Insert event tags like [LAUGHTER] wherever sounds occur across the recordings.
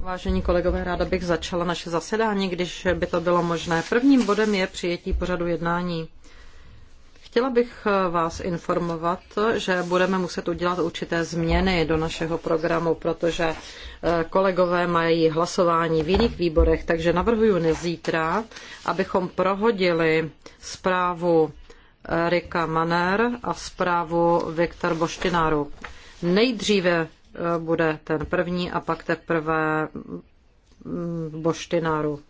Vážení kolegové, ráda bych začala naše zasedání, když by to bylo možné. Prvním bodem je přijetí pořadu jednání. Chtěla bych eh, vás informovat, že budeme muset udělat určité změny do našeho programu, protože eh, kolegové mají hlasování v jiných výborech, takže navrhuji na zítra, abychom prohodili zprávu Rika Maner a zprávu Viktor Boštináru. Nejdříve eh, bude ten první a pak teprve mm, Boštináru.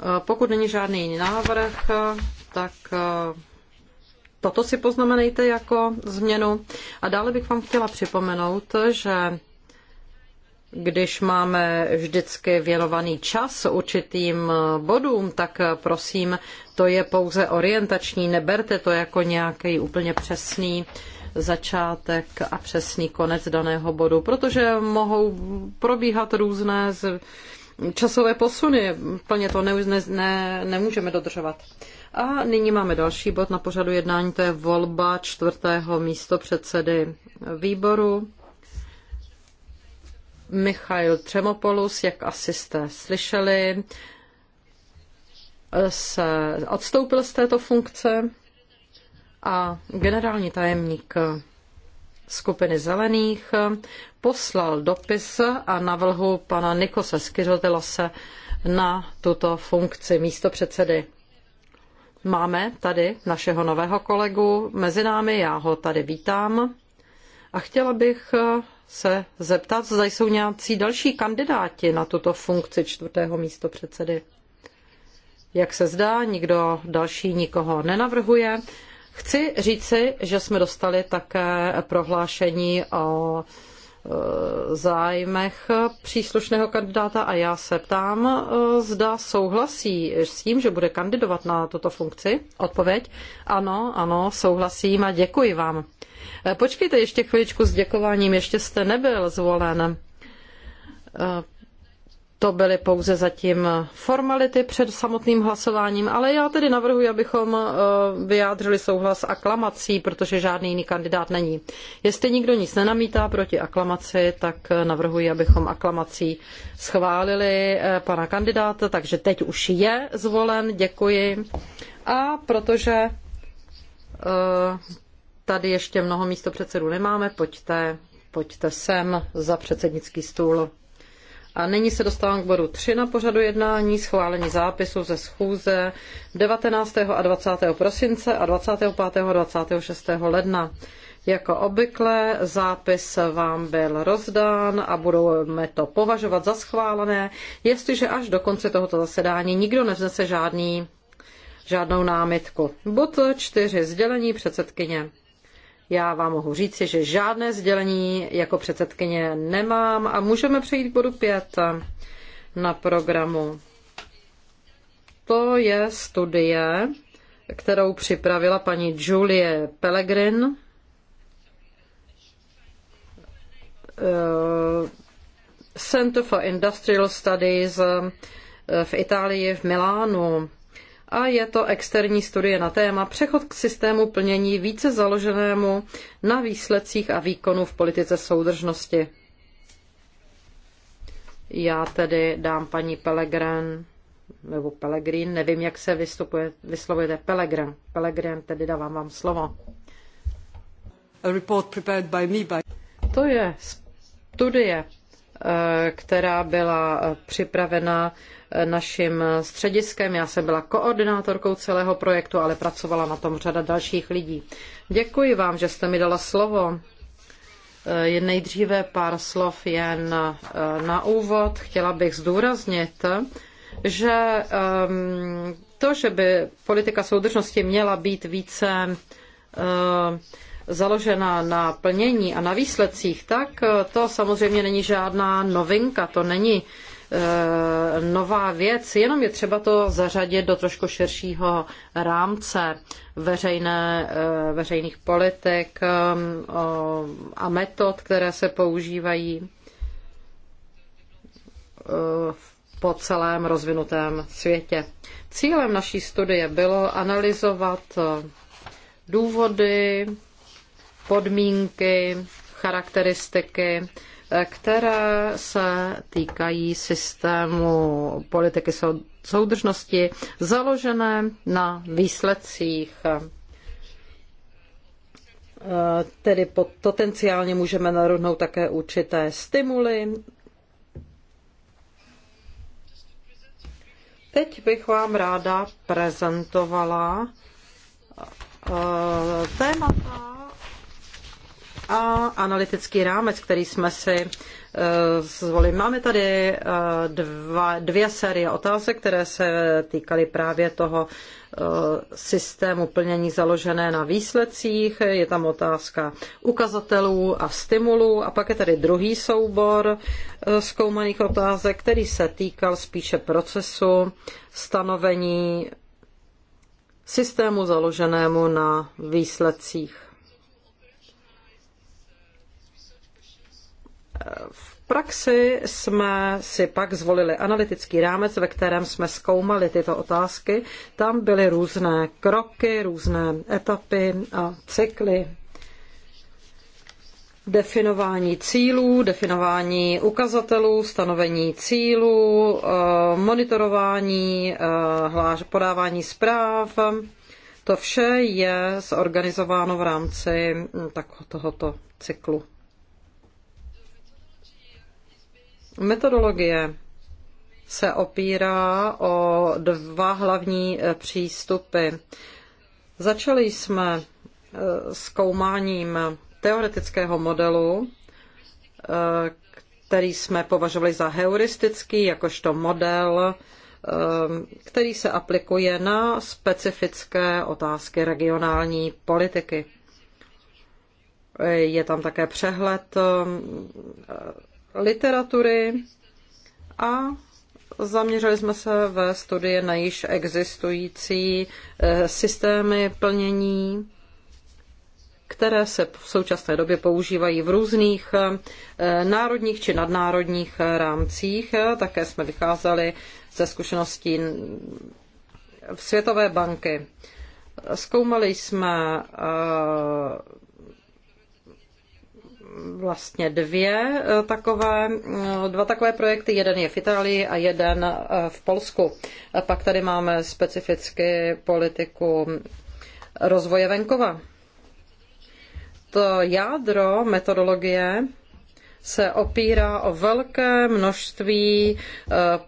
Eh, pokud není žádný jiný návrh, tak eh, toto si poznamenejte jako změnu. A dále bych vám chtěla připomenout, že když máme vždycky věnovaný čas určitým bodům, tak prosím, to je pouze orientační, neberte to jako nějaký úplně přesný začátek a přesný konec daného bodu, protože mohou probíhat různé z časové posuny, plně to ne, ne, ne, nemůžeme dodržovat. A nyní máme další bod na pořadu jednání, to je volba čtvrtého místo předsedy výboru Michail Třemopolus, jak asi jste slyšeli, se odstoupil z této funkce a generální tajemník skupiny zelených poslal dopis a navlhu pana Nikose se na tuto funkci místo předsedy. Máme tady našeho nového kolegu mezi námi, já ho tady vítám a chtěla bych se zeptat, zda jsou nějací další kandidáti na tuto funkci čtvrtého místo předsedy. Jak se zdá, nikdo další nikoho nenavrhuje. Chci říci, že jsme dostali také prohlášení o e, zájmech příslušného kandidáta a já se ptám, e, zda souhlasí s tím, že bude kandidovat na tuto funkci. Odpověď? Ano, ano, souhlasím a děkuji vám. Eh, počkejte ještě chviličku s děkováním, ještě jste nebyl zvolen. Eh, to byly pouze zatím formality před samotným hlasováním, ale já tedy navrhuji, abychom eh, vyjádřili souhlas aklamací, protože žádný jiný kandidát není. Jestli nikdo nic nenamítá proti aklamaci, tak navrhuji, abychom aklamací schválili pana kandidáta, takže teď už je zvolen, děkuji. A protože Tady ještě mnoho místo předsedů nemáme, pojďte, pojďte sem za předsednický stůl. A nyní se dostávám k bodu 3 na pořadu jednání, schválení zápisu ze schůze 19. a 20. prosince a 25. a 26. ledna. Jako obvykle zápis vám byl rozdán a budeme to považovat za schválené, jestliže až do konce tohoto zasedání nikdo nevznese žádný, žádnou námitku. Bod 4. Sdělení předsedkyně. Já vám mohu říci, že žádné sdělení jako předsedkyně nemám a můžeme přejít k bodu 5 na programu. To je studie, kterou připravila paní Julie Pellegrin. Eh, Center for Industrial Studies eh, v Itálii v Milánu a je to externí studie na téma přechod k systému plnění více založenému na výsledcích a výkonu v politice soudržnosti. Já tedy dám paní Pelegrin, nebo Pelegrin, nevím, jak se vystupuje, vyslovujete Pelegrin. Pelegrin, tedy dávám vám slovo. A report prepared by me by... To je studie která byla připravena naším střediskem. Já jsem byla koordinátorkou celého projektu, ale pracovala na tom řada dalších lidí. Děkuji vám, že jste mi dala slovo. Jen eh, nejdříve pár slov jen eh, na úvod. Chtěla bych zdůraznit, že ehm, to, že by politika soudržnosti měla být více eh, založena na plnění a na výsledcích, tak eh, to samozřejmě není žádná novinka, to není eh, nová věc, jenom je třeba to zařadit do trošku širšího rámce veřejné, eh, veřejných politik a metod, které se používají po celém rozvinutém světě. Cílem naší studie bylo analyzovat důvody podmínky, charakteristiky, eh, které se týkají systému politiky soudržnosti založené na výsledcích. Eh, tedy potenciálně můžeme narovnout také určité stimuly. Teď bych vám ráda prezentovala eh, témata, a analytický rámec, který jsme si eh, zvolili. Máme tady eh, dva, dvě série otázek, které se týkaly právě toho eh, systému plnění založené na výsledcích. Je tam otázka ukazatelů a stimulů. A pak je tady druhý soubor zkoumaných otázek, který se týkal spíše procesu stanovení systému založenému na výsledcích. V praxi jsme si pak zvolili analytický rámec, ve kterém jsme zkoumali tyto otázky. Tam byly různé kroky, různé etapy a cykly definování cílů, definování ukazatelů, stanovení cílů, eh, monitorování, eh, podávání zpráv. To vše je zorganizováno v rámci mm, tohoto cyklu. Metodologie se opírá o dva hlavní eh, přístupy. Začali jsme eh, zkoumáním teoretického modelu, eh, který jsme považovali za heuristický, jakožto model, který se aplikuje na specifické otázky regionální politiky. Je tam také přehled literatury a Zaměřili jsme se ve studii na již existující eh, systémy plnění, které se v současné době používají v různých eh, národních či nadnárodních rámcích. Také jsme vycházeli ze zkušeností v Světové banky. Zkoumali jsme eh, vlastně dvě eh, takové, eh, dva takové projekty. Jeden je v Itálii a jeden eh, v Polsku. A pak tady máme specificky politiku rozvoje venkova. To jádro metodologie se opírá o velké množství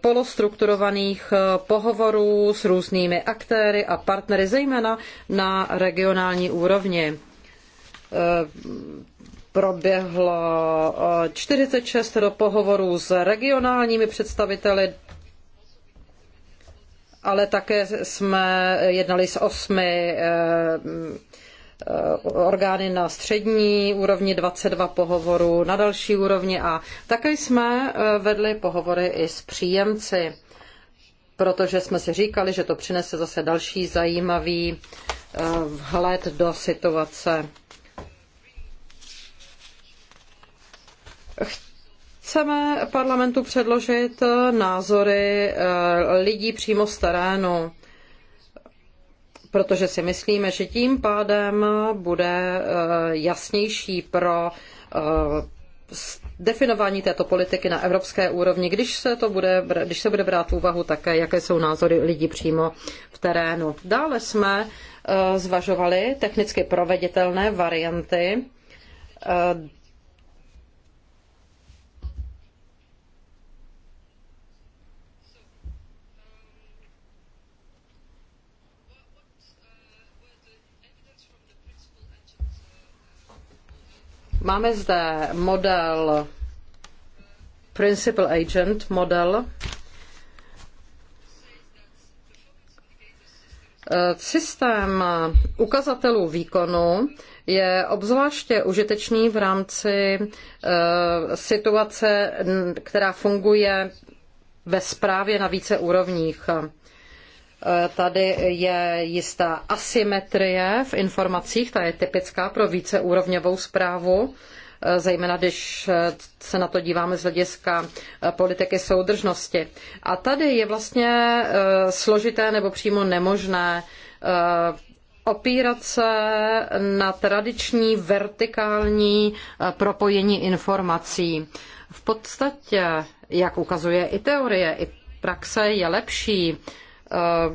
polostrukturovaných pohovorů s různými aktéry a partnery, zejména na regionální úrovni proběhlo 46 pohovorů s regionálními představiteli, ale také jsme jednali s osmi eh, eh, orgány na střední úrovni, 22 pohovorů na další úrovni a také jsme eh, vedli pohovory i s příjemci, protože jsme si říkali, že to přinese zase další zajímavý vhled do situace Chceme parlamentu předložit eh, názory eh, lidí přímo z terénu, protože si myslíme, že tím pádem bude eh, jasnější pro definování této politiky na evropské úrovni, když se, to bude, když se bude brát v úvahu také, jaké jsou názory lidí přímo v terénu. Dále jsme zvažovali technicky proveditelné varianty Máme zde model Principal Agent model. Systém ukazatelů výkonu je obzvláště užitečný v rámci eh, situace, která funguje ve správě na více úrovních. Eh, tady je jistá asymetrie v informacích, ta je typická pro víceúrovňovou zprávu eh, zejména když eh, se na to díváme z hlediska politiky soudržnosti. A tady je vlastně složité nebo přímo nemožné opírat se na tradiční vertikální propojení informací. V podstatě, jak ukazuje i teorie, i praxe je lepší Eh,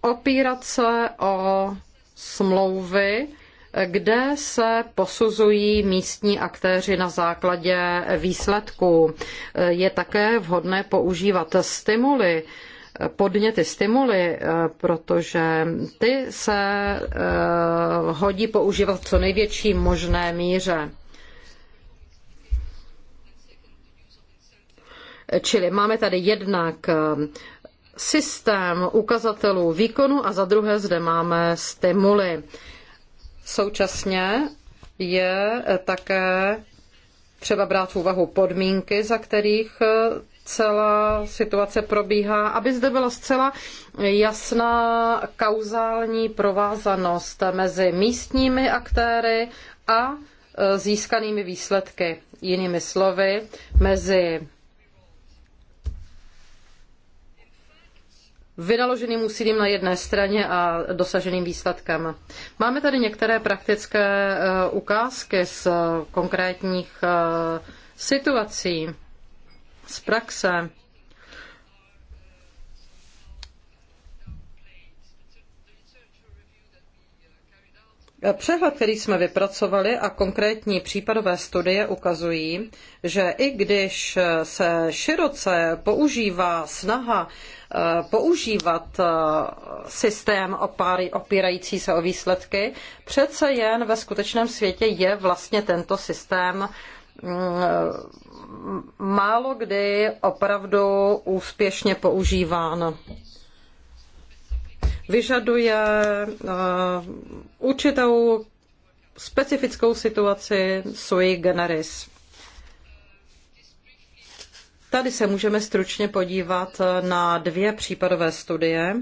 opírat se o smlouvy, kde se posuzují místní aktéři na základě výsledků. Eh, je také vhodné používat stimuly, eh, podněty, stimuly, protože ty se hodí používat co největší možné míře. Čili máme tady jednak systém ukazatelů výkonu a za druhé zde máme stimuly. Současně je také třeba brát v úvahu podmínky, za kterých eh, celá situace probíhá, aby zde byla zcela jasná kauzální provázanost mezi místními aktéry a eh, získanými výsledky. Jinými slovy, mezi vynaloženým úsilím na jedné straně a dosaženým výsledkem. Máme tady některé praktické eh, ukázky z konkrétních eh, situací, z praxe. Přehled, který jsme vypracovali a konkrétní případové studie ukazují, že i když se široce používá snaha eh, používat eh, systém opírající se o výsledky, přece jen ve skutečném světě je vlastně tento systém mm, málo kdy opravdu úspěšně používán vyžaduje eh, určitou specifickou situaci sui generis. Tady se můžeme stručně podívat eh, na dvě případové studie,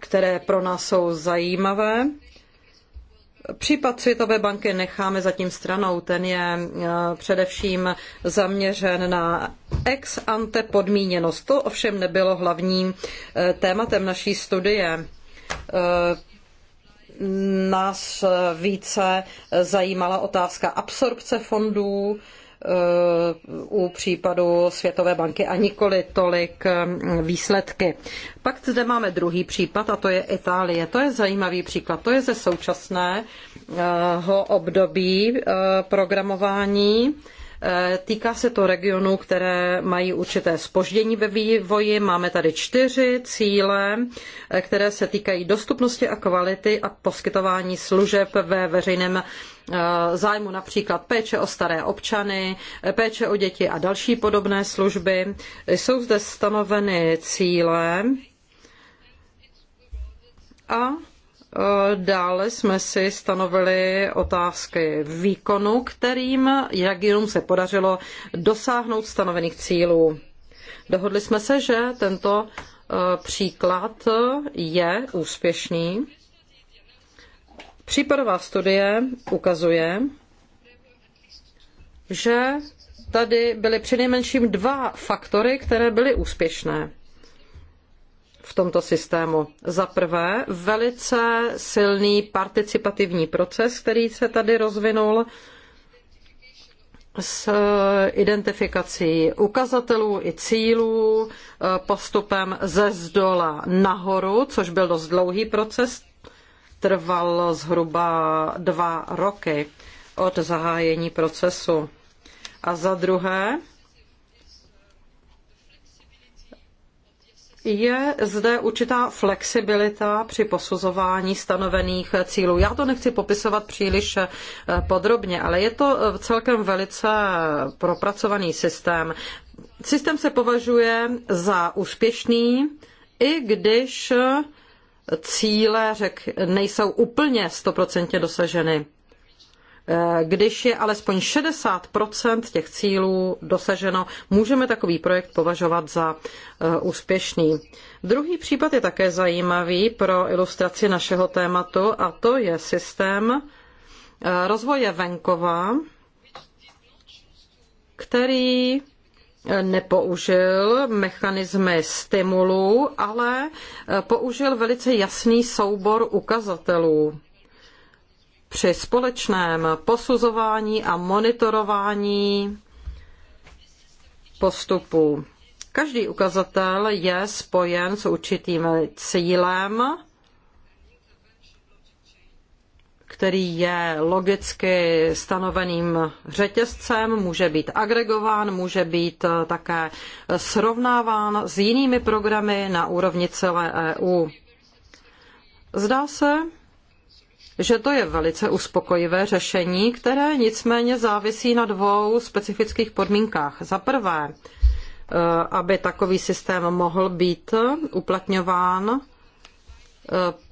které pro nás jsou zajímavé Případ Světové banky necháme zatím stranou. Ten je eh, především zaměřen na ex ante podmíněnost. To ovšem nebylo hlavním eh, tématem naší studie eh, nás více zajímala otázka absorpce fondů, u případu Světové banky a nikoli tolik eh, výsledky. Pak zde máme druhý případ a to je Itálie. To je zajímavý příklad. To je ze současného období eh, programování. Eh, týká se to regionů, které mají určité spoždění ve vývoji. Máme tady čtyři cíle, které se týkají dostupnosti a kvality a poskytování služeb ve veřejném Eh, zájmu například péče o staré občany, péče o děti a další podobné služby. Jsou zde stanoveny cíle a eh, Dále jsme si stanovili otázky výkonu, kterým regionům se podařilo dosáhnout stanovených cílů. Dohodli jsme se, že tento eh, příklad je úspěšný Případová studie ukazuje, že tady byly přinejmenším dva faktory, které byly úspěšné v tomto systému. Za prvé, velice silný participativní proces, který se tady rozvinul s identifikací ukazatelů i cílů, postupem ze zdola nahoru, což byl dost dlouhý proces, trvalo zhruba dva roky od zahájení procesu. A za druhé, je zde určitá flexibilita při posuzování stanovených cílů. Já to nechci popisovat příliš eh, podrobně, ale je to eh, celkem velice propracovaný systém. Systém se považuje za úspěšný, i když eh, cíle řek, nejsou úplně stoprocentně dosaženy. Eh, když je alespoň 60 těch cílů dosaženo, můžeme takový projekt považovat za eh, úspěšný. Druhý případ je také zajímavý pro ilustraci našeho tématu a to je systém eh, rozvoje venkova, který nepoužil mechanismy stimulů, ale eh, použil velice jasný soubor ukazatelů. Při společném posuzování a monitorování postupů. Každý ukazatel je spojen s určitým cílem který je logicky stanoveným řetězcem, může být agregován, může být eh, také srovnáván s jinými programy na úrovni celé EU. Zdá se, že to je velice uspokojivé řešení, které nicméně závisí na dvou specifických podmínkách. Za prvé, eh, aby takový systém mohl být uplatňován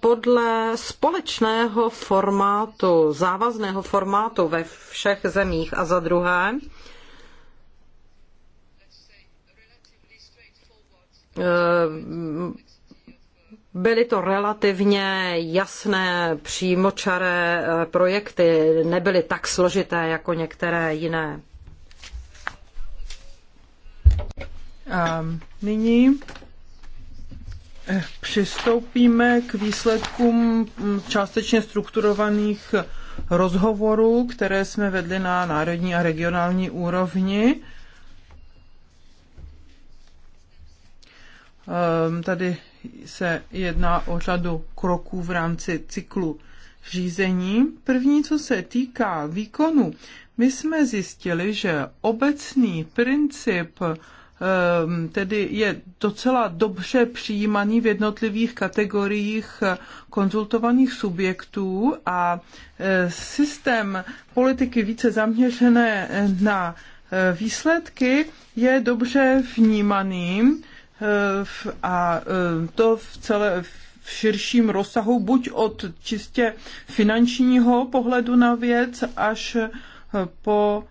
podle společného formátu, závazného formátu ve všech zemích a za druhé eh, byly to relativně jasné přímočaré eh, projekty, nebyly tak složité jako některé jiné. Um, nyní Přistoupíme k výsledkům částečně strukturovaných rozhovorů, které jsme vedli na národní a regionální úrovni. Ehm, tady se jedná o řadu kroků v rámci cyklu řízení. První, co se týká výkonu, my jsme zjistili, že obecný princip Ehm, tedy je docela dobře přijímaný v jednotlivých kategoriích eh, konzultovaných subjektů a eh, systém politiky více zaměřené eh, na výsledky je dobře vnímaný a to v celé v širším rozsahu, buď od čistě finančního pohledu na věc, až po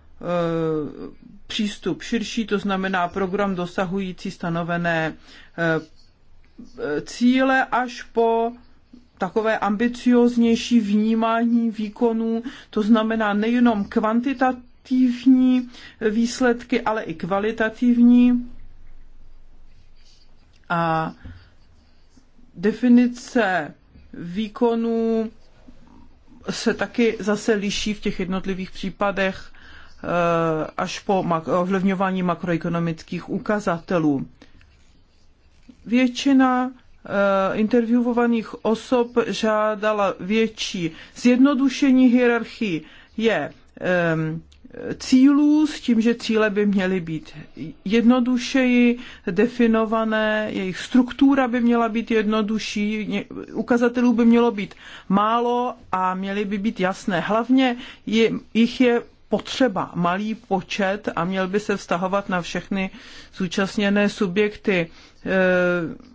přístup širší, to znamená program dosahující stanovené eh, eh, cíle až po takové ambicioznější vnímání výkonů, to znamená nejenom kvantitativní výsledky, ale i kvalitativní. A definice výkonů se taky zase liší v těch jednotlivých případech Eh, až po ovlivňování makroekonomických ukazatelů. Většina eh, intervjuovaných osob žádala větší zjednodušení hierarchii je cílů s tím, že cíle by měly být jednodušeji definované, jejich struktura by měla být jednodušší, ukazatelů by mělo být málo a měly by být jasné. Hlavně je, jich je potřeba, malý počet a měl by se vztahovat na všechny zúčastněné subjekty. Eh,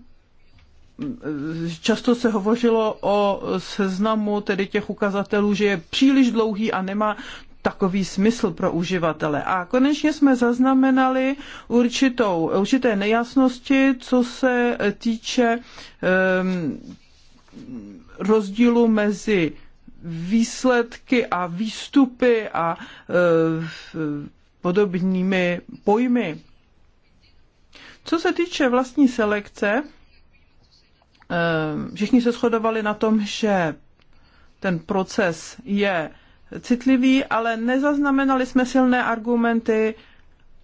často se hovořilo o seznamu tedy těch ukazatelů, že je příliš dlouhý a nemá takový smysl pro uživatele. A konečně jsme zaznamenali určitou, určité nejasnosti, co se týče um, rozdílu mezi výsledky a výstupy a e, e, podobnými pojmy. Co se týče vlastní selekce, e, všichni se shodovali na tom, že ten proces je citlivý, ale nezaznamenali jsme silné argumenty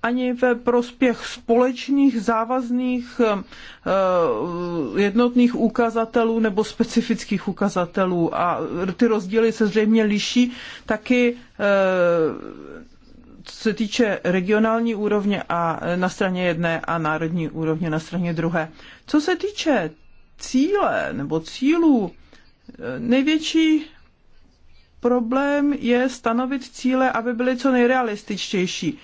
ani ve prospěch společných závazných eh, eh, jednotných ukazatelů nebo specifických ukazatelů. A ty rozdíly se zřejmě liší taky eh, co se týče regionální úrovně a na straně jedné a národní úrovně na straně druhé. Co se týče cíle nebo cílů, největší problém je stanovit cíle, aby byly co nejrealističtější.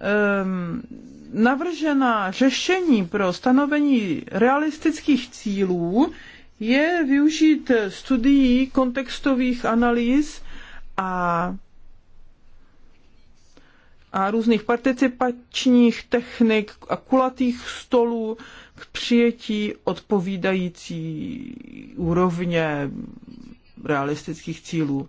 Ehm, navržená řešení pro stanovení realistických cílů je využít studií kontextových analýz a, a různých participačních technik a kulatých stolů k přijetí odpovídající úrovně realistických cílů.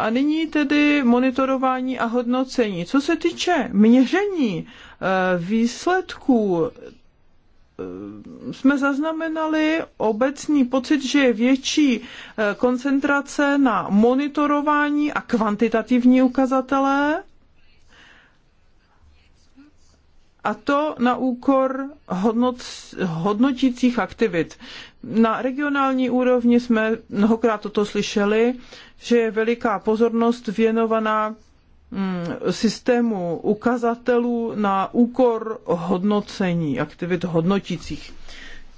A nyní tedy monitorování a hodnocení. Co se týče měření eh, výsledků, eh, jsme zaznamenali obecný pocit, že je větší eh, koncentrace na monitorování a kvantitativní ukazatele a to na úkor hodnot, hodnotících aktivit. Na regionální úrovni jsme mnohokrát toto slyšeli, že je veliká pozornost věnovaná mm, systému ukazatelů na úkor hodnocení, aktivit hodnotících.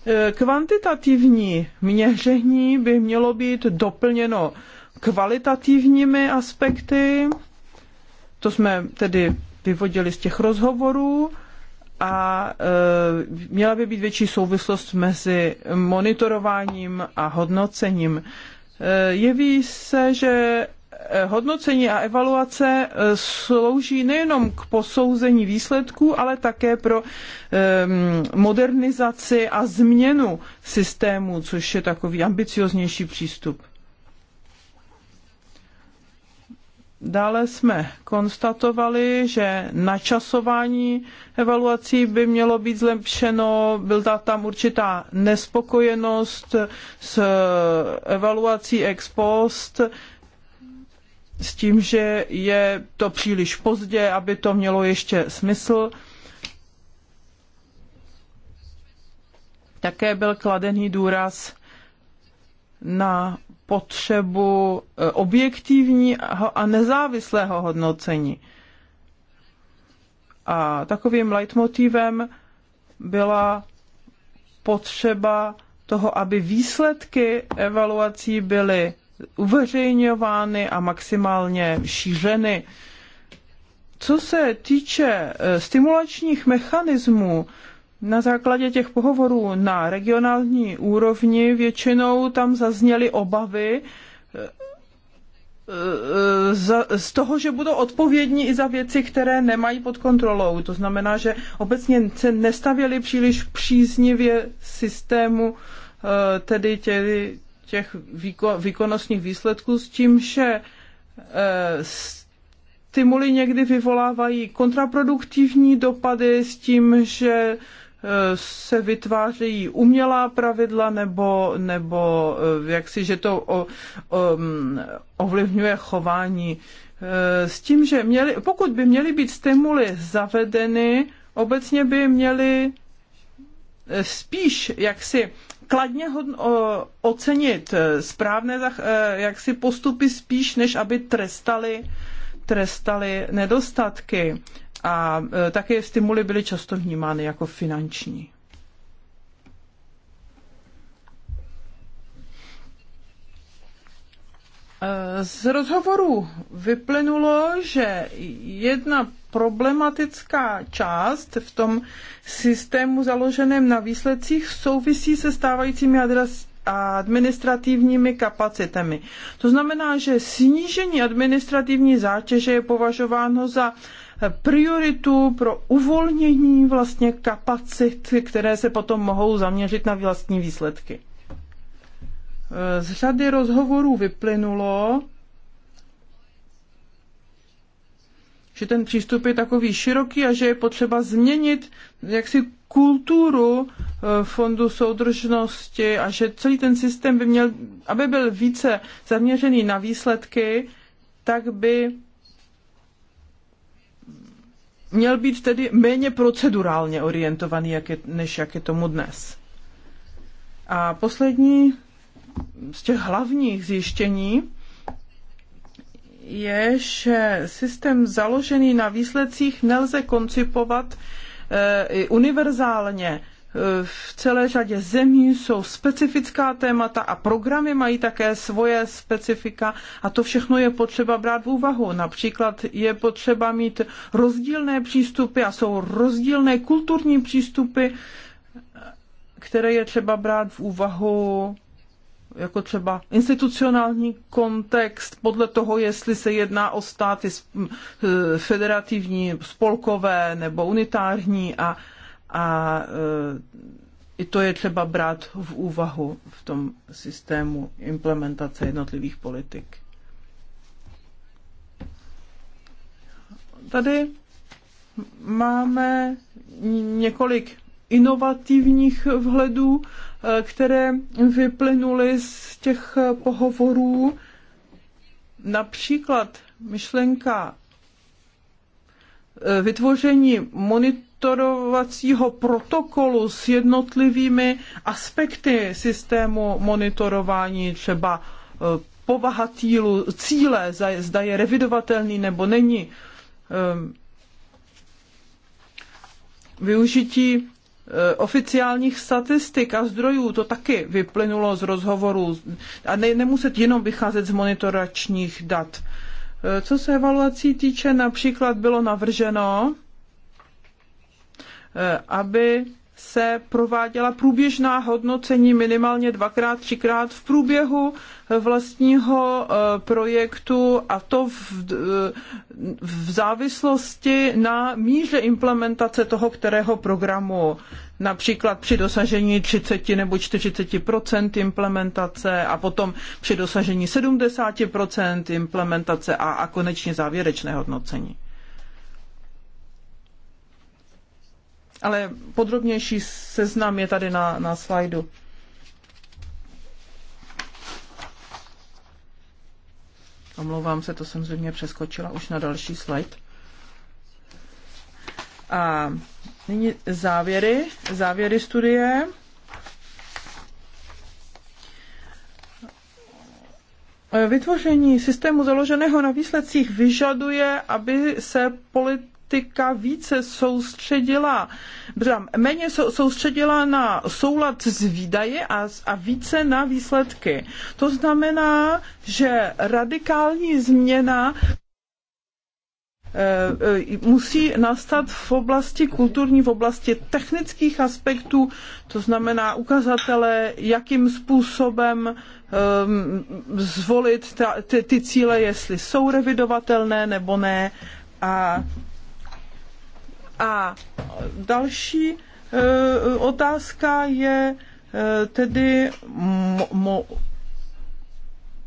E, kvantitativní měření by mělo být doplněno kvalitativními aspekty, to jsme tedy vyvodili z těch rozhovorů a e, měla by být větší souvislost mezi monitorováním a hodnocením. E, jeví se, že e, hodnocení a evaluace slouží nejenom k posouzení výsledků, ale také pro modernizaci a změnu systému, což je takový ambicioznější přístup. Dále jsme konstatovali, že načasování evaluací by mělo být zlepšeno, byla tam určitá nespokojenost s evaluací ex post, s tím, že je to příliš pozdě, aby to mělo ještě smysl. Také byl kladený důraz na potřebu eh, objektivního a nezávislého hodnocení. A takovým leitmotivem byla potřeba toho, aby výsledky evaluací byly uveřejňovány a maximálně šířeny. Co se týče eh, stimulačních mechanismů, na základě těch pohovorů na regionální úrovni většinou tam zazněly obavy e, e, z toho, že budou odpovědní i za věci, které nemají pod kontrolou. To znamená, že obecně se nestavěli příliš příznivě systému e, tedy těch, výkonnostních výsledků s tím, že stimuly někdy vyvolávají kontraproduktivní dopady s tím, že se vytvářejí umělá pravidla nebo, nebo eh, jaksi, že to o, o, um, ovlivňuje chování. Eh, s tím, že měli, pokud by měly být stimuly zavedeny, obecně by měly eh, spíš jaksi kladně ocenit správné jaksi postupy spíš, než aby trestali trestali nedostatky a e, také stimuly byly často vnímány jako finanční. E, z rozhovoru vyplynulo, že jedna problematická část v tom systému založeném na výsledcích souvisí se stávajícími administrativními kapacitami. To znamená, že snížení administrativní zátěže je považováno za prioritu pro uvolnění vlastně kapacit, které se potom mohou zaměřit na vlastní výsledky. Z řady rozhovorů vyplynulo, že ten přístup je takový široký a že je potřeba změnit jaksi kulturu eh, fondu soudržnosti a že celý ten systém by měl, aby byl více zaměřený na výsledky, tak by měl být tedy méně procedurálně orientovaný, jak je, než jak je tomu dnes. A poslední z těch hlavních zjištění je, že systém založený na výsledcích nelze koncipovat eh, univerzálně v celé řadě zemí jsou specifická témata a programy mají také svoje specifika a to všechno je potřeba brát v úvahu. Například je potřeba mít rozdílné přístupy a jsou rozdílné kulturní přístupy, které je třeba brát v úvahu jako třeba institucionální kontext podle toho, jestli se jedná o státy federativní, spolkové nebo unitární a, a e, i to je třeba brát v úvahu v tom systému implementace jednotlivých politik. Tady máme několik inovativních vhledů, e, které vyplynuly z těch pohovorů. Například myšlenka e, vytvoření monitorů monitorovacího protokolu s jednotlivými aspekty systému monitorování, třeba eh, povaha týlu, cíle, zda je revidovatelný nebo není, eh, využití eh, oficiálních statistik a zdrojů, to taky vyplynulo z rozhovorů a ne, nemuset jenom vycházet z monitoračních dat. Co se evaluací týče, například bylo navrženo, Eh, aby se prováděla průběžná hodnocení minimálně dvakrát, třikrát v průběhu vlastního eh, projektu a to v, eh, v závislosti na míře implementace toho, kterého programu. Například při dosažení 30 nebo 40 implementace a potom při dosažení 70 implementace a, a konečně závěrečné hodnocení. ale podrobnější seznam je tady na, na slajdu. Omlouvám se, to jsem zřejmě přeskočila už na další slide. A nyní závěry, závěry studie. Vytvoření systému založeného na výsledcích vyžaduje, aby se polit politika více soustředila, méně soustředila na soulad s výdaje a, a více na výsledky. To znamená, že radikální změna eh, eh, musí nastat v oblasti kulturní, v oblasti technických aspektů, to znamená ukazatele, jakým způsobem ehm, zvolit ty, ty cíle, jestli jsou revidovatelné nebo ne a a další e, otázka je e, tedy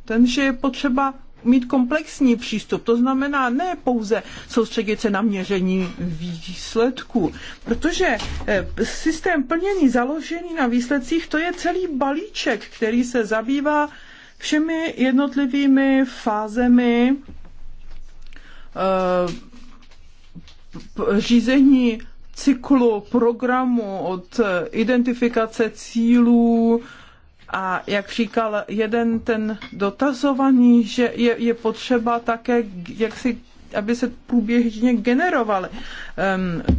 ten, že je potřeba mít komplexní přístup. To znamená ne pouze soustředit se na měření výsledků, protože e, systém plnění založený na výsledcích, to je celý balíček, který se zabývá všemi jednotlivými fázemi řízení cyklu programu od identifikace cílů, a jak říkal jeden ten dotazovaný, že je, je potřeba také, jak si, aby se průběžně generovaly um,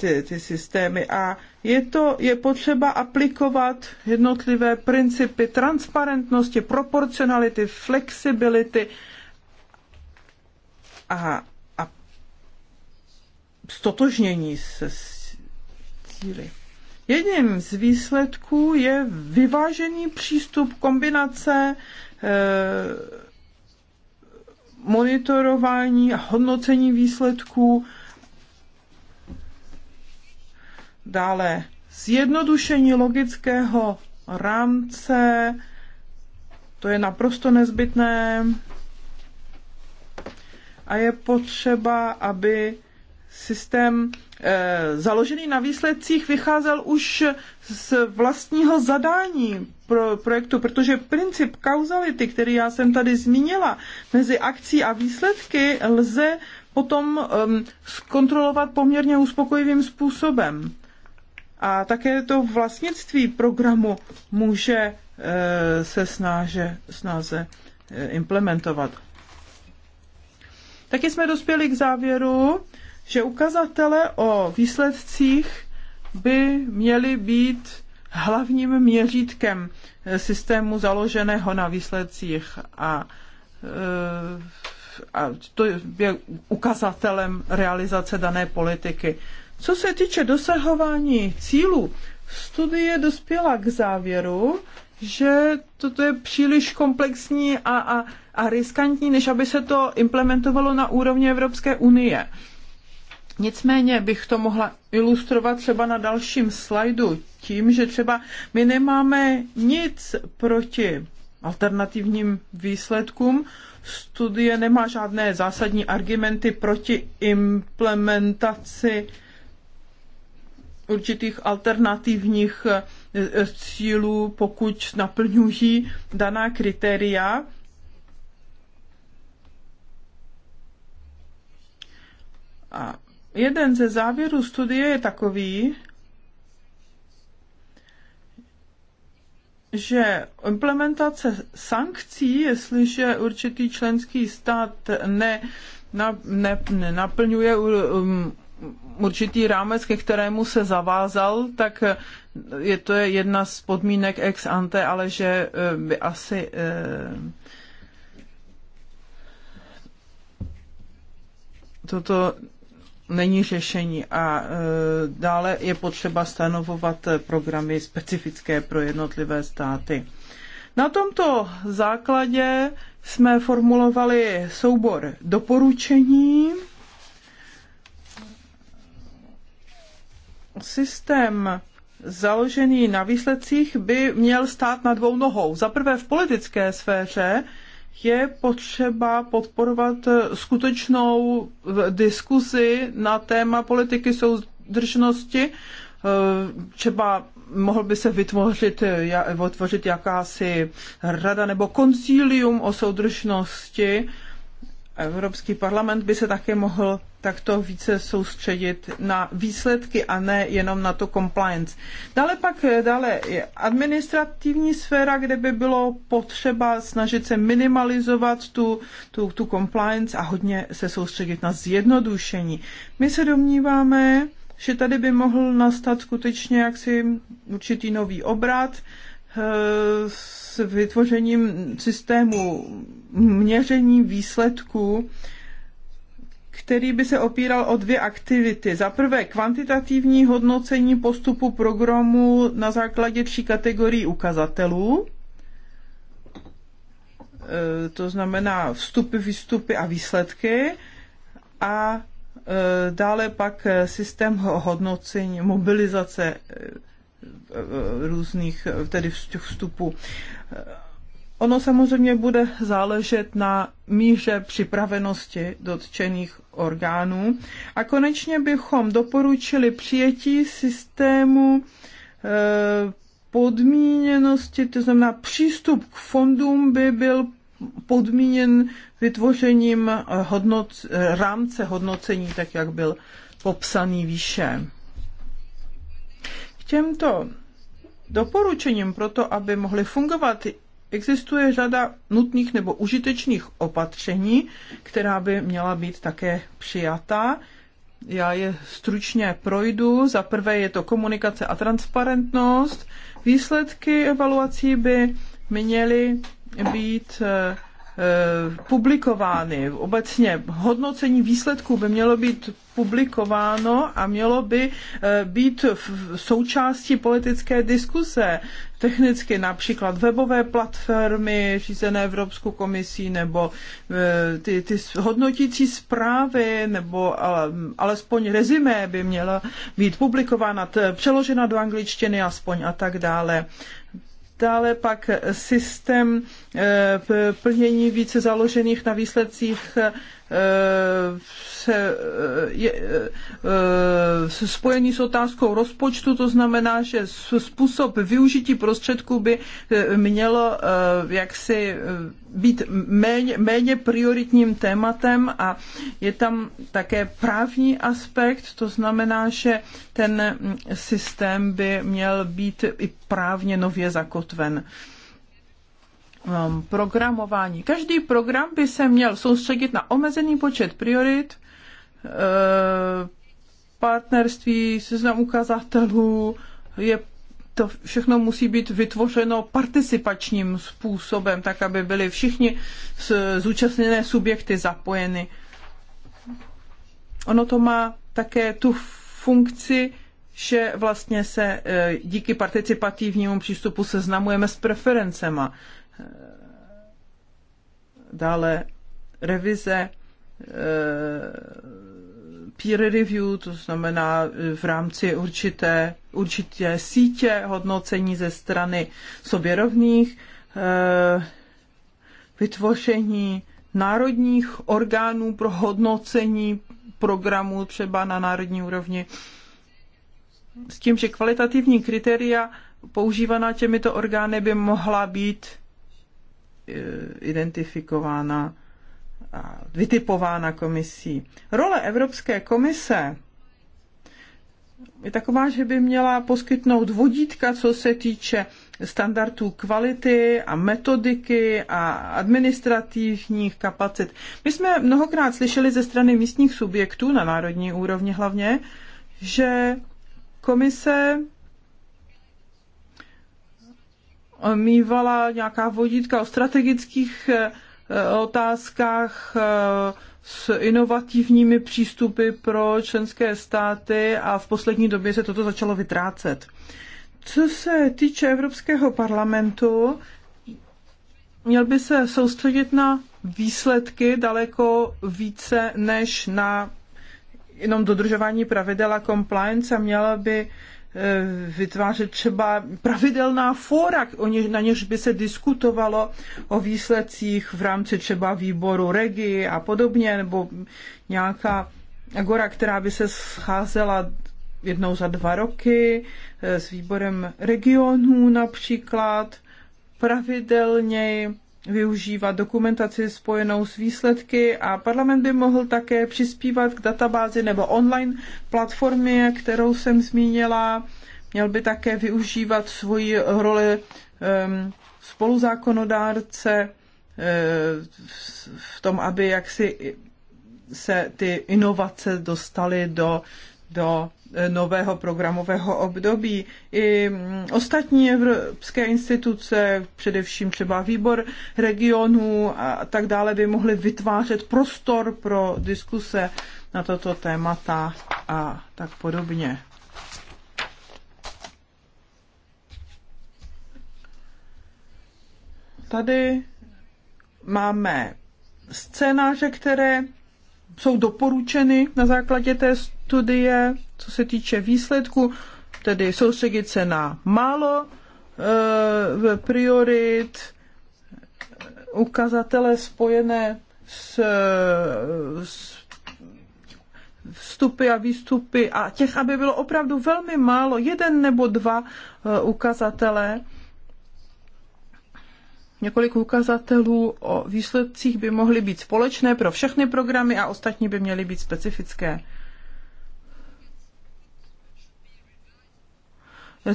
ty, ty systémy. A je, to, je potřeba aplikovat jednotlivé principy transparentnosti, proporcionality, flexibility a stotožnění se cíly. Jedním z výsledků je vyvážený přístup kombinace eh, monitorování a hodnocení výsledků, dále zjednodušení logického rámce, to je naprosto nezbytné a je potřeba, aby systém eh, založený na výsledcích vycházel už z vlastního zadání pro projektu, protože princip kauzality, který já jsem tady zmínila, mezi akcí a výsledky lze potom um, zkontrolovat poměrně uspokojivým způsobem. A také to vlastnictví programu může e, se snáže, snáze e, implementovat. Taky jsme dospěli k závěru, že ukazatele o výsledcích by měly být hlavním měřítkem eh, systému založeného na výsledcích a, eh, a to je ukazatelem realizace dané politiky. Co se týče dosahování cílů, studie dospěla k závěru, že toto je příliš komplexní a, a, a riskantní, než aby se to implementovalo na úrovni Evropské unie. Nicméně bych to mohla ilustrovat třeba na dalším slajdu tím, že třeba my nemáme nic proti alternativním výsledkům. Studie nemá žádné zásadní argumenty proti implementaci určitých alternativních eh, cílů, pokud naplňují daná kritéria. A Jeden ze závěrů studie je takový, že implementace sankcí, jestliže určitý členský stát ne, na, ne, nenaplňuje um, určitý rámec, ke kterému se zavázal, tak je to jedna z podmínek ex ante, ale že eh, by asi eh, toto není řešení a e, dále je potřeba stanovovat programy specifické pro jednotlivé státy. Na tomto základě jsme formulovali soubor doporučení, systém založený na výsledcích by měl stát na dvou nohou. Za prvé v politické sféře je potřeba podporovat skutečnou diskuzi na téma politiky soudržnosti. Třeba mohl by se vytvořit, vytvořit jakási rada nebo koncílium o soudržnosti. Evropský parlament by se také mohl tak to více soustředit na výsledky a ne jenom na to compliance. Dále pak eh, dále je administrativní sféra, kde by bylo potřeba snažit se minimalizovat tu, tu, tu compliance a hodně se soustředit na zjednodušení. My se domníváme, že tady by mohl nastat skutečně jaksi určitý nový obrat eh, s vytvořením systému měření výsledků, který by se opíral o dvě aktivity. Za prvé kvantitativní hodnocení postupu programu na základě tří kategorií ukazatelů, e, to znamená vstupy, výstupy a výsledky a e, dále pak e, systém hodnocení, mobilizace různých tedy vstupů. Ono samozřejmě bude záležet na míře připravenosti dotčených orgánů. A konečně bychom doporučili přijetí systému eh, podmíněnosti, to znamená přístup k fondům by byl podmíněn vytvořením hodnoc, eh, rámce hodnocení, tak jak byl popsaný výše. K těmto doporučením pro to, aby mohly fungovat existuje řada nutných nebo užitečných opatření, která by měla být také přijata. Já je stručně projdu. Za prvé je to komunikace a transparentnost. Výsledky evaluací by měly být eh, eh, publikovány. Obecně hodnocení výsledků by mělo být publikováno a mělo by eh, být v součástí politické diskuse. Technicky například webové platformy řízené Evropskou komisí nebo eh, ty, ty hodnotící zprávy nebo ale, eh, alespoň rezimé by měla být publikována, přeložena do angličtiny aspoň a tak dále dále pak systém plnění více založených na výsledcích se, je, je, eh, spojený s otázkou rozpočtu, to znamená, že způsob využití prostředků by eh, mělo eh, jaksi být méně, méně prioritním tématem a je tam také právní aspekt, to znamená, že ten systém by měl být i právně nově zakotven. Um, programování. Každý program by se měl soustředit na omezený počet priorit, eh, partnerství, seznam ukazatelů, je to všechno musí být vytvořeno participačním způsobem, tak aby byly všichni zúčastněné subjekty zapojeny. Ono to má také tu funkci, že vlastně se eh, díky participativnímu přístupu seznamujeme s preferencema. Eh, dále revize eh, peer review, to znamená eh, v rámci určité, určité sítě hodnocení ze strany sobě rovných, vytvoření národních orgánů pro hodnocení programů třeba na národní úrovni. S tím, že kvalitativní kritéria používaná těmito orgány by mohla být Eh, identifikována a vytipována komisí. Role Evropské komise je taková, že by měla poskytnout vodítka, co se týče standardů kvality a metodiky a administrativních kapacit. My jsme mnohokrát slyšeli ze strany místních subjektů na národní úrovni hlavně, že komise mývala nějaká vodítka o strategických eh, otázkách eh, s inovativními přístupy pro členské státy a v poslední době se toto začalo vytrácet. Co se týče Evropského parlamentu, měl by se soustředit na výsledky daleko více než na jenom dodržování pravidel a compliance a měla by Eh, vytvářet třeba pravidelná fóra, na něž by se diskutovalo o výsledcích v rámci třeba výboru regi a podobně, nebo nějaká agora, která by se scházela jednou za dva roky eh, s výborem regionů například, pravidelněji využívat dokumentaci spojenou s výsledky a parlament by mohl také přispívat k databázi nebo online platformě, kterou jsem zmínila. Měl by také využívat svoji roli ehm, spoluzákonodárce eh, v tom, aby jaksi se ty inovace dostaly do, do nového programového období. I mm, ostatní evropské instituce, především třeba výbor regionů a tak dále, by mohly vytvářet prostor pro diskuse na toto témata a tak podobně. Tady máme scénáře, které jsou doporučeny na základě té studie, co se týče výsledku, tedy soustředit se na málo eh, v priorit, ukazatele spojené s, s vstupy a výstupy a těch, aby bylo opravdu velmi málo, jeden nebo dva eh, ukazatele. Několik ukazatelů o výsledcích by mohly být společné pro všechny programy a ostatní by měly být specifické.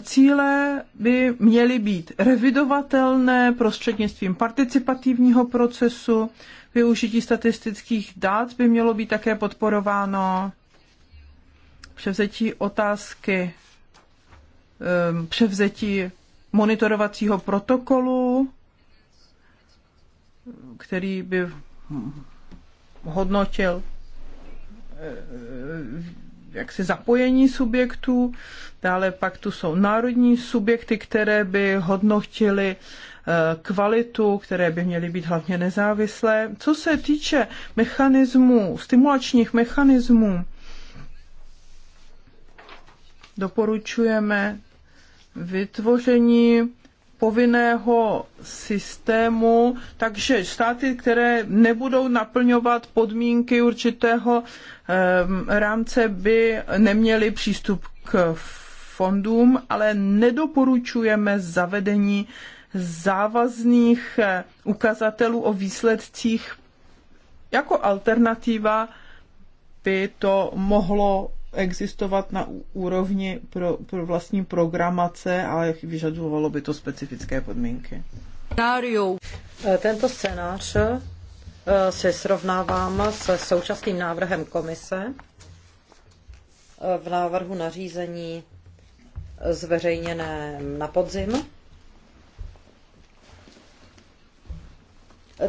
Cíle by měly být revidovatelné prostřednictvím participativního procesu, využití statistických dat by mělo být také podporováno, převzetí otázky, ehm, převzetí monitorovacího protokolu, který by hodnotil eh, jaksi zapojení subjektů, dále pak tu jsou národní subjekty, které by hodnotily eh, kvalitu, které by měly být hlavně nezávislé. Co se týče mechanismů, stimulačních mechanismů, doporučujeme vytvoření povinného systému, takže státy, které nebudou naplňovat podmínky určitého rámce, by neměly přístup k fondům, ale nedoporučujeme zavedení závazných eh, ukazatelů o výsledcích jako alternativa by to mohlo existovat na úrovni pro, pro vlastní programace, ale vyžadovalo by to specifické podmínky. E, tento scénář se srovnávám se současným návrhem komise e, v návrhu nařízení zveřejněné na podzim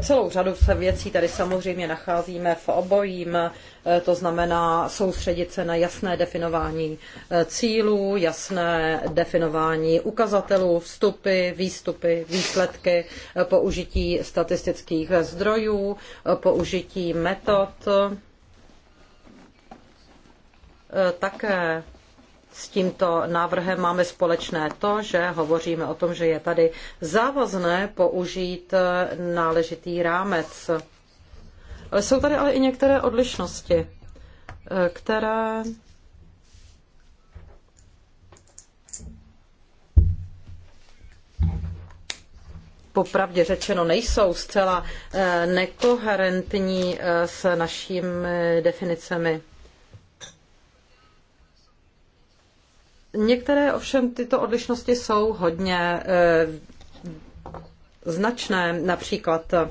Celou řadu se věcí tady samozřejmě nacházíme v obojím, eh, to znamená soustředit se na jasné definování eh, cílů, jasné definování ukazatelů, vstupy, výstupy, výsledky, eh, použití statistických zdrojů, použití metod, také s tímto návrhem máme společné to, že hovoříme o tom, že je tady závazné použít eh, náležitý rámec. Ale jsou tady ale i některé odlišnosti, eh, které popravdě řečeno nejsou zcela eh, nekoherentní s našimi definicemi. Některé ovšem tyto odlišnosti jsou hodně eh, značné, například eh,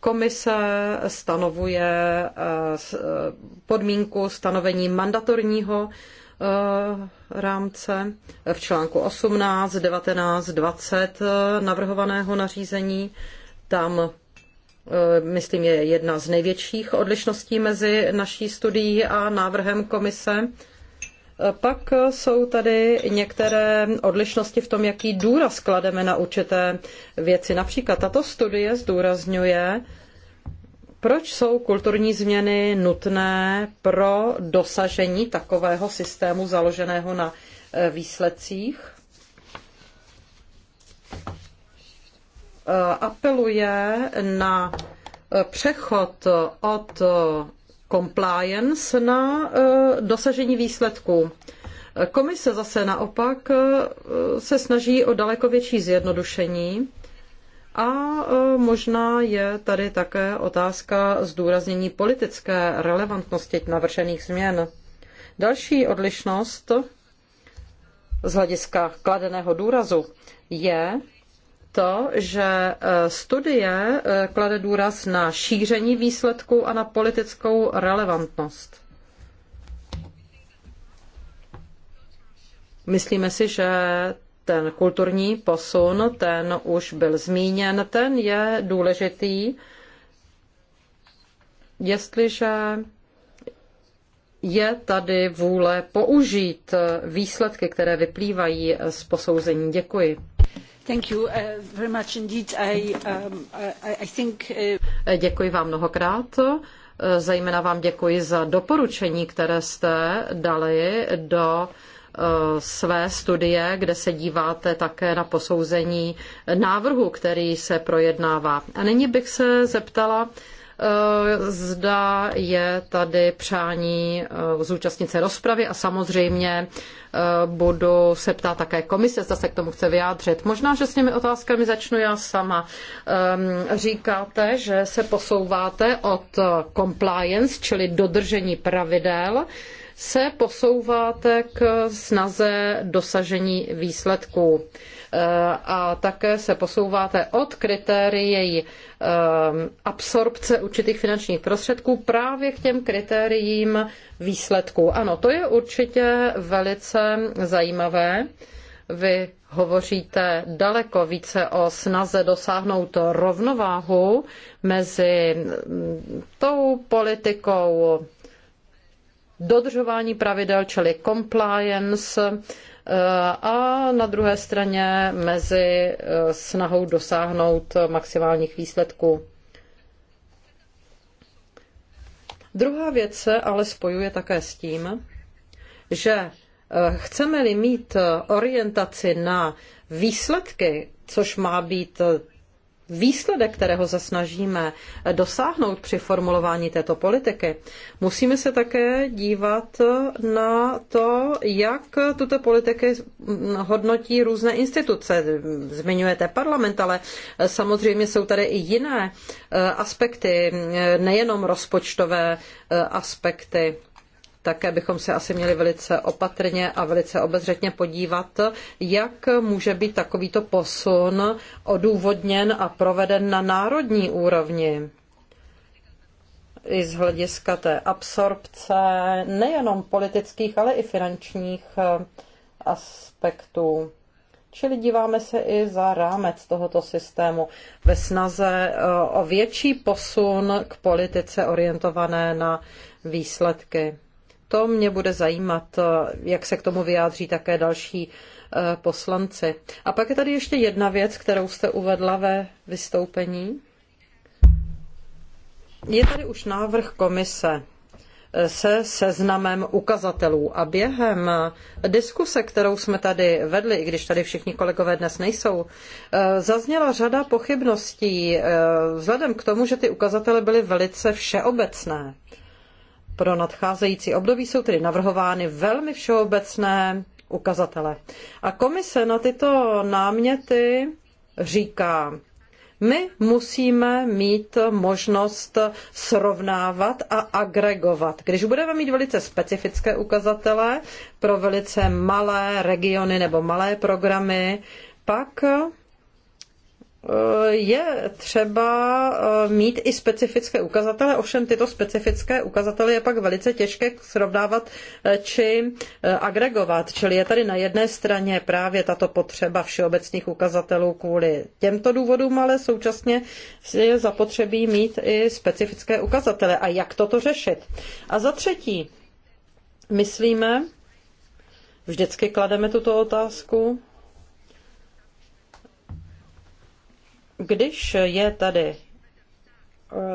Komise stanovuje eh, podmínku stanovení mandatorního rámce v článku 18, 19, 20 navrhovaného nařízení. Tam, myslím, je jedna z největších odlišností mezi naší studií a návrhem komise. Pak jsou tady některé odlišnosti v tom, jaký důraz klademe na určité věci. Například tato studie zdůrazňuje, proč jsou kulturní změny nutné pro dosažení takového systému založeného na eh, výsledcích. Eh, apeluje na eh, přechod od compliance na eh, dosažení výsledků. Komise zase naopak eh, se snaží o daleko větší zjednodušení a eh, možná je tady také otázka zdůraznění politické relevantnosti navržených změn. Další odlišnost z hlediska kladeného důrazu je, to, že eh, studie eh, klade důraz na šíření výsledků a na politickou relevantnost. Myslíme si, že ten kulturní posun, ten už byl zmíněn, ten je důležitý, jestliže je tady vůle použít eh, výsledky, které vyplývají z posouzení. Děkuji. Děkuji vám mnohokrát. Zejména vám děkuji za doporučení, které jste dali do uh, své studie, kde se díváte také na posouzení návrhu, který se projednává. A nyní bych se zeptala, uh, zda je tady přání uh, zúčastnit se rozpravy a samozřejmě Eh, budu se ptát také komise, zda se k tomu chce vyjádřit. Možná, že s těmi otázkami začnu já sama. Ehm, říkáte, že se posouváte od compliance, čili dodržení pravidel, se posouváte k snaze dosažení výsledků a také se posouváte od kritérií ehm, absorpce určitých finančních prostředků právě k těm kritériím výsledků. Ano, to je určitě velice zajímavé. Vy hovoříte daleko více o snaze dosáhnout rovnováhu mezi mm, tou politikou dodržování pravidel, čili compliance, Eh, a na druhé straně mezi eh, snahou dosáhnout maximálních výsledků. Druhá věc se ale spojuje také s tím, že eh, chceme-li mít orientaci na výsledky, což má být výsledek, kterého se snažíme dosáhnout při formulování této politiky, musíme se také dívat na to, jak tuto politiky hodnotí různé instituce. Zmiňujete parlament, ale samozřejmě jsou tady i jiné aspekty, nejenom rozpočtové aspekty. Také bychom se asi měli velice opatrně a velice obezřetně podívat, jak může být takovýto posun odůvodněn a proveden na národní úrovni i z hlediska té absorpce nejenom politických, ale i finančních eh, aspektů. Čili díváme se i za rámec tohoto systému ve snaze eh, o větší posun k politice orientované na výsledky. To mě bude zajímat, jak se k tomu vyjádří také další eh, poslanci. A pak je tady ještě jedna věc, kterou jste uvedla ve vystoupení. Je tady už návrh komise eh, se seznamem ukazatelů. A během eh, diskuse, kterou jsme tady vedli, i když tady všichni kolegové dnes nejsou, zazněla řada pochybností vzhledem k tomu, že ty ukazatele byly velice všeobecné pro nadcházející období jsou tedy navrhovány velmi všeobecné ukazatele. A komise na tyto náměty říká, my musíme mít možnost srovnávat a agregovat. Když budeme mít velice specifické ukazatele pro velice malé regiony nebo malé programy, pak Eh, je třeba eh, mít i specifické ukazatele, ovšem tyto specifické ukazatele je pak velice těžké srovnávat eh, či agregovat. Čili je tady na jedné straně právě tato potřeba všeobecných ukazatelů kvůli těmto důvodům, ale současně je zapotřebí mít i specifické ukazatele. A jak toto řešit? A za třetí, myslíme, vždycky klademe tuto otázku, Když je tady eh,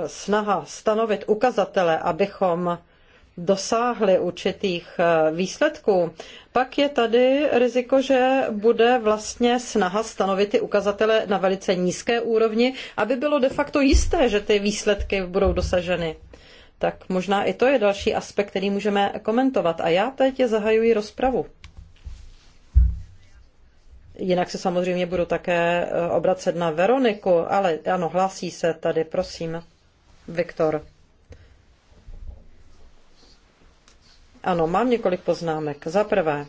snaha stanovit ukazatele, abychom dosáhli určitých eh, výsledků, pak je tady riziko, že bude vlastně snaha stanovit ty ukazatele na velice nízké úrovni, aby bylo de facto jisté, že ty výsledky budou dosaženy. Tak možná i to je další aspekt, který můžeme komentovat. A já teď zahajuji rozpravu. Jinak se samozřejmě budu také eh, obracet na Veroniku, ale ano, hlásí se tady, prosím. Viktor. Ano, mám několik poznámek. Za prvé,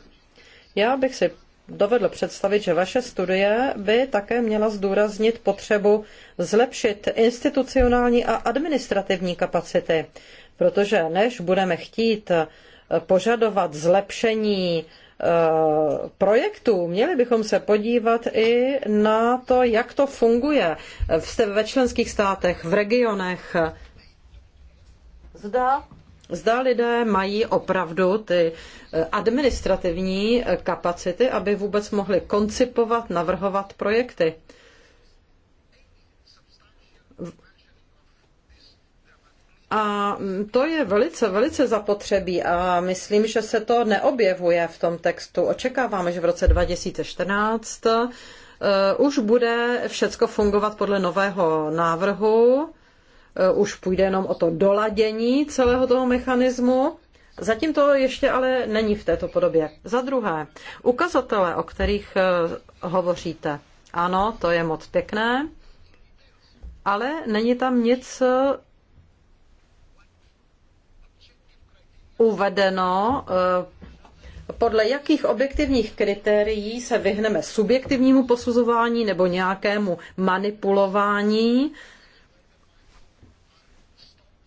já bych si dovedl představit, že vaše studie by také měla zdůraznit potřebu zlepšit institucionální a administrativní kapacity, protože než budeme chtít eh, požadovat zlepšení Eh, projektů, měli bychom se podívat i na to, jak to funguje Jste ve členských státech, v regionech. Zda, zda lidé mají opravdu ty eh, administrativní kapacity, aby vůbec mohli koncipovat, navrhovat projekty. A to je velice, velice zapotřebí a myslím, že se to neobjevuje v tom textu. Očekáváme, že v roce 2014 eh, už bude všecko fungovat podle nového návrhu, eh, už půjde jenom o to doladění celého toho mechanismu. Zatím to ještě ale není v této podobě. Za druhé, ukazatele, o kterých eh, hovoříte. Ano, to je moc pěkné, ale není tam nic uvedeno, eh, podle jakých objektivních kritérií se vyhneme subjektivnímu posuzování nebo nějakému manipulování.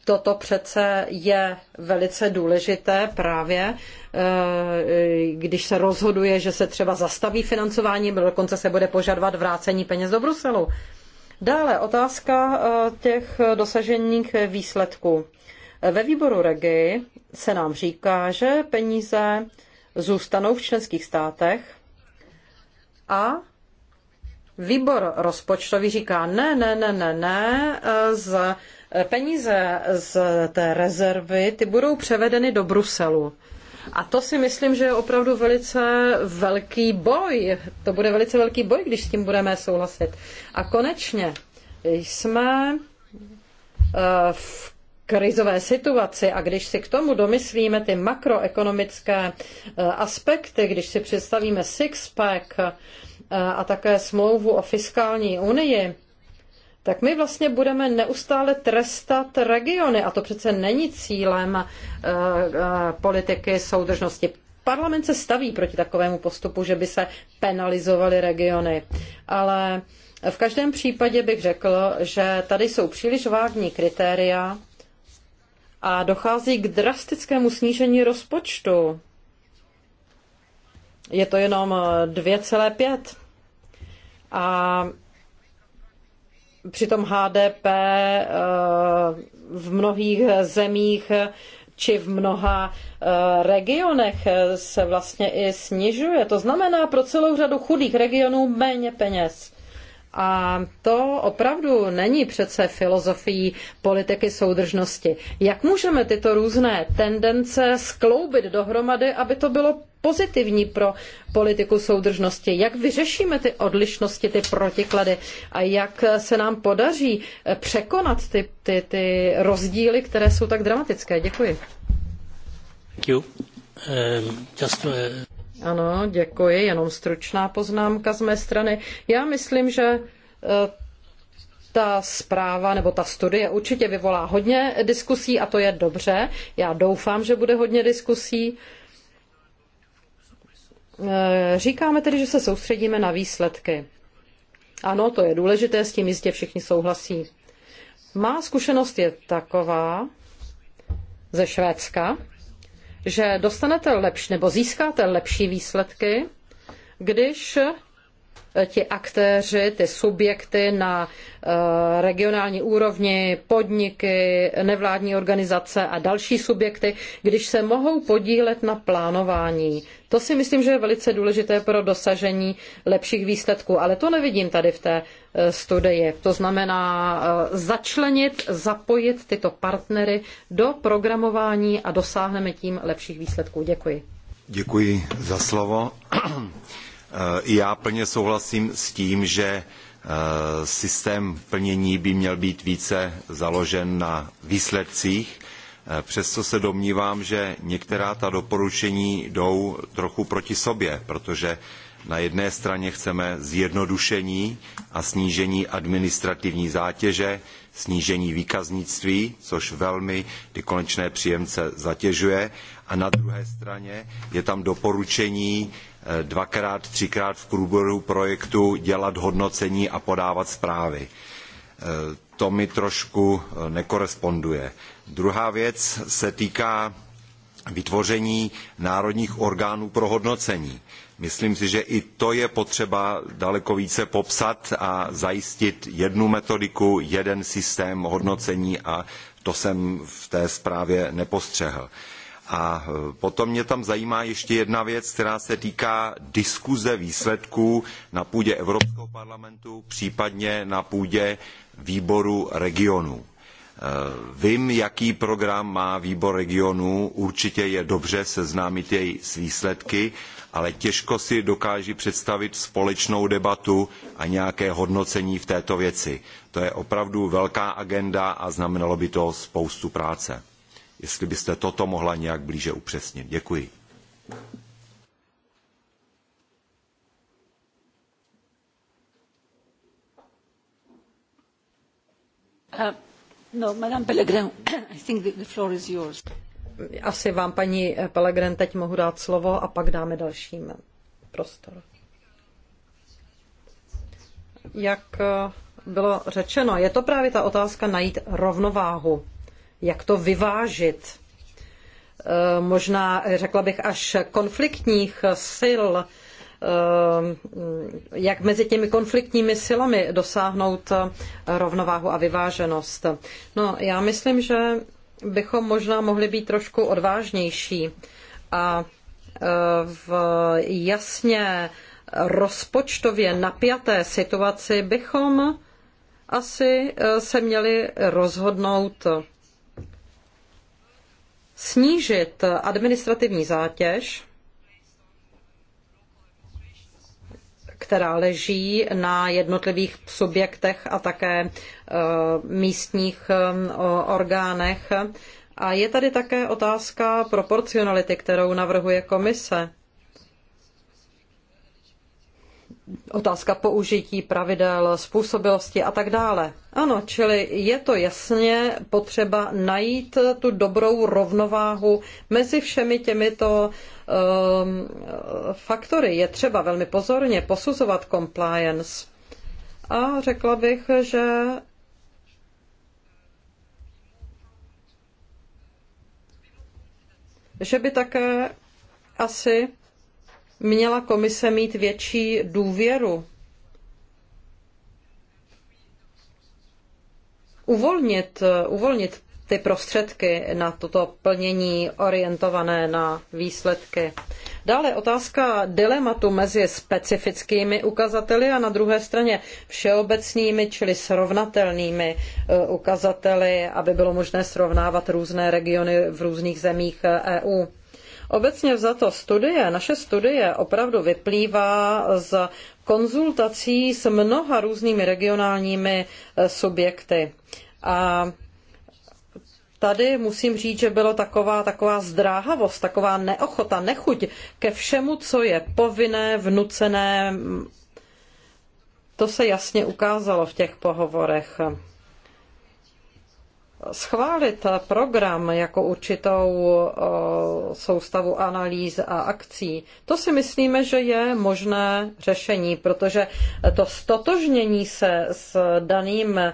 Toto přece je velice důležité právě, eh, když se rozhoduje, že se třeba zastaví financování, nebo dokonce se bude požadovat vrácení peněz do Bruselu. Dále otázka eh, těch dosažených výsledků. Ve výboru Regi se nám říká, že peníze zůstanou v členských státech a výbor rozpočtový říká ne, ne, ne, ne, ne, z peníze z té rezervy, ty budou převedeny do Bruselu. A to si myslím, že je opravdu velice velký boj. To bude velice velký boj, když s tím budeme souhlasit. A konečně jsme eh, v krizové situaci a když si k tomu domyslíme ty makroekonomické eh, aspekty, když si představíme six-pack eh, a také smlouvu o fiskální unii, tak my vlastně budeme neustále trestat regiony a to přece není cílem eh, politiky soudržnosti. Parlament se staví proti takovému postupu, že by se penalizovaly regiony, ale v každém případě bych řekl, že tady jsou příliš vágní kritéria a dochází k drastickému snížení rozpočtu. Je to jenom 2,5. Eh, a přitom HDP eh, v mnohých zemích či v mnoha eh, regionech se vlastně i snižuje. To znamená pro celou řadu chudých regionů méně peněz. A to opravdu není přece filozofií politiky soudržnosti. Jak můžeme tyto různé tendence skloubit dohromady, aby to bylo pozitivní pro politiku soudržnosti? Jak vyřešíme ty odlišnosti, ty protiklady a jak se nám podaří překonat ty, ty, ty rozdíly, které jsou tak dramatické? Děkuji. Thank you. Um, just, uh... Ano, děkuji. Jenom stručná poznámka z mé strany. Já myslím, že e, ta zpráva nebo ta studie určitě vyvolá hodně diskusí a to je dobře. Já doufám, že bude hodně diskusí. E, říkáme tedy, že se soustředíme na výsledky. Ano, to je důležité, s tím jistě všichni souhlasí. Má zkušenost je taková ze Švédska, že dostanete lepší nebo získáte lepší výsledky, když Eh, ti aktéři, ty subjekty na eh, regionální úrovni, podniky, nevládní organizace a další subjekty, když se mohou podílet na plánování. To si myslím, že je velice důležité pro dosažení lepších výsledků, ale to nevidím tady v té eh, studii. To znamená začlenit, zapojit tyto partnery do programování a dosáhneme tím lepších výsledků. Děkuji. Děkuji za slovo. Eh, I já plně souhlasím s tím, že eh, systém plnění by měl být více založen na výsledcích. Eh, přesto se domnívám, že některá ta doporučení jdou trochu proti sobě, protože na jedné straně chceme zjednodušení a snížení administrativní zátěže, snížení výkaznictví, což velmi ty konečné příjemce zatěžuje, a na druhé straně je tam doporučení dvakrát, třikrát v průběhu projektu dělat hodnocení a podávat zprávy. Eh, to mi trošku eh, nekoresponduje. Druhá věc se týká vytvoření národních orgánů pro hodnocení. Myslím si, že i to je potřeba daleko více popsat a zajistit jednu metodiku, jeden systém hodnocení a to jsem v té zprávě nepostřehl. A eh, potom mě tam zajímá ještě jedna věc, která se týká diskuze výsledků na půdě Evropského parlamentu, případně na půdě výboru regionů. Eh, vím, jaký program má výbor regionů, určitě je dobře seznámit jej s výsledky, ale těžko si dokáží představit společnou debatu a nějaké hodnocení v této věci. To je opravdu velká agenda a znamenalo by to spoustu práce jestli byste toto mohla nějak blíže upřesnit. Děkuji. Uh, no, Madame Pellegrin, [COUGHS] I think the, floor is yours. Asi vám, paní Pellegrin, teď mohu dát slovo a pak dáme dalším prostor. Jak eh, bylo řečeno, je to právě ta otázka najít rovnováhu jak to vyvážit. Eh, možná řekla bych až konfliktních sil, eh, jak mezi těmi konfliktními silami dosáhnout eh, rovnováhu a vyváženost. No, já myslím, že bychom možná mohli být trošku odvážnější a v jasně rozpočtově napjaté situaci bychom asi se měli rozhodnout snížit administrativní zátěž, která leží na jednotlivých subjektech a také eh, místních eh, orgánech. A je tady také otázka proporcionality, kterou navrhuje komise. otázka použití pravidel, způsobilosti a tak dále. Ano, čili je to jasně potřeba najít tu dobrou rovnováhu mezi všemi těmito um, faktory. Je třeba velmi pozorně posuzovat compliance. A řekla bych, že že by také asi měla komise mít větší důvěru uvolnit, uvolnit ty prostředky na toto plnění orientované na výsledky. Dále otázka dilematu mezi specifickými ukazateli a na druhé straně všeobecnými, čili srovnatelnými eh, ukazateli, aby bylo možné srovnávat různé regiony v různých zemích EU. Eh, e Obecně vzato studie, naše studie opravdu vyplývá z konzultací s mnoha různými regionálními eh, subjekty. A tady musím říct, že bylo taková, taková zdráhavost, taková neochota, nechuť ke všemu, co je povinné, vnucené. To se jasně ukázalo v těch pohovorech schválit program jako určitou soustavu analýz a akcí, to si myslíme, že je možné řešení, protože to stotožnění se s daným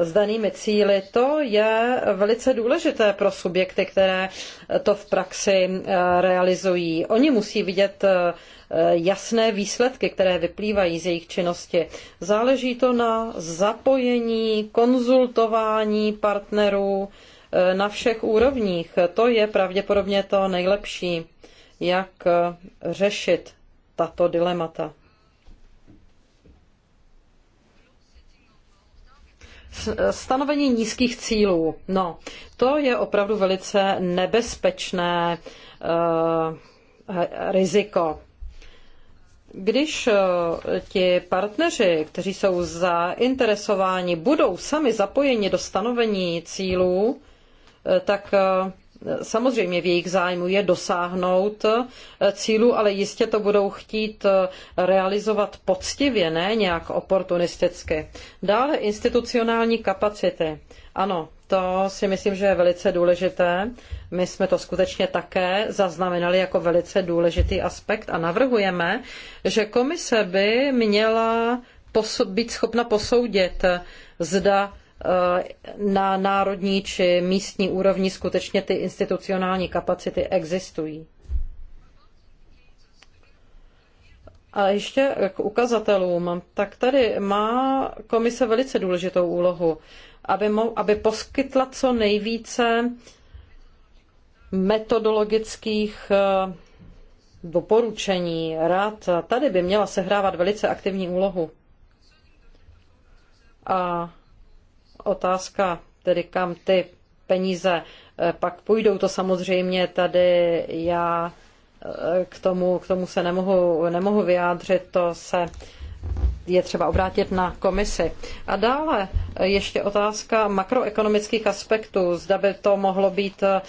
s danými cíly, to je velice důležité pro subjekty, které to v praxi e, realizují. Oni musí vidět e, Eh, jasné výsledky, které vyplývají z jejich činnosti. Záleží to na zapojení, konzultování partnerů eh, na všech úrovních. To je pravděpodobně to nejlepší, jak eh, řešit tato dilemata. Stanovení nízkých cílů. No, to je opravdu velice nebezpečné riziko. Když eh, ti partneři, kteří jsou zainteresováni, budou sami zapojeni do stanovení cílů, eh, tak eh, samozřejmě v jejich zájmu je dosáhnout cílů, ale jistě to budou chtít realizovat poctivě, ne nějak oportunisticky. Dále institucionální kapacity. Ano, to si myslím, že je velice důležité. My jsme to skutečně také zaznamenali jako velice důležitý aspekt a navrhujeme, že komise by měla být schopna posoudit, zda eh, na národní či místní úrovni skutečně ty institucionální kapacity existují. A ještě k ukazatelům. Tak tady má komise velice důležitou úlohu, aby, mo- aby poskytla co nejvíce metodologických eh, doporučení, rad. Tady by měla sehrávat velice aktivní úlohu. A otázka, tedy kam ty peníze eh, pak půjdou, to samozřejmě tady já k tomu, k tomu se nemohu, nemohu vyjádřit, to se je třeba obrátit na komisi. A dále ještě otázka makroekonomických aspektů. Zda by to mohlo být eh,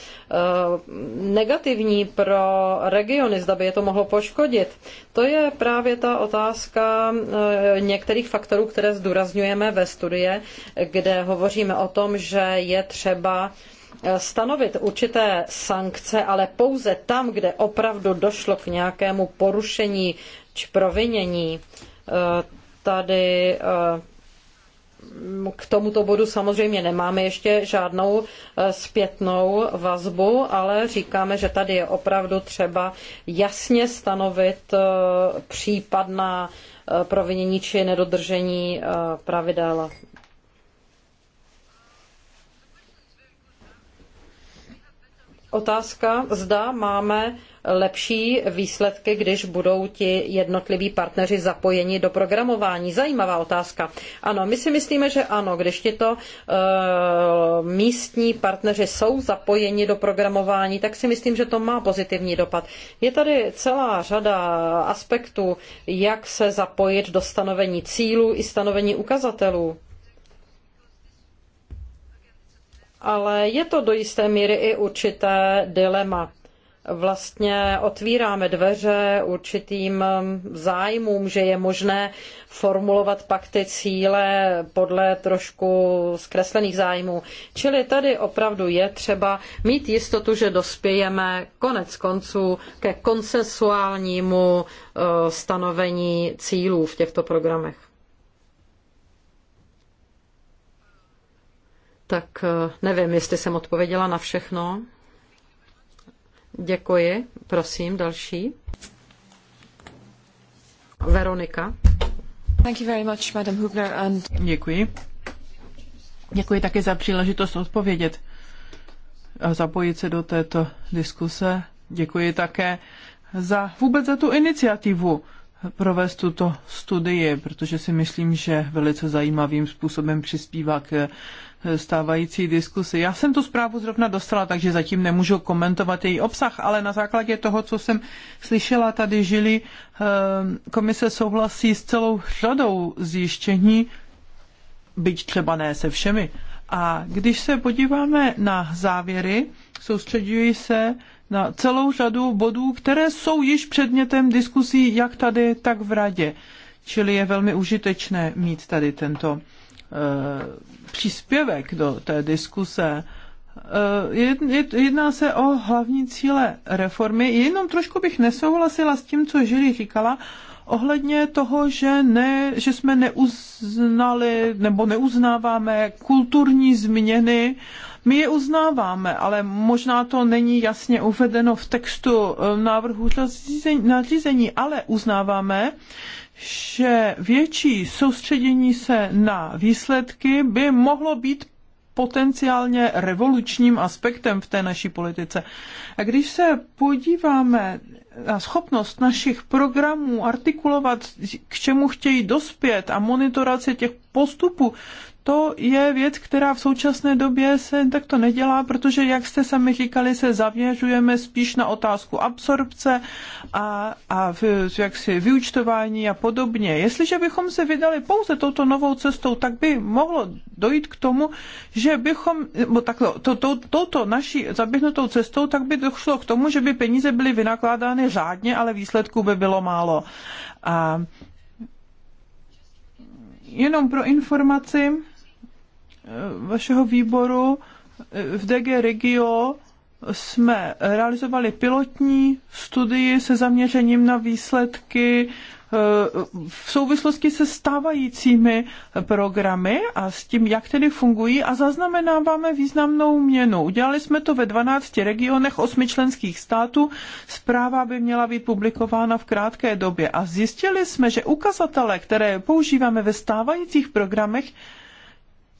negativní pro regiony, zda by je to mohlo poškodit. To je právě ta otázka eh, některých faktorů, které zdůrazňujeme ve studie, kde hovoříme o tom, že je třeba stanovit určité sankce, ale pouze tam, kde opravdu došlo k nějakému porušení či provinění. Eh, tady eh, k tomuto bodu samozřejmě nemáme ještě žádnou eh, zpětnou vazbu, ale říkáme, že tady je opravdu třeba jasně stanovit případná provinění či nedodržení pravidel otázka, zda máme lepší výsledky, když budou ti jednotliví partneři zapojeni do programování. Zajímavá otázka. Ano, my si myslíme, že ano, když tito e, místní partneři jsou zapojeni do programování, tak si myslím, že to má pozitivní dopad. Je tady celá řada aspektů, jak se zapojit do stanovení cílů i stanovení ukazatelů. ale je to do jisté míry i určité dilema. Vlastně otvíráme dveře určitým um, zájmům, že je možné formulovat pak ty cíle podle trošku zkreslených zájmů. Čili tady opravdu je třeba mít jistotu, že dospějeme konec konců ke konsensuálnímu uh, stanovení cílů v těchto programech. Tak eh, nevím, jestli jsem odpověděla na všechno. Děkuji. Prosím, další. Veronika. Thank you very much, Madam Hubner, and... Děkuji. Děkuji také za příležitost odpovědět a zapojit se do této diskuse. Děkuji také za vůbec za tu iniciativu provést tuto studii, protože si myslím, že velice zajímavým způsobem přispívá k stávající diskusy. Já jsem tu zprávu zrovna dostala, takže zatím nemůžu komentovat její obsah, ale na základě toho, co jsem slyšela tady žili, eh, komise souhlasí s celou řadou zjištění, byť třeba ne se všemi. A když se podíváme na závěry, soustředuji se na celou řadu bodů, které jsou již předmětem diskusí jak tady, tak v radě. Čili je velmi užitečné mít tady tento Eh, příspěvek do té diskuse. Eh, jedná se o hlavní cíle reformy. Jenom trošku bych nesouhlasila s tím, co Žili říkala, ohledně toho, že, ne, že jsme neuznali nebo neuznáváme kulturní změny. My je uznáváme, ale možná to není jasně uvedeno v textu eh, návrhu nadřízení, ale uznáváme, že větší soustředění se na výsledky by mohlo být potenciálně revolučním aspektem v té naší politice. A když se podíváme na schopnost našich programů artikulovat, k čemu chtějí dospět a monitorace těch postupů, to je věc, která v současné době se takto nedělá, protože, jak jste sami říkali, se zaměřujeme spíš na otázku absorpce a, a v, jaksi vyučtování a podobně. Jestliže bychom se vydali pouze touto novou cestou, tak by mohlo dojít k tomu, že bychom, bo takhle, to, to, touto naší zaběhnutou cestou, tak by došlo k tomu, že by peníze byly vynakládány řádně, ale výsledků by bylo málo. A jenom pro informaci, vašeho výboru v DG Regio jsme realizovali pilotní studii se zaměřením na výsledky eh, v souvislosti se stávajícími programy a s tím, jak tedy fungují a zaznamenáváme významnou měnu. Udělali jsme to ve 12 regionech 8 členských států. Zpráva by měla být publikována v krátké době a zjistili jsme, že ukazatele, které používáme ve stávajících programech,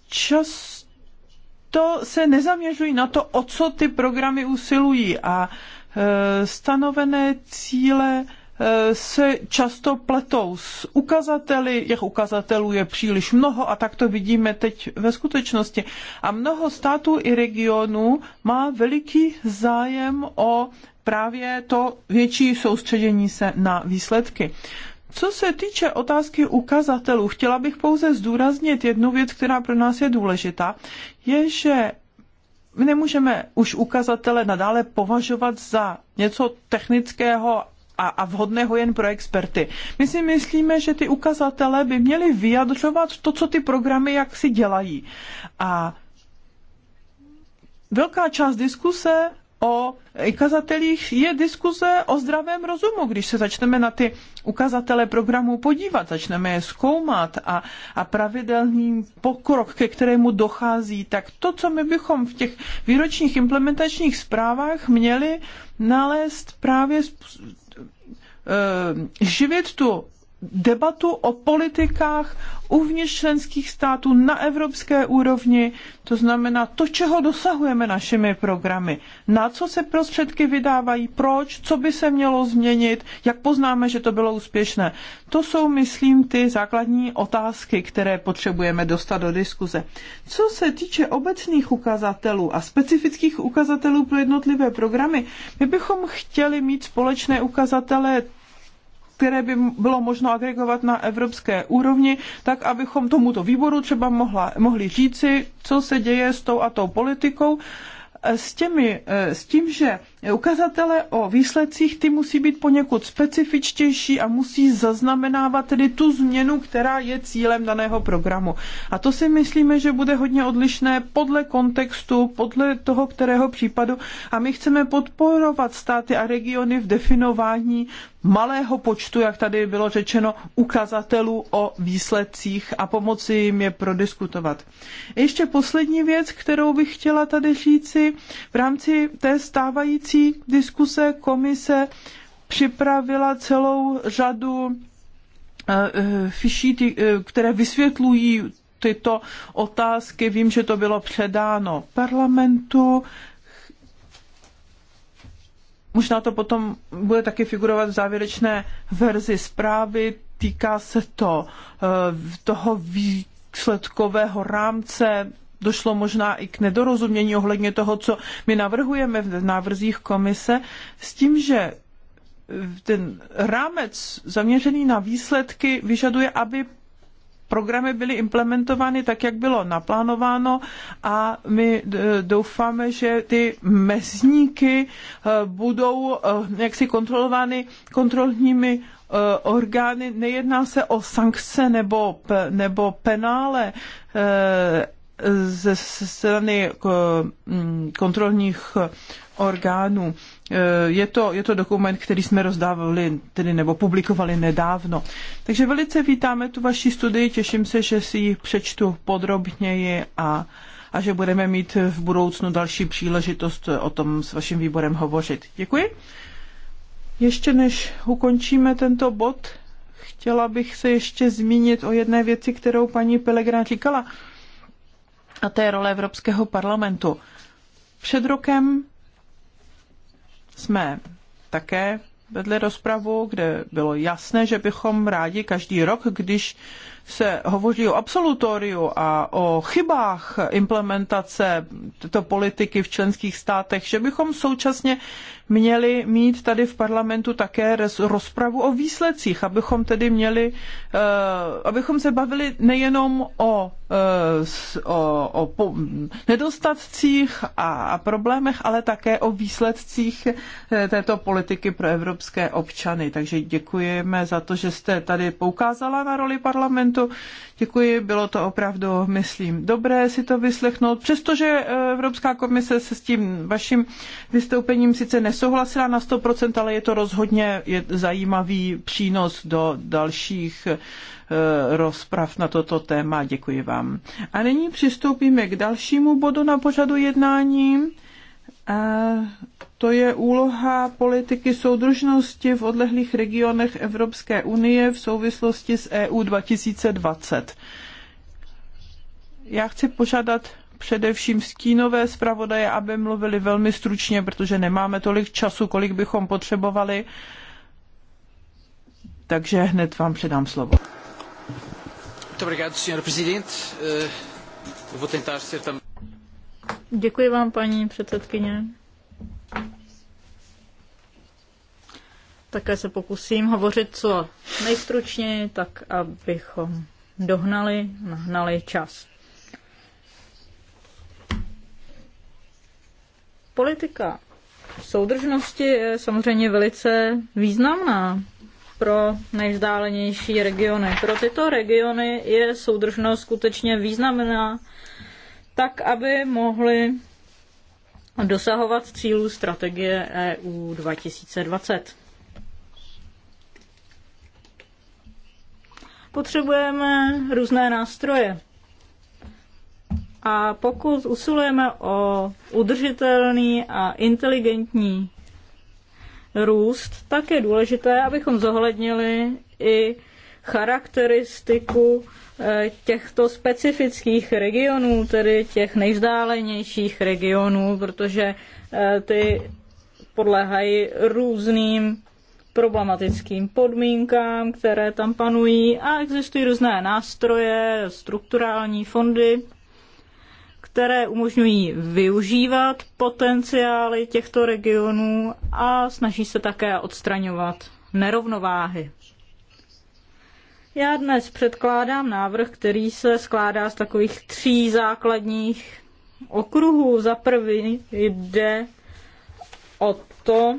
často se nezaměřují na to, o co ty programy usilují a e, stanovené cíle e, se často pletou s ukazateli, těch ukazatelů je příliš mnoho a tak to vidíme teď ve skutečnosti. A mnoho států i regionů má veliký zájem o právě to větší soustředění se na výsledky. Co se týče otázky ukazatelů, chtěla bych pouze zdůraznit jednu věc, která pro nás je důležitá, je, že my nemůžeme už ukazatele nadále považovat za něco technického a, a vhodného jen pro experty. My si myslíme, že ty ukazatele by měly vyjadřovat to, co ty programy jak si dělají. A velká část diskuse o ukazatelích je diskuze o zdravém rozumu. Když se začneme na ty ukazatele programů podívat, začneme je zkoumat a, a pravidelný pokrok, ke kterému dochází, tak to, co my bychom v těch výročních implementačních zprávách měli nalézt právě eh, živit tu debatu o politikách uvnitř členských států na evropské úrovni, to znamená to, čeho dosahujeme našimi programy, na co se prostředky vydávají, proč, co by se mělo změnit, jak poznáme, že to bylo úspěšné. To jsou, myslím, ty základní otázky, které potřebujeme dostat do diskuze. Co se týče obecných ukazatelů a specifických ukazatelů pro jednotlivé programy, my bychom chtěli mít společné ukazatele které by bylo možno agregovat na evropské úrovni, tak abychom tomuto výboru třeba mohla, mohli říci, co se děje s tou a tou politikou, s, těmi, eh, s tím, že ukazatele o výsledcích, ty musí být poněkud specifičtější a musí zaznamenávat tedy tu změnu, která je cílem daného programu. A to si myslíme, že bude hodně odlišné podle kontextu, podle toho, kterého případu. A my chceme podporovat státy a regiony v definování malého počtu, jak tady bylo řečeno, ukazatelů o výsledcích a pomoci jim je prodiskutovat. Ještě poslední věc, kterou bych chtěla tady říci v rámci té stávající rámci diskuse komise připravila celou řadu eh, eh, fiší, eh, které vysvětlují tyto otázky. Vím, že to bylo předáno parlamentu. Možná to potom bude taky figurovat v závěrečné verzi zprávy. Týká se to toho výsledkového rámce došlo možná i k nedorozumění ohledně toho, co my navrhujeme v návrzích komise, s tím, že eh, ten rámec zaměřený na výsledky vyžaduje, aby programy byly implementovány tak, jak bylo naplánováno a my doufáme, že ty mezníky eh, budou eh, jaksi kontrolovány kontrolními orgány. Nejedná se o sankce nebo, nebo penále, ze strany mm, kontrolních orgánů. E, je to, je to dokument, který jsme rozdávali, tedy nebo publikovali nedávno. Takže velice vítáme tu vaši studii, těším se, že si ji přečtu podrobněji a, a že budeme mít v budoucnu další příležitost o tom s vaším výborem hovořit. Děkuji. Ještě než ukončíme tento bod, chtěla bych se ještě zmínit o jedné věci, kterou paní Pelegrán říkala a té role Evropského parlamentu. Před rokem jsme také vedli rozpravu, kde bylo jasné, že bychom rádi každý rok, když se hovoří o absolutoriu a o chybách implementace této politiky v členských státech, že bychom současně měli mít tady v parlamentu také rozpravu o výsledcích, abychom tedy měli, eh, abychom se bavili nejenom o, eh, o, o nedostatcích a problémech, ale také o výsledcích eh, této politiky pro evropské občany. Takže děkujeme za to, že jste tady poukázala na roli parlamentu parlamentu. Děkuji, bylo to opravdu, myslím, dobré si to vyslechnout, přestože eh, Evropská komise se s tím vaším vystoupením sice nesouhlasila na 100%, ale je to rozhodně je zajímavý přínos do dalších eh, rozprav na toto téma. Děkuji vám. A nyní přistoupíme k dalšímu bodu na pořadu jednání a to je úloha politiky soudržnosti v odlehlých regionech Evropské unie v souvislosti s EU 2020. Já chci požádat především stínové zpravodaje, aby mluvili velmi stručně, protože nemáme tolik času, kolik bychom potřebovali. Takže hned vám předám slovo. Děkuji vám, paní předsedkyně. Také se pokusím hovořit co nejstručněji, tak abychom dohnali, nahnali čas. Politika soudržnosti je samozřejmě velice významná pro nejvzdálenější regiony. Pro tyto regiony je soudržnost skutečně významná tak aby mohli dosahovat cílů strategie EU 2020. Potřebujeme různé nástroje. A pokud usilujeme o udržitelný a inteligentní růst, tak je důležité, abychom zohlednili i charakteristiku těchto specifických regionů, tedy těch nejvzdálenějších regionů, protože eh, ty podléhají různým problematickým podmínkám, které tam panují a existují různé nástroje, strukturální fondy, které umožňují využívat potenciály těchto regionů a snaží se také odstraňovat nerovnováhy. Já dnes předkládám návrh, který se skládá z takových tří základních okruhů. Za prvý jde o to,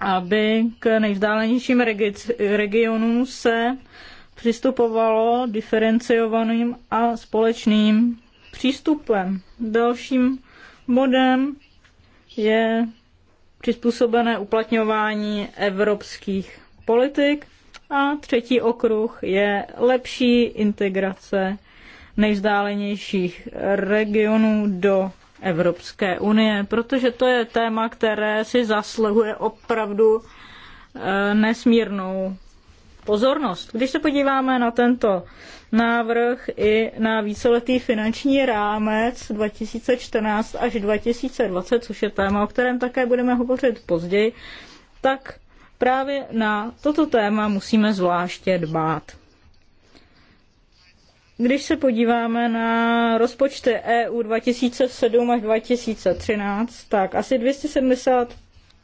aby k nejvzdálenějším regi- regionům se přistupovalo diferenciovaným a společným přístupem. Dalším bodem je přizpůsobené uplatňování evropských politik a třetí okruh je lepší integrace nejvzdálenějších regionů do Evropské unie, protože to je téma, které si zasluhuje opravdu eh, nesmírnou pozornost. Když se podíváme na tento návrh i na víceletý finanční rámec 2014 až 2020, což je téma, o kterém také budeme hovořit později, tak Právě na toto téma musíme zvláště dbát. Když se podíváme na rozpočty EU 2007 až 2013, tak asi 270,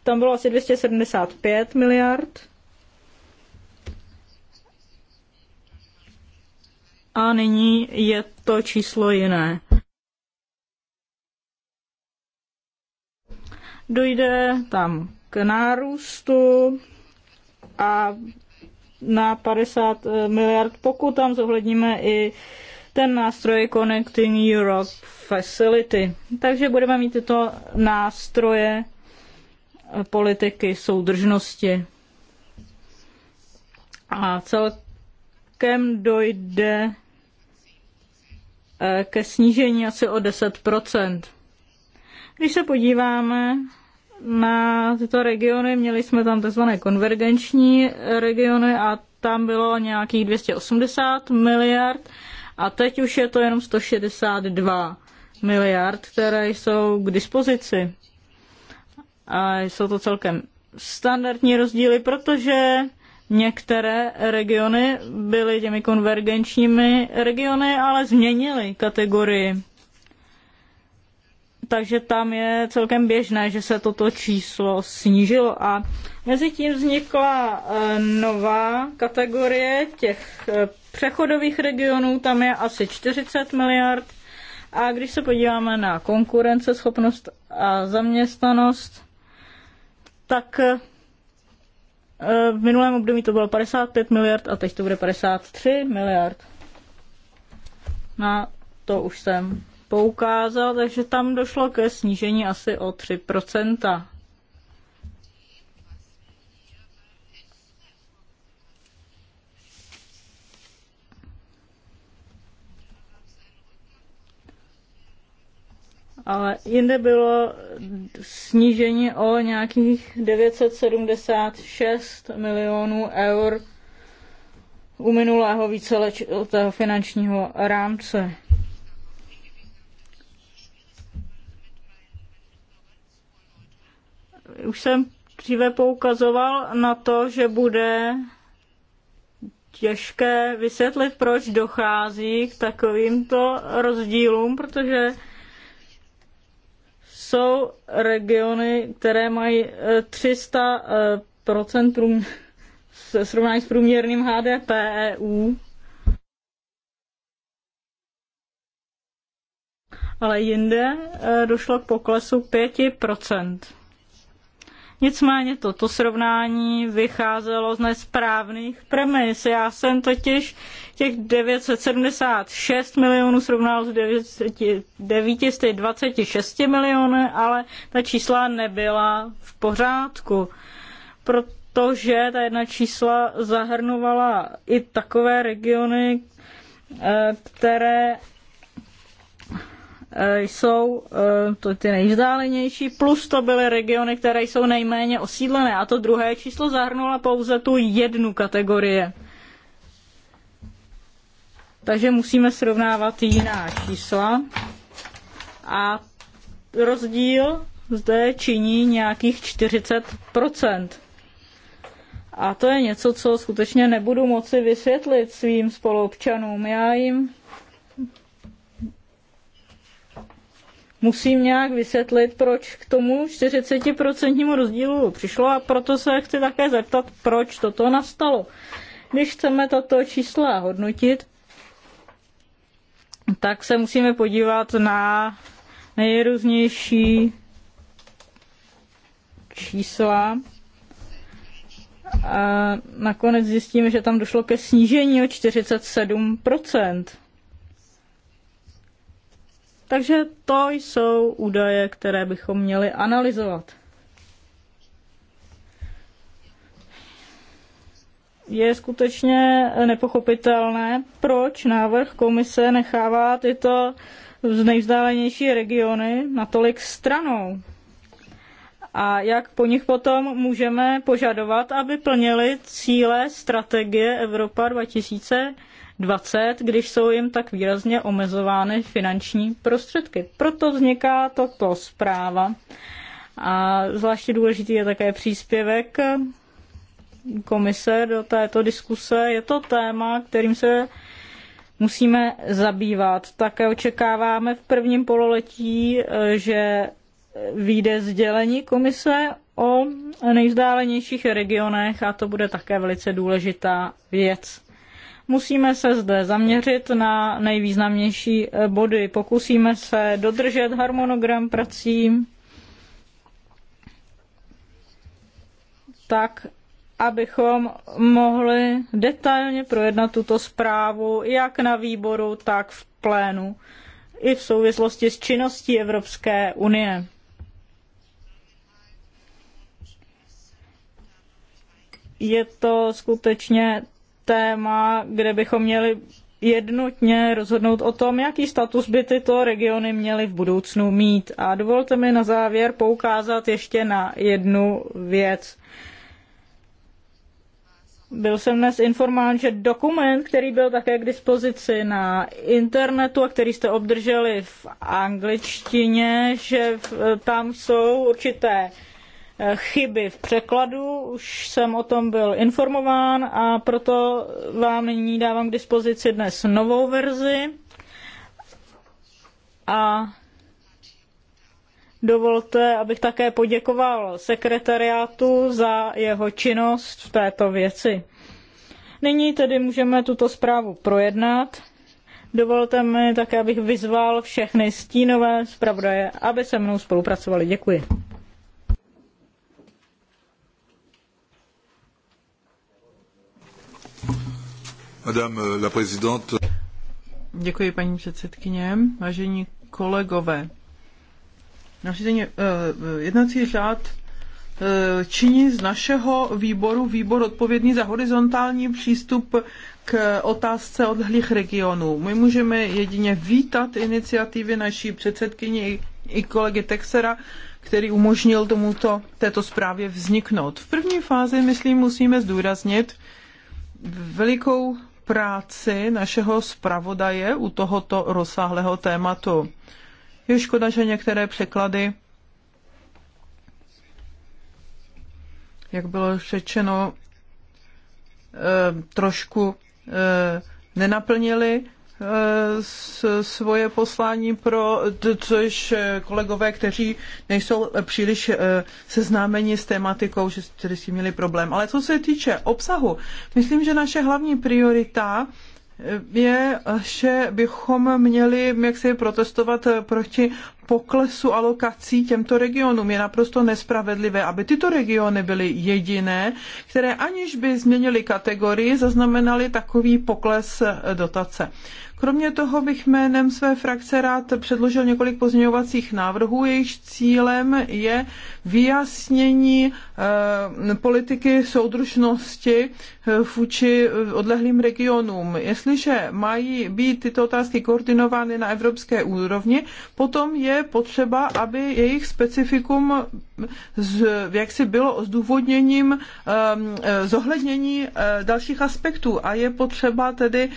tam bylo asi 275 miliard. A nyní je to číslo jiné. Dojde tam k nárůstu a na 50 eh, miliard, pokud tam zohledníme i ten nástroj Connecting Europe Facility. Takže budeme mít tyto nástroje eh, politiky soudržnosti. A celkem dojde eh, ke snížení asi o 10 Když se podíváme na tyto regiony. Měli jsme tam tzv. konvergenční regiony a tam bylo nějakých 280 miliard a teď už je to jenom 162 miliard, které jsou k dispozici. A jsou to celkem standardní rozdíly, protože některé regiony byly těmi konvergenčními regiony, ale změnily kategorii takže tam je celkem běžné, že se toto číslo snížilo. A mezi tím vznikla e, nová kategorie těch e, přechodových regionů, tam je asi 40 miliard. A když se podíváme na konkurenceschopnost a zaměstnanost, tak e, v minulém období to bylo 55 miliard a teď to bude 53 miliard. Na to už jsem poukázal, takže tam došlo ke snížení asi o 3 ale jinde bylo snížení o nějakých 976 milionů eur u minulého víceletého finančního rámce. už jsem dříve poukazoval na to, že bude těžké vysvětlit, proč dochází k takovýmto rozdílům, protože jsou regiony, které mají 300% eh, eh, prům, se srovnání s průměrným HDP EU, ale jinde eh, došlo k poklesu 5%. Nicméně toto srovnání vycházelo z nesprávných premis. Já jsem totiž těch 976 milionů srovnal s 926 miliony, ale ta čísla nebyla v pořádku. Protože ta jedna čísla zahrnovala i takové regiony, eh, které Eh, jsou eh, to ty nejvzdálenější, plus to byly regiony, které jsou nejméně osídlené. A to druhé číslo zahrnula pouze tu jednu kategorii. Takže musíme srovnávat jiná čísla. A rozdíl zde činí nějakých 40%. A to je něco, co skutečně nebudu moci vysvětlit svým spoluobčanům. Já jim musím nějak vysvětlit, proč k tomu 40% rozdílu přišlo a proto se chci také zeptat, proč toto nastalo. Když chceme tato čísla hodnotit, tak se musíme podívat na nejrůznější čísla. A nakonec zjistíme, že tam došlo ke snížení o 47 takže to jsou údaje, které bychom měli analyzovat. je skutečně nepochopitelné, proč návrh komise nechává tyto nejvzdálenější regiony natolik stranou. A jak po nich potom můžeme požadovat, aby plnili cíle strategie Evropa 2020? 20, když jsou jim tak výrazně omezovány finanční prostředky. Proto vzniká toto zpráva. A zvláště důležitý je také příspěvek komise do této diskuse. Je to téma, kterým se musíme zabývat. Také očekáváme v prvním pololetí, že vyjde sdělení komise o nejvzdálenějších regionech a to bude také velice důležitá věc. Musíme se zde zaměřit na nejvýznamnější eh, body. Pokusíme se dodržet harmonogram prací tak, abychom mohli detailně projednat tuto zprávu jak na výboru, tak v plénu i v souvislosti s činností Evropské unie. Je to skutečně téma, kde bychom měli jednotně rozhodnout o tom, jaký status by tyto regiony měly v budoucnu mít. A dovolte mi na závěr poukázat ještě na jednu věc. Byl jsem dnes informován, že dokument, který byl také k dispozici na internetu a který jste obdrželi v angličtině, že tam jsou určité Eh, chyby v překladu, už jsem o tom byl informován a proto vám nyní dávám k dispozici dnes novou verzi. A dovolte, abych také poděkoval sekretariátu za jeho činnost v této věci. Nyní tedy můžeme tuto zprávu projednat. Dovolte mi také, abych vyzval všechny stínové zpravodaje, aby se mnou spolupracovali. Děkuji. Madame euh, la présidente. Děkuji, paní předsedkyně. Vážení kolegové, nařízení, eh, jednací řád eh, činí z našeho výboru výbor odpovědný za horizontální přístup k otázce odhlých regionů. My můžeme jedině vítat iniciativy naší předsedkyně i kolegy Texera, který umožnil tomuto, této zprávě vzniknout. V první fázi, myslím, musíme zdůraznit velikou práci našeho zpravodaje u tohoto rozsáhlého tématu. Je škoda, že některé překlady, jak bylo řečeno, eh, trošku eh, nenaplnili svoje poslání pro, což eh, kolegové, kteří nejsou eh, příliš eh, seznámeni s tématikou, že tedy si měli problém. Ale co se týče obsahu, myslím, že naše hlavní priorita je, že bychom měli jak se protestovat proti poklesu alokací těmto regionům. Je naprosto nespravedlivé, aby tyto regiony byly jediné, které aniž by změnily kategorii, zaznamenaly takový pokles dotace. Kromě toho bych jménem své frakce rád předložil několik pozměňovacích návrhů, jejichž cílem je vyjasnění eh, politiky soudržnosti eh, vůči odlehlým regionům. Jestliže mají být tyto otázky koordinovány na evropské úrovni, potom je potřeba, aby jejich specifikum z, jak si bylo zdůvodněním um, zohlednění eh, dalších aspektů a je potřeba tedy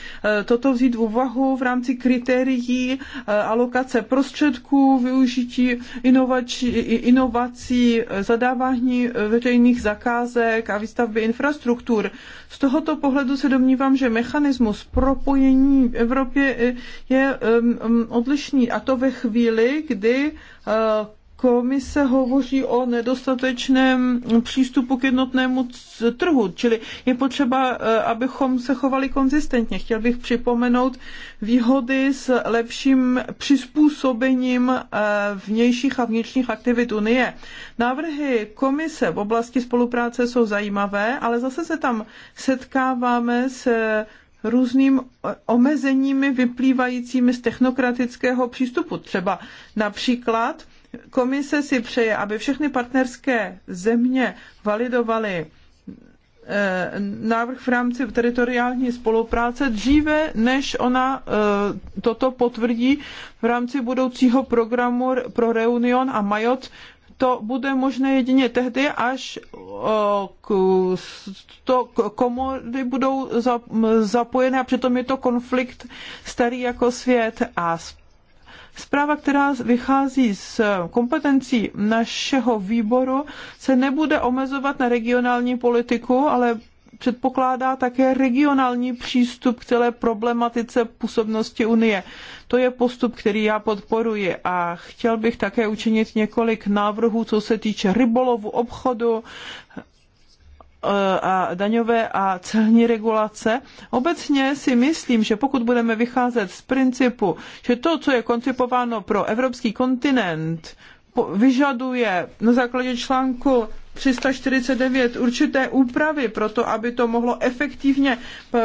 toto vzít v úvahu v rámci kritérií alokace prostředků, využití inovací, inovací zadávání veřejných zakázek a výstavby infrastruktur. Z tohoto pohledu se domnívám, že mechanismus propojení v Evropě je odlišný a to ve chvíli, kdy komise hovoří o nedostatečném přístupu k jednotnému trhu, čili je potřeba, eh, abychom se chovali konzistentně. Chtěl bych připomenout výhody s lepším přizpůsobením eh, vnějších a vnitřních aktivit Unie. Návrhy komise v oblasti spolupráce jsou zajímavé, ale zase se tam setkáváme s eh, různým omezeními vyplývajícími z technokratického přístupu. Třeba například Komise si přeje, aby všechny partnerské země validovaly eh, návrh v rámci teritoriální spolupráce dříve, než ona eh, toto potvrdí v rámci budoucího programu pro Reunion a Majot. To bude možné jedině tehdy, až eh, to komory budou zapojené a přitom je to konflikt starý jako svět a Zpráva, která vychází z kompetencí našeho výboru, se nebude omezovat na regionální politiku, ale předpokládá také regionální přístup k celé problematice působnosti Unie. To je postup, který já podporuji a chtěl bych také učinit několik návrhů, co se týče rybolovu, obchodu, E, a daňové a celní regulace. Obecně si myslím, že pokud budeme vycházet z principu, že to, co je koncipováno pro evropský kontinent, vyžaduje na základě článku 349 určité úpravy pro to, aby to mohlo efektivně eh, eh,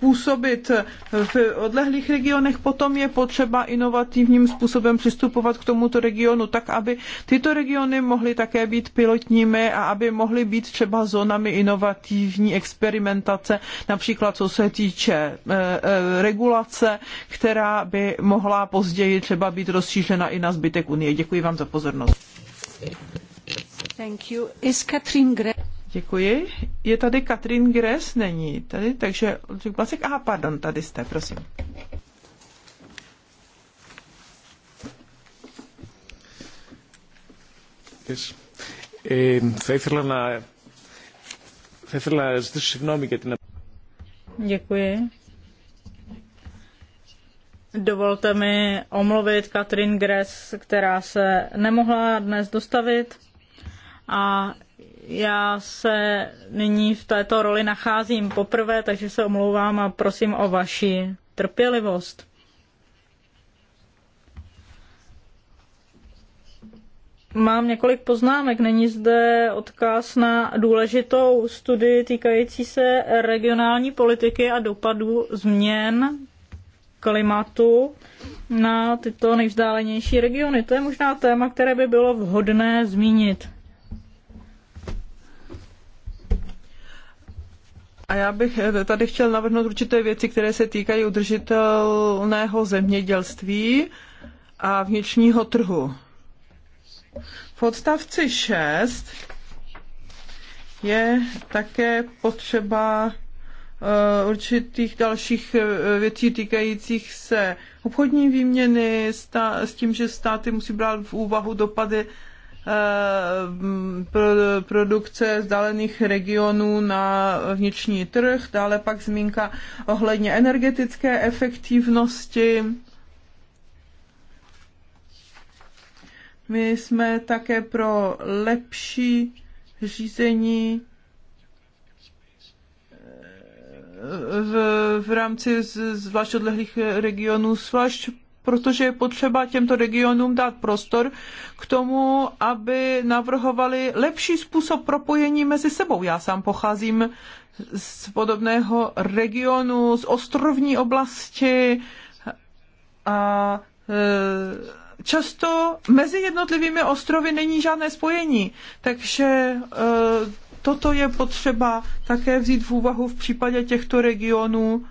působit v odlehlých regionech, potom je potřeba inovativním způsobem přistupovat k tomuto regionu, tak aby tyto regiony mohly také být pilotními a aby mohly být třeba zónami inovativní experimentace, například co se týče eh, regulace, která by mohla později třeba být rozšířena i na zbytek Unie. Děkuji vám za pozornost. Thank you. Is Katrin Gre- Děkuji. Je tady Katrin Gres? Není tady, takže Luděk Placek. Aha, pardon, tady jste, prosím. Yes. Ε, θα ήθελα να θα ήθελα να ζητήσω συγγνώμη για την Děkuji. Dovolte mi omluvit Katrin Gress, která se nemohla dnes dostavit a já se nyní v této roli nacházím poprvé, takže se omlouvám a prosím o vaši trpělivost. Mám několik poznámek. Není zde odkaz na důležitou studii týkající se regionální politiky a dopadů změn klimatu na tyto nejvzdálenější regiony. To je možná téma, které by bylo vhodné zmínit. A já bych eh, tady chtěl navrhnout určité věci, které se týkají udržitelného zemědělství a vnitřního trhu. V odstavci 6 je také potřeba eh, určitých dalších eh, věcí týkajících se obchodní výměny s tím, že státy musí brát v úvahu dopady Eh, produkce dalených regionů na vnitřní trh, dále pak zmínka ohledně energetické efektivnosti. My jsme také pro lepší řízení eh, v, v rámci z, zvlášť odlehlých regionů, zvlášť protože je potřeba těmto regionům dát prostor k tomu, aby navrhovali lepší způsob propojení mezi sebou. Já sám pocházím z podobného regionu, z ostrovní oblasti a e, často mezi jednotlivými ostrovy není žádné spojení, takže e, toto je potřeba také vzít v úvahu v případě těchto regionů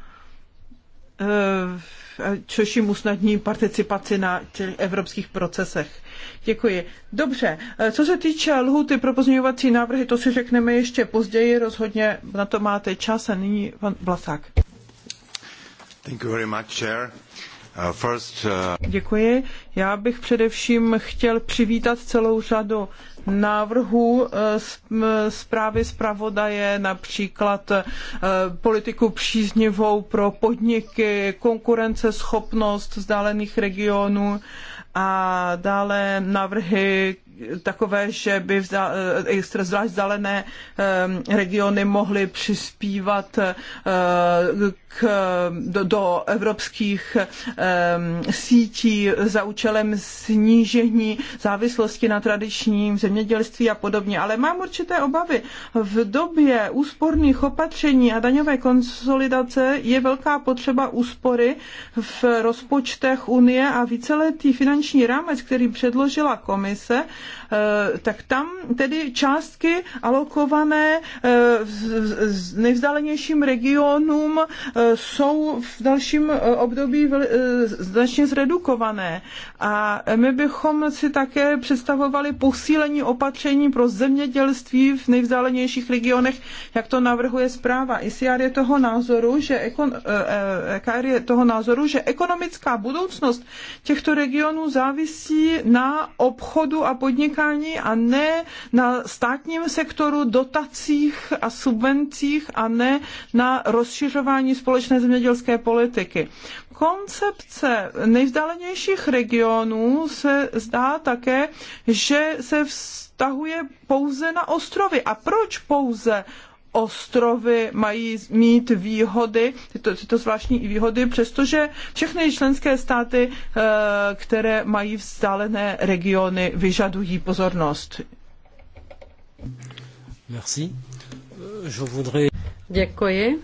e, což jim usnadní participaci na těch evropských procesech. Děkuji. Dobře, co se týče lhuty pro pozměňovací návrhy, to si řekneme ještě později, rozhodně na to máte čas a nyní pan Vlasák. Thank you very much, Chair. Uh, first, uh... Děkuji. Já bych především chtěl přivítat celou řadu návrhů eh, zprávy zpravodaje, například eh, politiku příznivou pro podniky, konkurenceschopnost vzdálených regionů a dále návrhy takové, že by eh, zvlášť vzdálené regiony mohly přispívat k, do, do evropských um, sítí za účelem snížení závislosti na tradičním zemědělství a podobně. Ale mám určité obavy. V době úsporných opatření a daňové konsolidace je velká potřeba úspory v rozpočtech Unie a víceletý finanční rámec, který předložila komise, Eh, tak tam tedy částky alokované eh, z nejvzdálenějším regionům eh, jsou v dalším období značně zredukované. A my bychom si také představovali posílení opatření pro zemědělství v nejvzdálenějších regionech, jak to navrhuje zpráva. ICR je toho názoru, že ekon, EKR je toho názoru, že ekonomická budoucnost těchto regionů závisí na obchodu a podnikání podnikání a ne na státním sektoru, dotacích a subvencích a ne na rozšiřování společné zemědělské politiky. Koncepce nejvzdálenějších regionů se zdá také, že se vztahuje pouze na ostrovy. A proč pouze ostrovy mají mít výhody, tyto, tyto zvláštní výhody, přestože všechny členské státy, eh, které mají vzdálené regiony, vyžadují pozornost. Merci. Eh, je voudrais... Děkuji.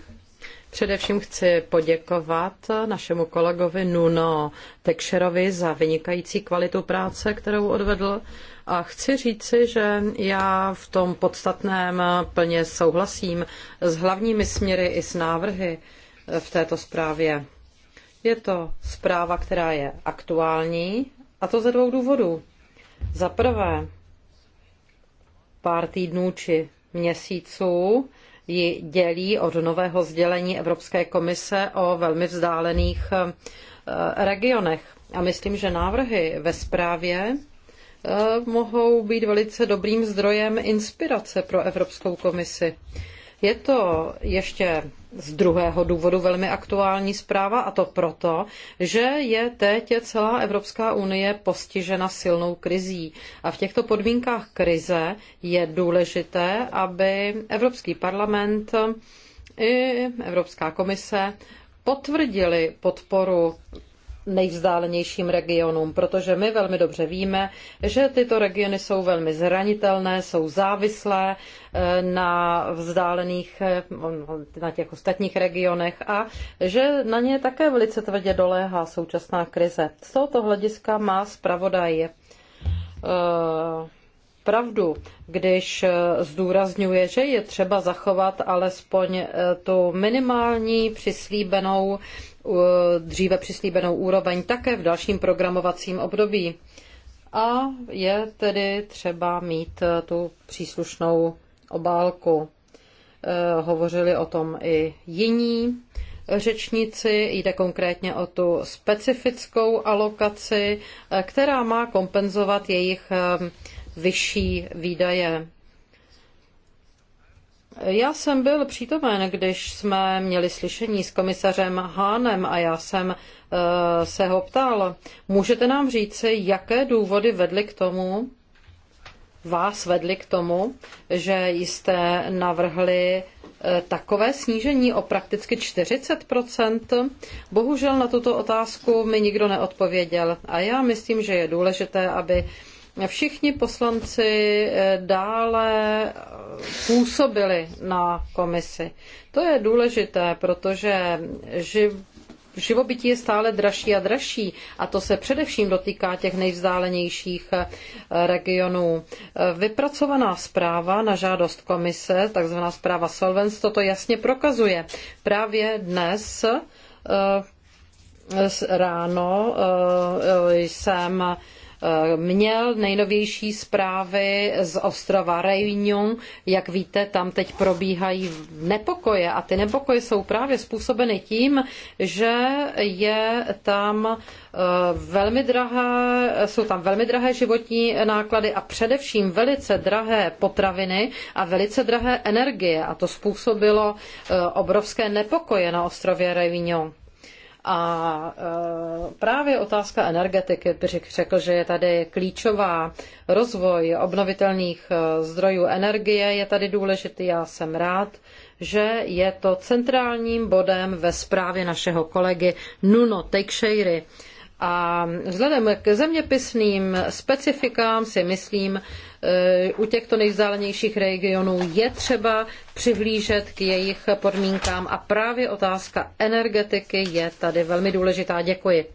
Především chci poděkovat našemu kolegovi Nuno Tekšerovi za vynikající kvalitu práce, kterou odvedl a chci říci, že já v tom podstatném plně souhlasím s hlavními směry i s návrhy eh, v této zprávě. Je to zpráva, která je aktuální, a to ze dvou důvodů. Za prvé, pár týdnů či měsíců ji dělí od nového sdělení Evropské komise o velmi vzdálených eh, regionech. A myslím, že návrhy ve zprávě Eh, mohou být velice dobrým zdrojem inspirace pro Evropskou komisi. Je to ještě z druhého důvodu velmi aktuální zpráva a to proto, že je teď celá Evropská unie postižena silnou krizí. A v těchto podmínkách krize je důležité, aby Evropský parlament i Evropská komise potvrdili podporu nejvzdálenějším regionům, protože my velmi dobře víme, že tyto regiony jsou velmi zranitelné, jsou závislé eh, na vzdálených, eh, na těch ostatních regionech a že na ně také velice tvrdě doléhá současná krize. Z tohoto hlediska má zpravodaj eh, pravdu, když zdůrazňuje, že je třeba zachovat alespoň tu minimální přislíbenou dříve přislíbenou úroveň také v dalším programovacím období. A je tedy třeba mít eh, tu příslušnou obálku. Eh, hovořili o tom i jiní řečníci. Jde konkrétně o tu specifickou alokaci, eh, která má kompenzovat jejich vyšší výdaje. Já jsem byl přítomen, když jsme měli slyšení s komisařem Hánem a já jsem uh, se ho ptal, můžete nám říci, jaké důvody vedly k tomu, vás vedly k tomu, že jste navrhli eh, takové snížení o prakticky 40 Bohužel na tuto otázku mi nikdo neodpověděl a já myslím, že je důležité, aby všichni poslanci eh, dále působili na komisi. To je důležité, protože živobytí je stále dražší a dražší a to se především dotýká těch nejvzdálenějších eh, regionů. Eh, vypracovaná zpráva na žádost komise, takzvaná zpráva Solvens, toto jasně prokazuje. Právě dnes ráno jsem Eh, měl nejnovější zprávy z ostrova Réunion. Jak víte, tam teď probíhají nepokoje a ty nepokoje jsou právě způsobeny tím, že je tam eh, velmi drahé, jsou tam velmi drahé životní náklady a především velice drahé potraviny a velice drahé energie a to způsobilo eh, obrovské nepokoje na ostrově Réunion. A e, právě otázka energetiky, bych řekl, že je tady klíčová. Rozvoj obnovitelných e, zdrojů energie je tady důležitý. Já jsem rád, že je to centrálním bodem ve zprávě našeho kolegy Nuno Teixeiry. A vzhledem k zeměpisným specifikám si myslím, Eh, u těchto nejvzdálenějších regionů je třeba přihlížet k jejich podmínkám a právě otázka energetiky je tady velmi důležitá. Děkuji.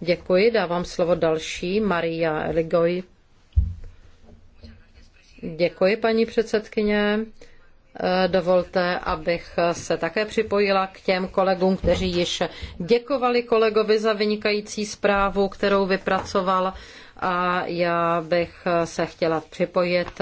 Děkuji, dávám slovo další, Maria Eligoj. Děkuji, paní předsedkyně. Eh, dovolte, abych se také připojila k těm kolegům, kteří již děkovali kolegovi za vynikající zprávu, kterou vypracoval a já bych se chtěla připojit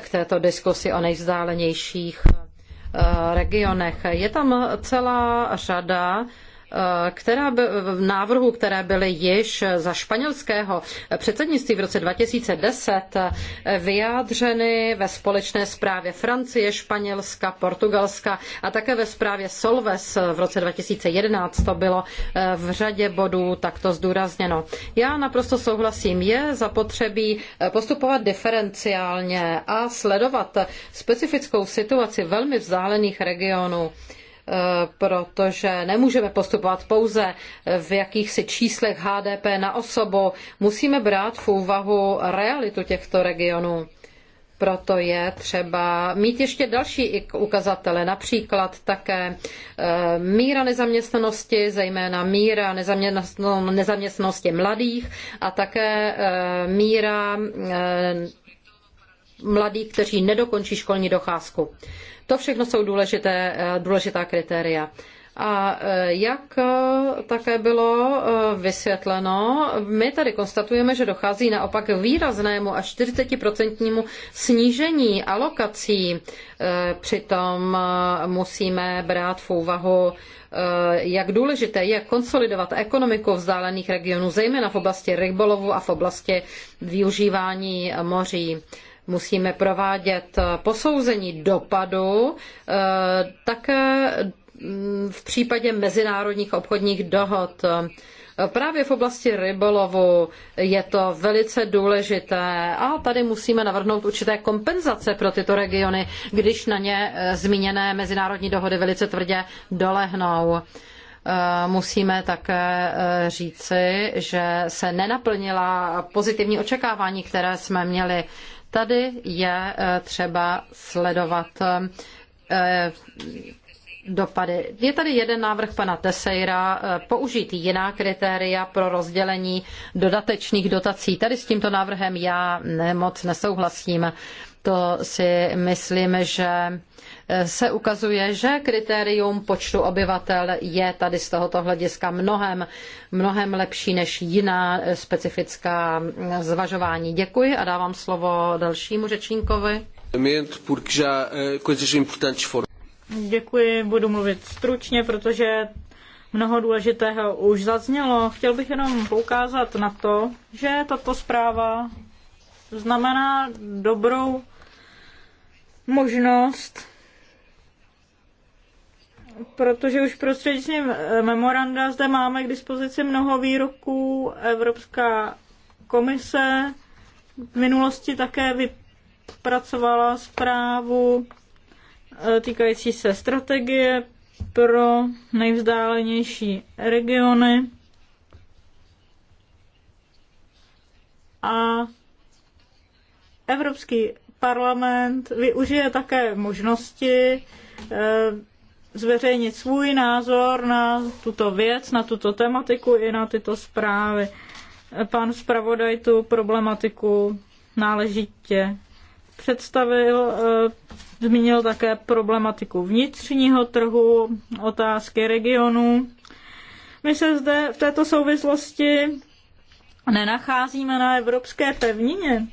k této diskusi o nejvzdálenějších eh, regionech. Je tam celá řada Eh, která by, v návrhu, které byly již za španělského předsednictví v roce 2010 eh, vyjádřeny ve společné zprávě Francie, Španělska, Portugalska a také ve zprávě Solves v roce 2011 to bylo eh, v řadě bodů takto zdůrazněno. Já naprosto souhlasím, je zapotřebí postupovat diferenciálně a sledovat specifickou situaci velmi vzdálených regionů protože nemůžeme postupovat pouze v jakýchsi číslech HDP na osobu. Musíme brát v úvahu realitu těchto regionů. Proto je třeba mít ještě další ukazatele, například také e, míra nezaměstnanosti, zejména míra nezaměstnanosti mladých a také e, míra e, mladých, kteří nedokončí školní docházku. To všechno jsou důležité, eh, důležitá kritéria. A eh, jak eh, také bylo vysvětleno, my tady konstatujeme, že dochází naopak k výraznému až 40% snížení alokací. Přitom musíme brát v úvahu, jak důležité je konsolidovat ekonomiku vzdálených regionů, zejména v oblasti rybolovu a v oblasti využívání moří. Musíme provádět eh, posouzení dopadu eh, také mm, v případě mezinárodních obchodních dohod. Eh, právě v oblasti rybolovu je to velice důležité a tady musíme navrhnout určité kompenzace pro tyto regiony, když na ně zmíněné mezinárodní dohody velice tvrdě dolehnou. Musíme také říci, že se nenaplnila pozitivní očekávání, které jsme měli Tady je eh, třeba sledovat eh, dopady. Je tady jeden návrh pana Teseira eh, použít jiná kritéria pro rozdělení dodatečných dotací. Tady s tímto návrhem já moc nesouhlasím to si myslím, že eh, se ukazuje, že kritérium počtu obyvatel je tady z tohoto hlediska mnohem, mnohem lepší než jiná eh, specifická mm, zvažování. Děkuji a dávám slovo dalšímu řečníkovi. Děkuji, budu mluvit stručně, protože mnoho důležitého už zaznělo. Chtěl bych jenom poukázat na to, že tato zpráva znamená dobrou možnost, protože už prostřednictvím eh, memoranda zde máme k dispozici mnoho výroků. Evropská komise v minulosti také vypracovala zprávu eh, týkající se strategie pro nejvzdálenější regiony. A Evropský parlament využije také možnosti eh, zveřejnit svůj názor na tuto věc, na tuto tematiku i na tyto zprávy. Pan zpravodaj tu problematiku náležitě představil, eh, zmínil také problematiku vnitřního trhu, otázky regionu. My se zde v této souvislosti nenacházíme na evropské pevnině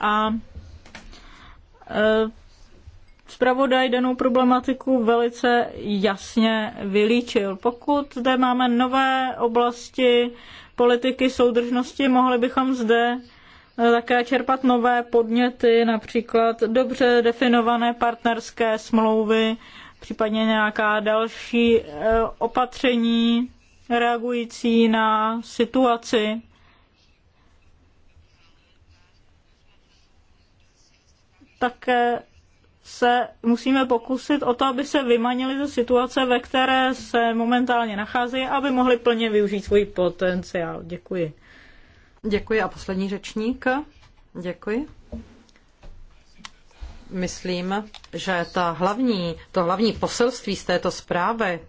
a e, zpravodaj danou problematiku velice jasně vylíčil. Pokud zde máme nové oblasti politiky soudržnosti, mohli bychom zde e, také čerpat nové podněty, například dobře definované partnerské smlouvy, případně nějaká další e, opatření reagující na situaci také se musíme pokusit o to, aby se vymanili ze situace, ve které se momentálně nacházejí, aby mohli plně využít svůj potenciál. Děkuji. Děkuji a poslední řečník. Děkuji. Myslím, že ta hlavní, to hlavní poselství z této zprávy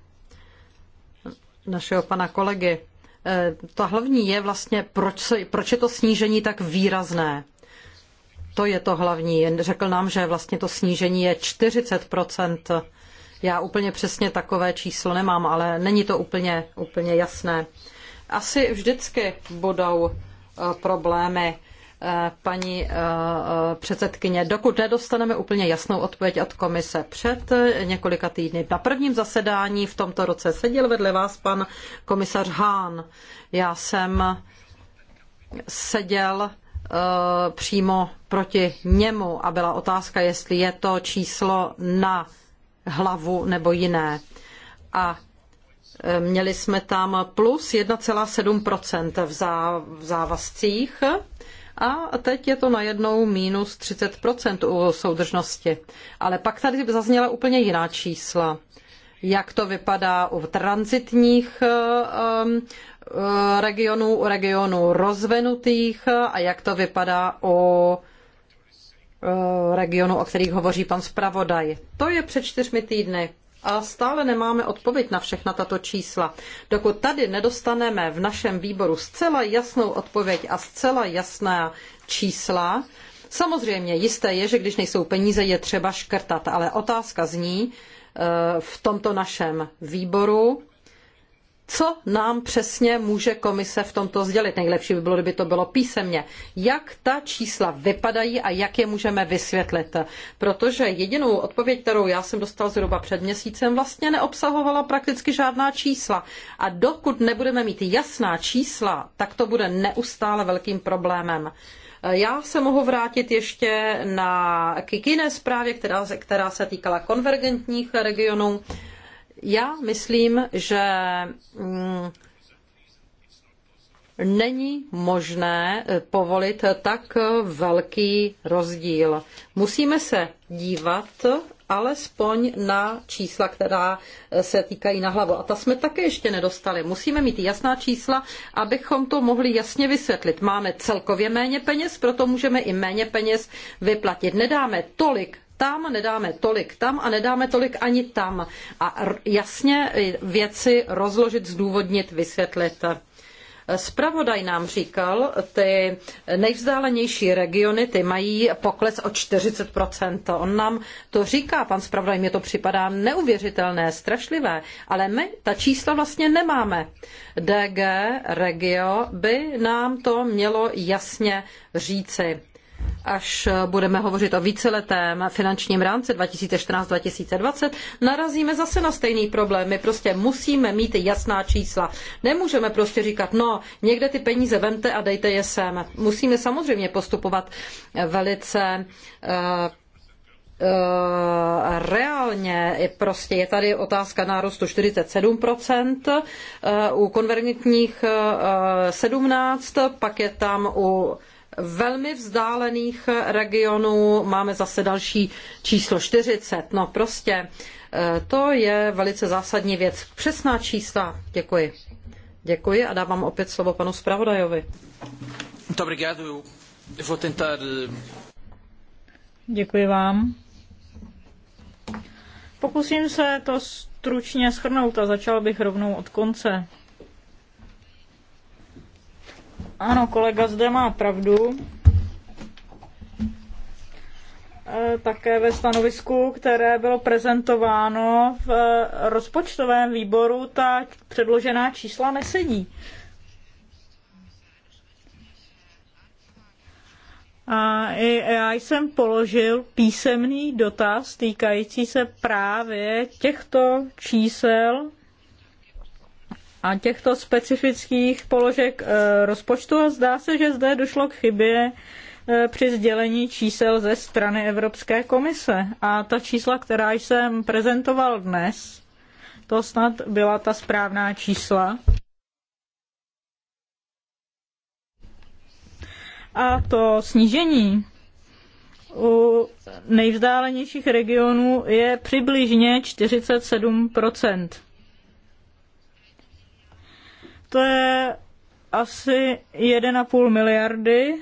našeho pana kolegy, eh, ta hlavní je vlastně, proč, se, proč je to snížení tak výrazné to je to hlavní. Řekl nám, že vlastně to snížení je 40 Já úplně přesně takové číslo nemám, ale není to úplně, úplně jasné. Asi vždycky budou eh, problémy eh, paní eh, předsedkyně, dokud nedostaneme úplně jasnou odpověď od komise. Před několika týdny na prvním zasedání v tomto roce seděl vedle vás pan komisař Hahn. Já jsem seděl Eh, přímo proti němu a byla otázka, jestli je to číslo na hlavu nebo jiné. A eh, měli jsme tam plus 1,7% v, zá, v závazcích a teď je to najednou minus 30% u soudržnosti. Ale pak tady zazněla úplně jiná čísla jak to vypadá u transitních eh, eh, regionů, u regionů rozvinutých a jak to vypadá u eh, regionů, o kterých hovoří pan zpravodaj. To je před čtyřmi týdny. A stále nemáme odpověď na všechna tato čísla. Dokud tady nedostaneme v našem výboru zcela jasnou odpověď a zcela jasná čísla, samozřejmě jisté je, že když nejsou peníze, je třeba škrtat, ale otázka zní, Eh, v tomto našem výboru. Co nám přesně může komise v tomto sdělit? Nejlepší by bylo, kdyby to bylo písemně. Jak ta čísla vypadají a jak je můžeme vysvětlit? Protože jedinou odpověď, kterou já jsem dostal zhruba před měsícem, vlastně neobsahovala prakticky žádná čísla. A dokud nebudeme mít jasná čísla, tak to bude neustále velkým problémem. Já se mohu vrátit ještě na Kikine zprávě, která, která se týkala konvergentních regionů. Já myslím, že mm, není možné eh, povolit tak velký rozdíl. Musíme se dívat alespoň na čísla, která eh, se týkají na hlavu. A ta jsme také ještě nedostali. Musíme mít jasná čísla, abychom to mohli jasně vysvětlit. Máme celkově méně peněz, proto můžeme i méně peněz vyplatit. Nedáme tolik tam, nedáme tolik tam a nedáme tolik ani tam. A jasně věci rozložit, zdůvodnit, vysvětlit. Spravodaj nám říkal, ty nejvzdálenější regiony, ty mají pokles o 40%. On nám to říká, pan spravodaj, mě to připadá neuvěřitelné, strašlivé, ale my ta čísla vlastně nemáme. DG, regio by nám to mělo jasně říci až budeme hovořit o víceletém finančním rámci 2014-2020, narazíme zase na stejný problém. My prostě musíme mít jasná čísla. Nemůžeme prostě říkat, no, někde ty peníze vemte a dejte je sem. Musíme samozřejmě postupovat velice eh, eh, reálně prostě je tady otázka nárůstu 47%, eh, u konvergentních 17%, pak je tam u velmi vzdálených regionů. Máme zase další číslo 40. No prostě eh, to je velice zásadní věc. Přesná čísla. Děkuji. Děkuji a dávám opět slovo panu zpravodajovi. Eh, Děkuji vám. Pokusím se to stručně schrnout a začal bych rovnou od konce. Ano, kolega zde má pravdu. E, také ve stanovisku, které bylo prezentováno v e, rozpočtovém výboru, ta předložená čísla nesedí. A já jsem položil písemný dotaz týkající se právě těchto čísel a těchto specifických položek e, rozpočtu a zdá se, že zde došlo k chybě e, při sdělení čísel ze strany Evropské komise. A ta čísla, která jsem prezentoval dnes, to snad byla ta správná čísla. A to snížení u nejvzdálenějších regionů je přibližně 47 to je asi 1,5 miliardy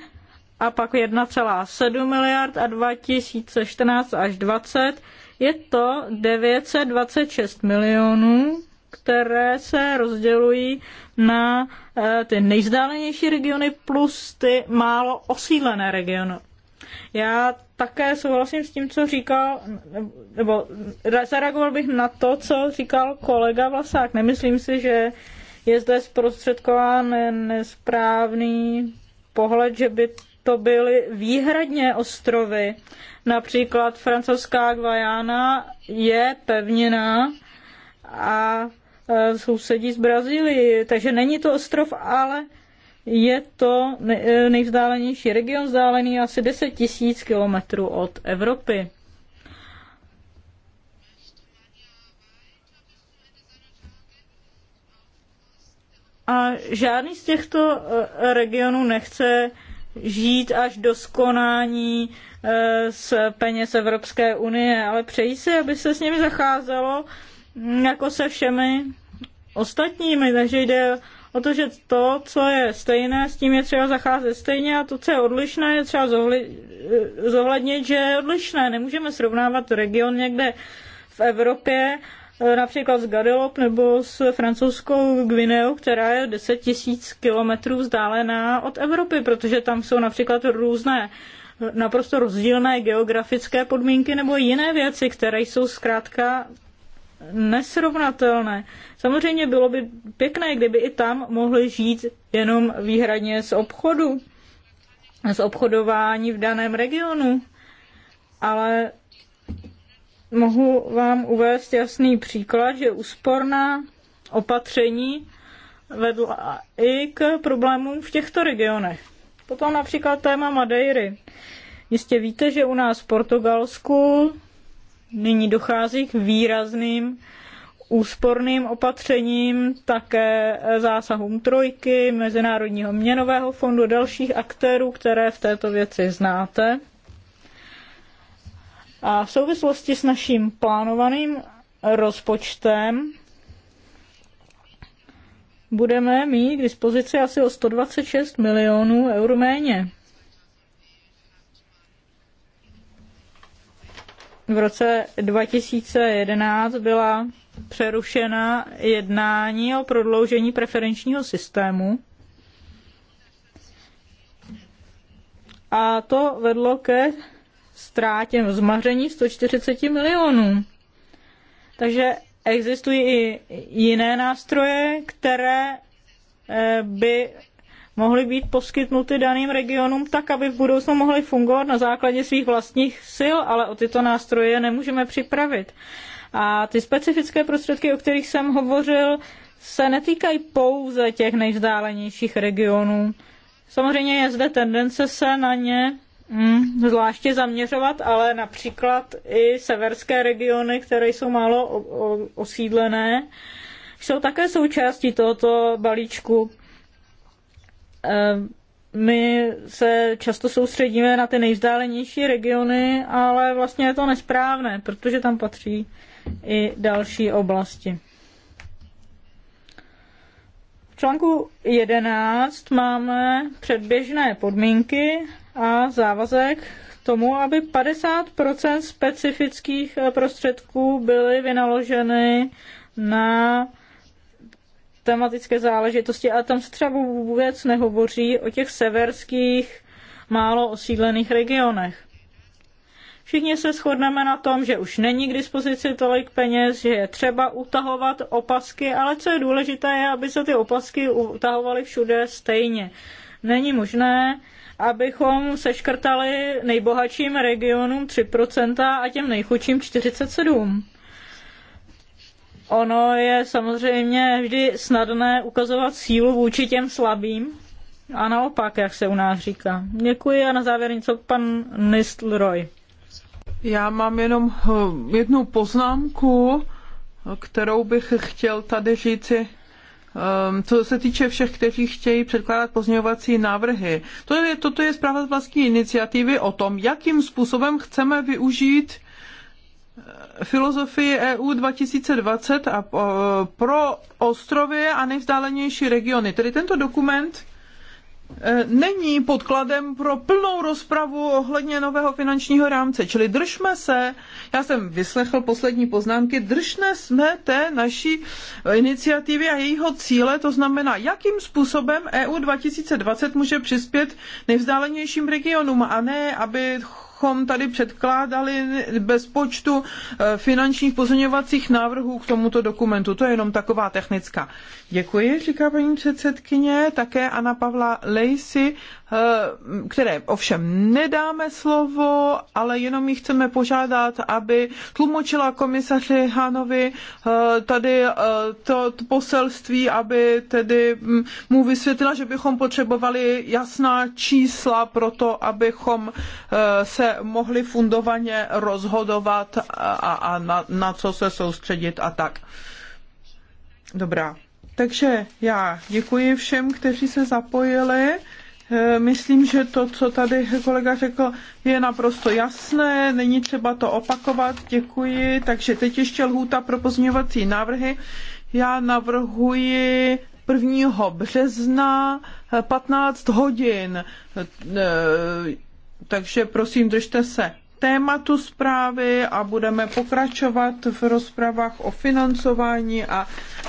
a pak 1,7 miliard a 2014 až 20 je to 926 milionů, které se rozdělují na eh, ty nejzdálenější regiony plus ty málo osídlené regiony. Já také souhlasím s tím, co říkal, nebo zareagoval bych na to, co říkal kolega Vlasák. Nemyslím si, že je zde zprostředkován nesprávný pohled, že by to byly výhradně ostrovy. Například francouzská Guajana je pevnina a e, sousedí z Brazílii. takže není to ostrov, ale je to e, nejvzdálenější region, vzdálený asi 10 tisíc kilometrů od Evropy. A žádný z těchto eh, regionů nechce žít až do skonání z eh, peněz Evropské unie, ale přejí si, aby se s nimi zacházelo jako se všemi ostatními. Takže jde o to, že to, co je stejné, s tím je třeba zacházet stejně a to, co je odlišné, je třeba eh, zohlednit, že je odlišné. Nemůžeme srovnávat region někde v Evropě například z Gadelop nebo s francouzskou Gvineou, která je 10 tisíc kilometrů vzdálená od Evropy, protože tam jsou například různé naprosto rozdílné geografické podmínky nebo jiné věci, které jsou zkrátka nesrovnatelné. Samozřejmě bylo by pěkné, kdyby i tam mohli žít jenom výhradně z obchodu, z obchodování v daném regionu, ale mohu vám uvést jasný příklad, že úsporná opatření vedla i k problémům v těchto regionech. Potom například téma Madeiry. Jistě víte, že u nás v Portugalsku nyní dochází k výrazným úsporným opatřením, také zásahům trojky, Mezinárodního měnového fondu, dalších aktérů, které v této věci znáte. A v souvislosti s naším plánovaným rozpočtem budeme mít k dispozici asi o 126 milionů eur méně. V roce 2011 byla přerušena jednání o prodloužení preferenčního systému. A to vedlo ke ztrátě, zmaření 140 milionů. Takže existují i jiné nástroje, které eh, by mohly být poskytnuty daným regionům tak, aby v budoucnu mohly fungovat na základě svých vlastních sil, ale o tyto nástroje nemůžeme připravit. A ty specifické prostředky, o kterých jsem hovořil, se netýkají pouze těch nejvzdálenějších regionů. Samozřejmě je zde tendence se na ně mm, zvláště zaměřovat, ale například i severské regiony, které jsou málo osídlené, jsou také součástí tohoto balíčku. Eh, my se často soustředíme na ty nejvzdálenější regiony, ale vlastně je to nesprávné, protože tam patří i další oblasti. V článku 11 máme předběžné podmínky a závazek k tomu, aby 50 specifických eh, prostředků byly vynaloženy na tematické záležitosti, ale tam se třeba vůbec nehovoří o těch severských málo osídlených regionech. Všichni se shodneme na tom, že už není k dispozici tolik peněz, že je třeba utahovat opasky, ale co je důležité, je, aby se ty opasky utahovaly všude stejně. Není možné, abychom seškrtali nejbohatším regionům 3% a těm nejchudším 47%. Ono je samozřejmě vždy snadné ukazovat sílu vůči těm slabým a naopak, jak se u nás říká. Děkuji a na závěr něco pan Nistlroy. Já mám jenom eh, jednu poznámku, kterou bych chtěl tady říci Um, co se týče všech, kteří chtějí předkládat pozměňovací návrhy. To je, toto je zpráva z vlastní iniciativy o tom, jakým způsobem chceme využít eh, filozofii EU 2020 a eh, pro ostrovy a nejvzdálenější regiony. Tedy tento dokument E, není podkladem pro plnou rozpravu ohledně nového finančního rámce. Čili držme se, já jsem vyslechl poslední poznámky, držme jsme té naší iniciativy a jejího cíle, to znamená, jakým způsobem EU 2020 může přispět nejvzdálenějším regionům a ne, aby bychom tady předkládali bez počtu eh, finančních pozměňovacích návrhů k tomuto dokumentu. To je jenom taková technická. Děkuji, říká paní předsedkyně. Také Anna Pavla Lejsi Eh, které ovšem nedáme slovo, ale jenom ji chceme požádat, aby tlumočila komisaři Hanovi eh, tady eh, to poselství, aby tedy mm, mu vysvětlila, že bychom potřebovali jasná čísla pro to, abychom se mohli fundovaně rozhodovat a, a na, na co se soustředit a tak. Dobrá. Takže já děkuji všem, kteří se zapojili. Eh, myslím, že to, co tady kolega řekl, je naprosto jasné, není třeba to opakovat, děkuji. Takže teď ještě lhůta pro pozměňovací návrhy. Já navrhuji 1. března 15 eh, hodin, eh, takže prosím, držte se tématu zprávy a budeme pokračovat v rozpravách o financování a,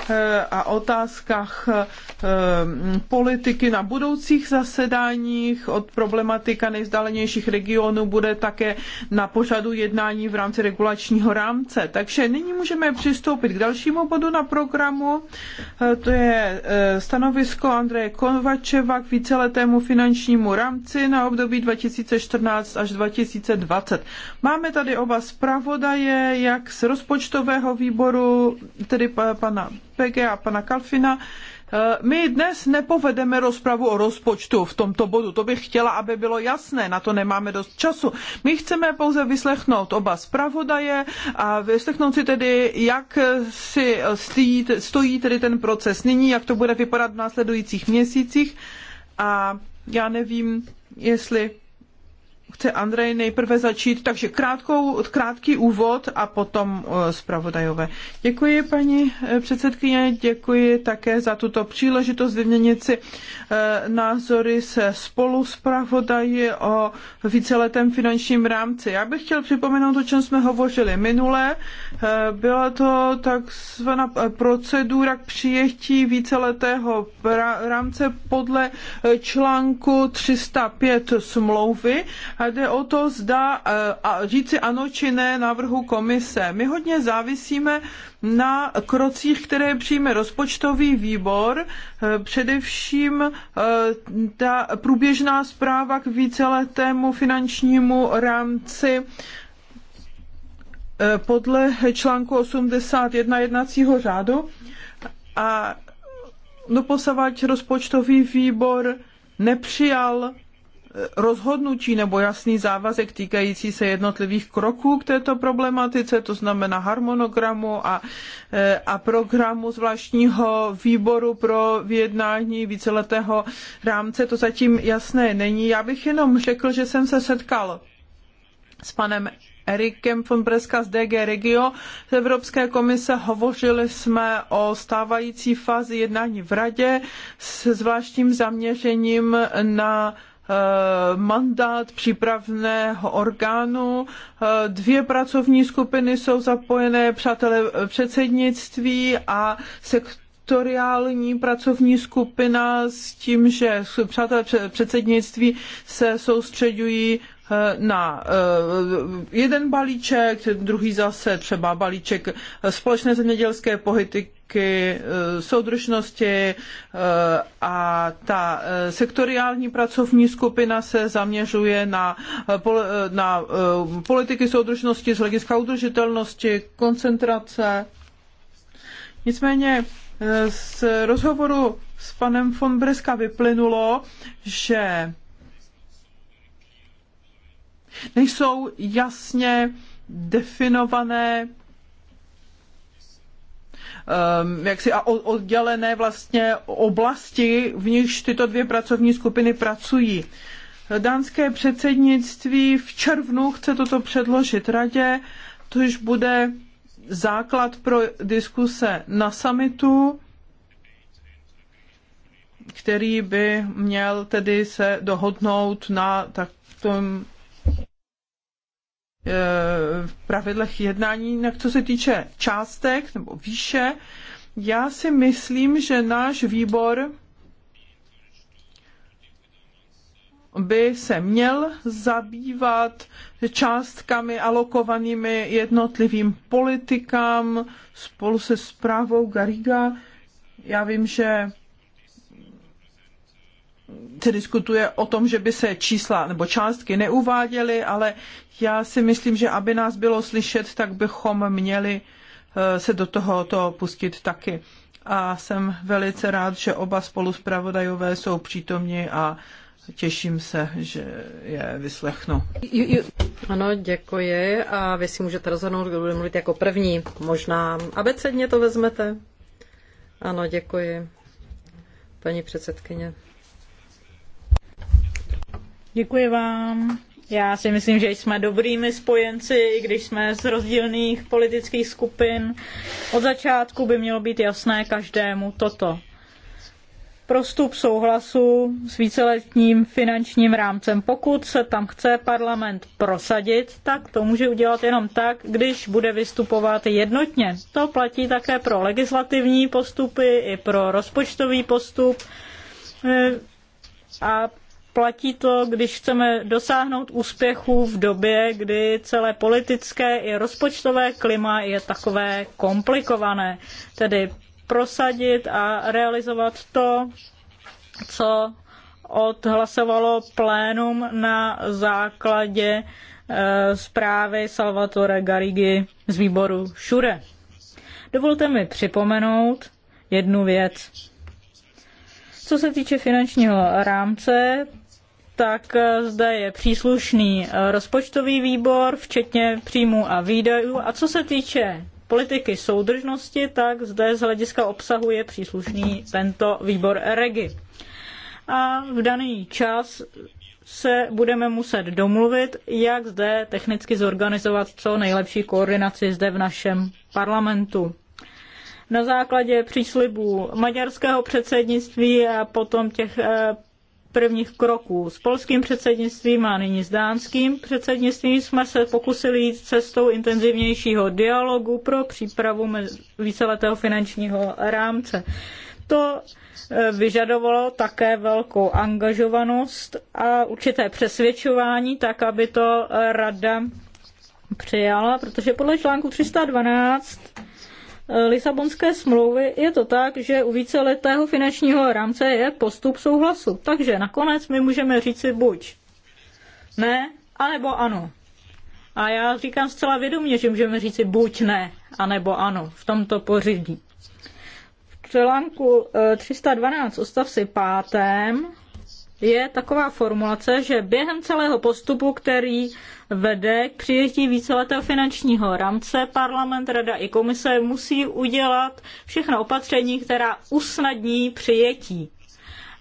eh, a otázkách eh, politiky na budoucích zasedáních. Od problematika nejzdálenějších regionů bude také na pořadu jednání v rámci regulačního rámce. Takže nyní můžeme přistoupit k dalšímu bodu na programu. Eh, to je stanovisko Andreje Konvačeva k víceletému finančnímu rámci na období 2014 až 2020. 2020. Máme tady oba zpravodaje, jak z rozpočtového výboru, tedy pana Pege a pana Kalfina, eh, my dnes nepovedeme rozpravu o rozpočtu v tomto bodu, to bych chtěla, aby bylo jasné, na to nemáme dost času. My chceme pouze vyslechnout oba zpravodaje a vyslechnout si tedy, jak si stojí, stojí tedy ten proces nyní, jak to bude vypadat v následujících měsících a já nevím, jestli chce Andrej nejprve začít, takže krátkou, krátký úvod a potom eh, zpravodajové. Děkuji paní eh, předsedkyně, děkuji také za tuto příležitost vyměnit si eh, názory se spolu zpravodaji o víceletém finančním rámci. Já bych chtěl připomenout, o čem jsme hovořili minule. Byla to takzvaná procedura k přijetí víceletého rámce podle článku 305 smlouvy a jde o to, zda eh, a říci ano či ne návrhu komise. My hodně závisíme na krocích, které přijme rozpočtový výbor, eh, především eh, ta průběžná zpráva k víceletému finančnímu rámci podle článku 81 jednacího řádu a doposavať no, rozpočtový výbor nepřijal rozhodnutí nebo jasný závazek týkající se jednotlivých kroků k této problematice, to znamená harmonogramu a, eh, a programu zvláštního výboru pro vyjednání víceletého rámce. To zatím jasné není. Já bych jenom řekl, že jsem se setkal s panem Erikem von Breska z DG Regio z Evropské komise. Hovořili jsme o stávající fázi jednání v radě s zvláštním zaměřením na Eh, mandát přípravného orgánu. Eh, dvě pracovní skupiny jsou zapojené, přátelé předsednictví a sektoriální pracovní skupina s tím, že přátelé předsednictví se soustředují eh, na jeden balíček, druhý zase třeba balíček společné zemědělské politiky politiky eh, soudržnosti eh, a ta eh, sektoriální pracovní skupina se zaměřuje na, na politiky soudržnosti z hlediska udržitelnosti, koncentrace. Nicméně z rozhovoru s panem von Breska vyplynulo, že nejsou jasně definované Ehm, jaksi a oddělené vlastně oblasti, v nichž tyto dvě pracovní skupiny pracují. Dánské předsednictví v červnu chce toto předložit radě, což bude základ pro diskuse na summitu, který by měl tedy se dohodnout na takovém E, v pravidlech jednání, na co se týče částek nebo výše, já si myslím, že náš výbor by se měl zabývat částkami alokovanými jednotlivým politikám spolu se zprávou Gariga. Já vím, že se diskutuje o tom, že by se čísla nebo částky neuváděly, ale já si myslím, že aby nás bylo slyšet, tak bychom měli eh, se do tohoto pustit taky. A jsem velice rád, že oba spoluzpravodajové jsou přítomni a těším se, že je vyslechnu. Ano, děkuji a vy si můžete rozhodnout, kdo bude mluvit jako první. Možná abecedně to vezmete. Ano, děkuji. Paní předsedkyně. Děkuji vám. Já si myslím, že jsme dobrými spojenci, i když jsme z rozdílných politických skupin. Od začátku by mělo být jasné každému toto. Prostup souhlasu s víceletním finančním rámcem. Pokud se tam chce parlament prosadit, tak to může udělat jenom tak, když bude vystupovat jednotně. To platí také pro legislativní postupy i pro rozpočtový postup. E, a platí to, když chceme dosáhnout úspěchu v době, kdy celé politické i rozpočtové klima je takové komplikované. Tedy prosadit a realizovat to, co odhlasovalo plénum na základě eh, zprávy Salvatore Garrigy z výboru Šure. Dovolte mi připomenout jednu věc. Co se týče finančního rámce, tak eh, zde je příslušný eh, rozpočtový výbor, včetně příjmů a výdajů. A co se týče politiky soudržnosti, tak zde z hlediska obsahu je příslušný tento výbor REGI. A v daný čas se budeme muset domluvit, jak zde technicky zorganizovat co nejlepší koordinaci zde v našem parlamentu. Na základě příslibů maďarského předsednictví a potom těch eh, prvních kroků. S polským předsednictvím a nyní s dánským předsednictvím jsme se pokusili jít cestou intenzivnějšího dialogu pro přípravu víceletého finančního rámce. To e, vyžadovalo také velkou angažovanost a určité přesvědčování, tak aby to e, rada přijala, protože podle článku 312 Eh, Lisabonské smlouvy je to tak, že u víceletého finančního rámce je postup souhlasu. Takže nakonec my můžeme říci buď ne, anebo ano. A já říkám zcela vědomě, že můžeme říci buď ne, anebo ano, v tomto pořídí. V článku 312 eh, odstavci 5 je taková formulace, že během celého postupu, který vede k přijetí víceletého finančního rámce, parlament, rada i komise musí udělat všechno opatření, která usnadní přijetí.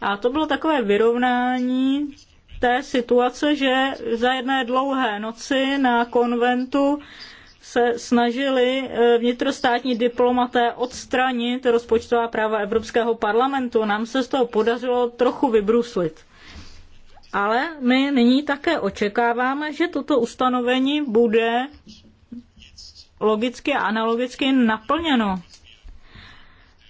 A to bylo takové vyrovnání té situace, že za jedné dlouhé noci na konventu se snažili e, vnitrostátní diplomaté odstranit rozpočtová práva Evropského parlamentu. Nám se z toho podařilo trochu vybruslit. Ale my nyní také očekáváme, že toto ustanovení bude logicky a analogicky naplněno.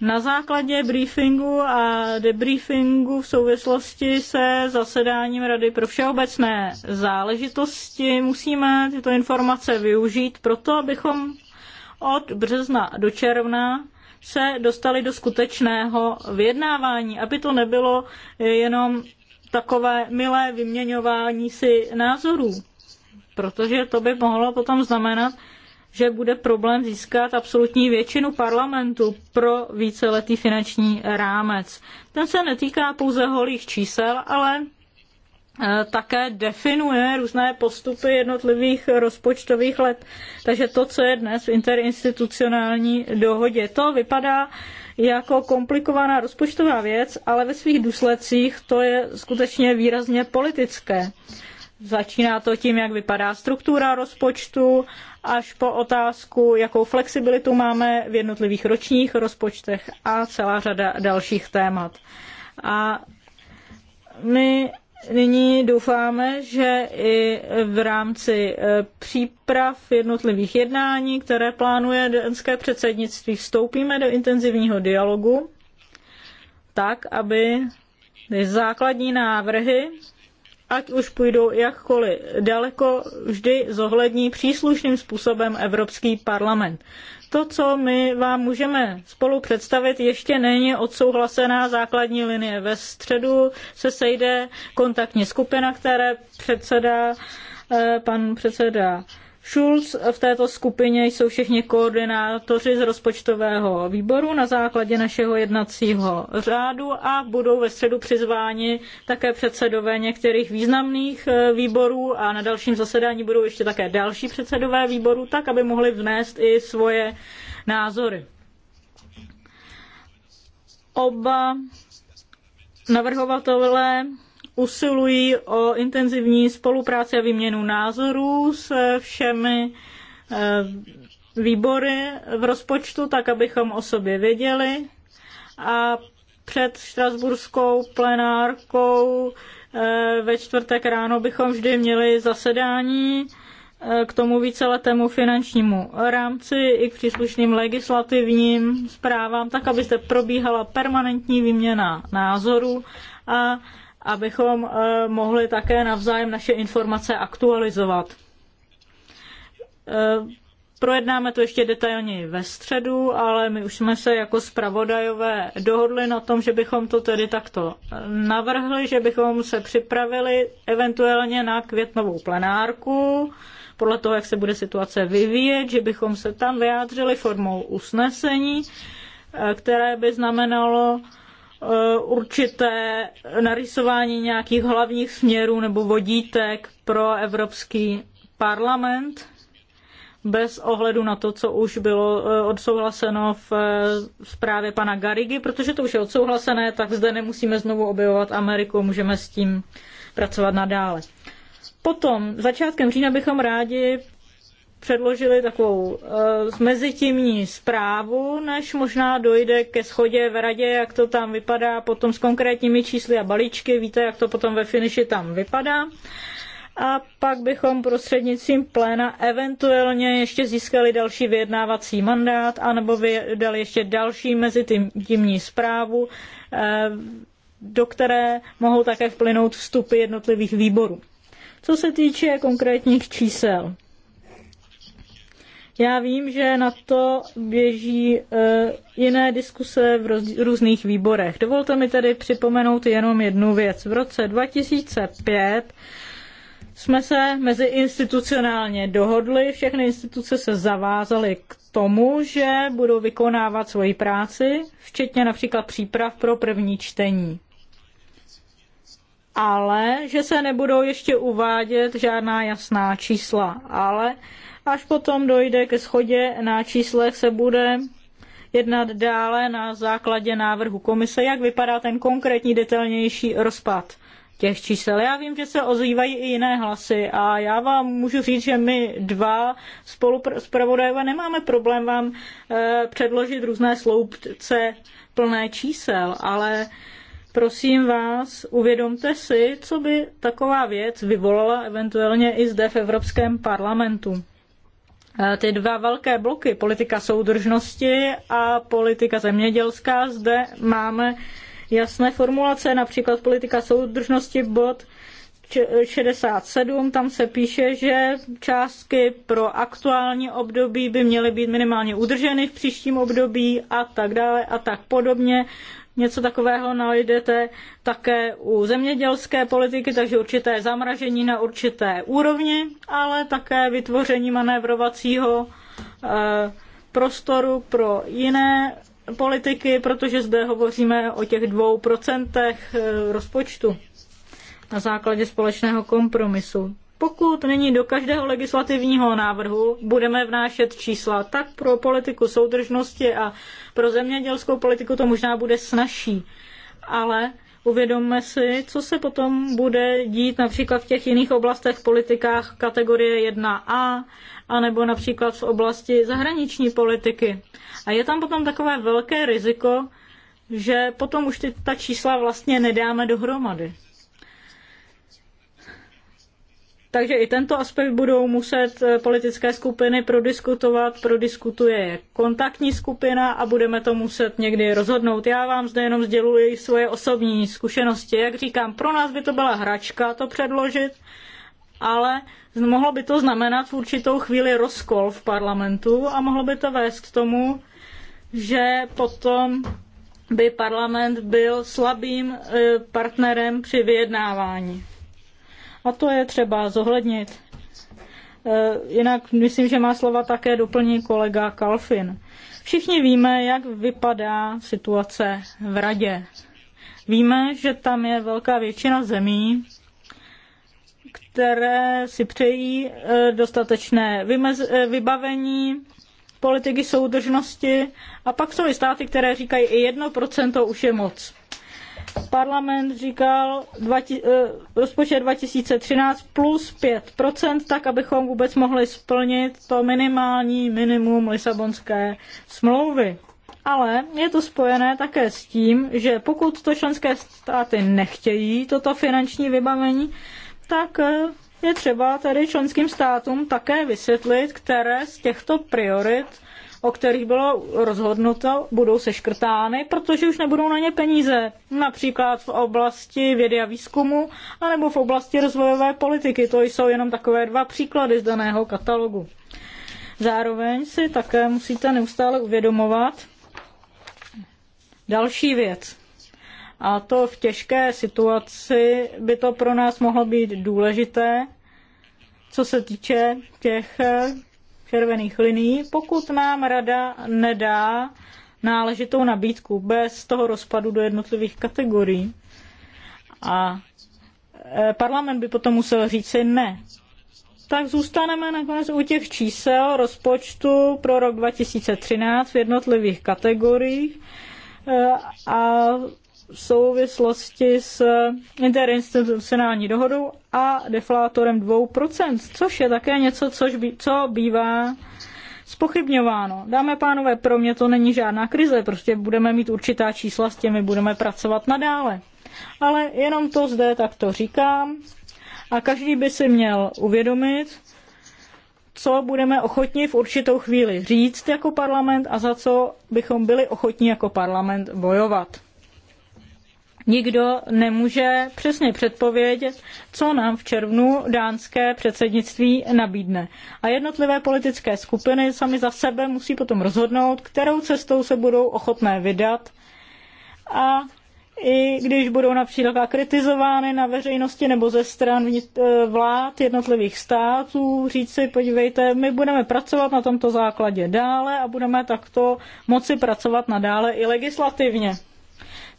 Na základě briefingu a debriefingu v souvislosti se zasedáním Rady pro všeobecné záležitosti musíme tyto informace využít proto, abychom od března do června se dostali do skutečného vyjednávání, aby to nebylo jenom takové milé vyměňování si názorů, protože to by mohlo potom znamenat, že bude problém získat absolutní většinu parlamentu pro víceletý finanční rámec. Ten se netýká pouze holých čísel, ale e, také definuje různé postupy jednotlivých rozpočtových let. Takže to, co je dnes v interinstitucionální dohodě, to vypadá jako komplikovaná rozpočtová věc, ale ve svých důsledcích to je skutečně výrazně politické. Začíná to tím, jak vypadá struktura rozpočtu, až po otázku, jakou flexibilitu máme v jednotlivých ročních rozpočtech a celá řada dalších témat. A my Nyní doufáme, že i v rámci e, příprav jednotlivých jednání, které plánuje dánské předsednictví, vstoupíme do intenzivního dialogu, tak, aby základní návrhy ať už půjdou jakkoliv daleko, vždy zohlední příslušným způsobem Evropský parlament. To, co my vám můžeme spolu představit, ještě není odsouhlasená základní linie. Ve středu se sejde kontaktní skupina, které předsedá eh, pan předseda Schulz. V této skupině jsou všichni koordinátoři z rozpočtového výboru na základě našeho jednacího řádu a budou ve středu přizváni také předsedové některých významných eh, výborů a na dalším zasedání budou ještě také další předsedové výborů, tak aby mohli vnést i svoje názory. Oba navrhovatelé usilují o intenzivní spolupráci a výměnu názorů se všemi eh, výbory v rozpočtu, tak abychom o sobě věděli. A před štrasburskou plenárkou eh, ve čtvrtek ráno bychom vždy měli zasedání eh, k tomu víceletému finančnímu rámci i k příslušným legislativním zprávám, tak aby se probíhala permanentní výměna názorů a abychom eh, mohli také navzájem naše informace aktualizovat. Eh, projednáme to ještě detailněji ve středu, ale my už jsme se jako zpravodajové dohodli na tom, že bychom to tedy takto eh, navrhli, že bychom se připravili eventuálně na květnovou plenárku, podle toho, jak se bude situace vyvíjet, že bychom se tam vyjádřili formou usnesení, které by znamenalo Eh, určité narýsování nějakých hlavních směrů nebo vodítek pro Evropský parlament bez ohledu na to, co už bylo eh, odsouhlaseno v eh, zprávě pana Garigy, protože to už je odsouhlasené, tak zde nemusíme znovu objevovat Ameriku, můžeme s tím pracovat nadále. Potom začátkem října bychom rádi předložili takovou uh, mezitímní zprávu, než možná dojde ke schodě v radě, jak to tam vypadá, potom s konkrétními čísly a balíčky, víte, jak to potom ve finiši tam vypadá. A pak bychom prostřednictvím pléna eventuálně ještě získali další vyjednávací mandát, anebo vydali ještě další mezitímní zprávu, eh, do které mohou také vplynout vstupy jednotlivých výborů. Co se týče konkrétních čísel, já vím, že na to běží eh, jiné diskuse v roz, různých výborech. Dovolte mi tedy připomenout jenom jednu věc. V roce 2005 jsme se mezi institucionálně dohodli, všechny instituce se zavázaly k tomu, že budou vykonávat svoji práci, včetně například příprav pro první čtení. Ale že se nebudou ještě uvádět žádná jasná čísla, ale Až potom dojde ke schodě na číslech, se bude jednat dále na základě návrhu komise, jak vypadá ten konkrétní detailnější rozpad těch čísel. Já vím, že se ozývají i jiné hlasy a já vám můžu říct, že my dva spolu nemáme problém vám e, předložit různé sloupce plné čísel, ale prosím vás, uvědomte si, co by taková věc vyvolala eventuálně i zde v Evropském parlamentu. Eh, ty dva velké bloky, politika soudržnosti a politika zemědělská, zde máme jasné formulace, například politika soudržnosti bod 67, tam se píše, že částky pro aktuální období by měly být minimálně udrženy v příštím období a tak dále a tak podobně. Něco takového najdete také u zemědělské politiky, takže určité zamražení na určité úrovni, ale také vytvoření manévrovacího eh, prostoru pro jiné politiky, protože zde hovoříme o těch dvou procentech eh, rozpočtu na základě společného kompromisu. Pokud není do každého legislativního návrhu budeme vnášet čísla, tak pro politiku soudržnosti a pro zemědělskou politiku to možná bude snažší, ale uvědomme si, co se potom bude dít například v těch jiných oblastech politikách kategorie 1a, anebo například v oblasti zahraniční politiky. A je tam potom takové velké riziko, že potom už ty, ta čísla vlastně nedáme dohromady. Takže i tento aspekt budou muset eh, politické skupiny prodiskutovat, prodiskutuje kontaktní skupina a budeme to muset někdy rozhodnout. Já vám zde jenom sděluji svoje osobní zkušenosti. Jak říkám, pro nás by to byla hračka to předložit, ale mohlo by to znamenat v určitou chvíli rozkol v parlamentu a mohlo by to vést k tomu, že potom by parlament byl slabým eh, partnerem při vyjednávání. A to je třeba zohlednit. E, jinak myslím, že má slova také doplní kolega Kalfin. Všichni víme, jak vypadá situace v radě. Víme, že tam je velká většina zemí, které si přejí e, dostatečné e, vybavení politiky soudržnosti a pak jsou i státy, které říkají, i jedno procento už je moc parlament říkal eh, rozpočet 2013 plus 5%, tak abychom vůbec mohli splnit to minimální minimum Lisabonské smlouvy. Ale je to spojené také s tím, že pokud to členské státy nechtějí, toto finanční vybavení, tak eh, je třeba tedy členským státům také vysvětlit, které z těchto priorit o kterých bylo rozhodnuto, budou seškrtány, protože už nebudou na ně peníze. Například v oblasti vědy a výzkumu, anebo v oblasti rozvojové politiky. To jsou jenom takové dva příklady z daného katalogu. Zároveň si také musíte neustále uvědomovat další věc. A to v těžké situaci by to pro nás mohlo být důležité, co se týče těch červených linií, pokud nám rada nedá náležitou nabídku bez toho rozpadu do jednotlivých kategorií. A e, parlament by potom musel říci ne. Tak zůstaneme nakonec u těch čísel rozpočtu pro rok 2013 v jednotlivých kategoriích e, a v souvislosti s interinstitucionální dohodou a deflátorem 2%, což je také něco, což by, co bývá spochybňováno. Dáme pánové, pro mě to není žádná krize, prostě budeme mít určitá čísla, s těmi budeme pracovat nadále. Ale jenom to zde takto říkám a každý by si měl uvědomit, co budeme ochotni v určitou chvíli říct jako parlament a za co bychom byli ochotni jako parlament bojovat nikdo nemůže přesně předpovědět, co nám v červnu dánské předsednictví nabídne. A jednotlivé politické skupiny sami za sebe musí potom rozhodnout, kterou cestou se budou ochotné vydat. A i když budou například kritizovány na veřejnosti nebo ze stran eh, vlád jednotlivých států, říct si, podívejte, my budeme pracovat na tomto základě dále a budeme takto moci pracovat nadále i legislativně.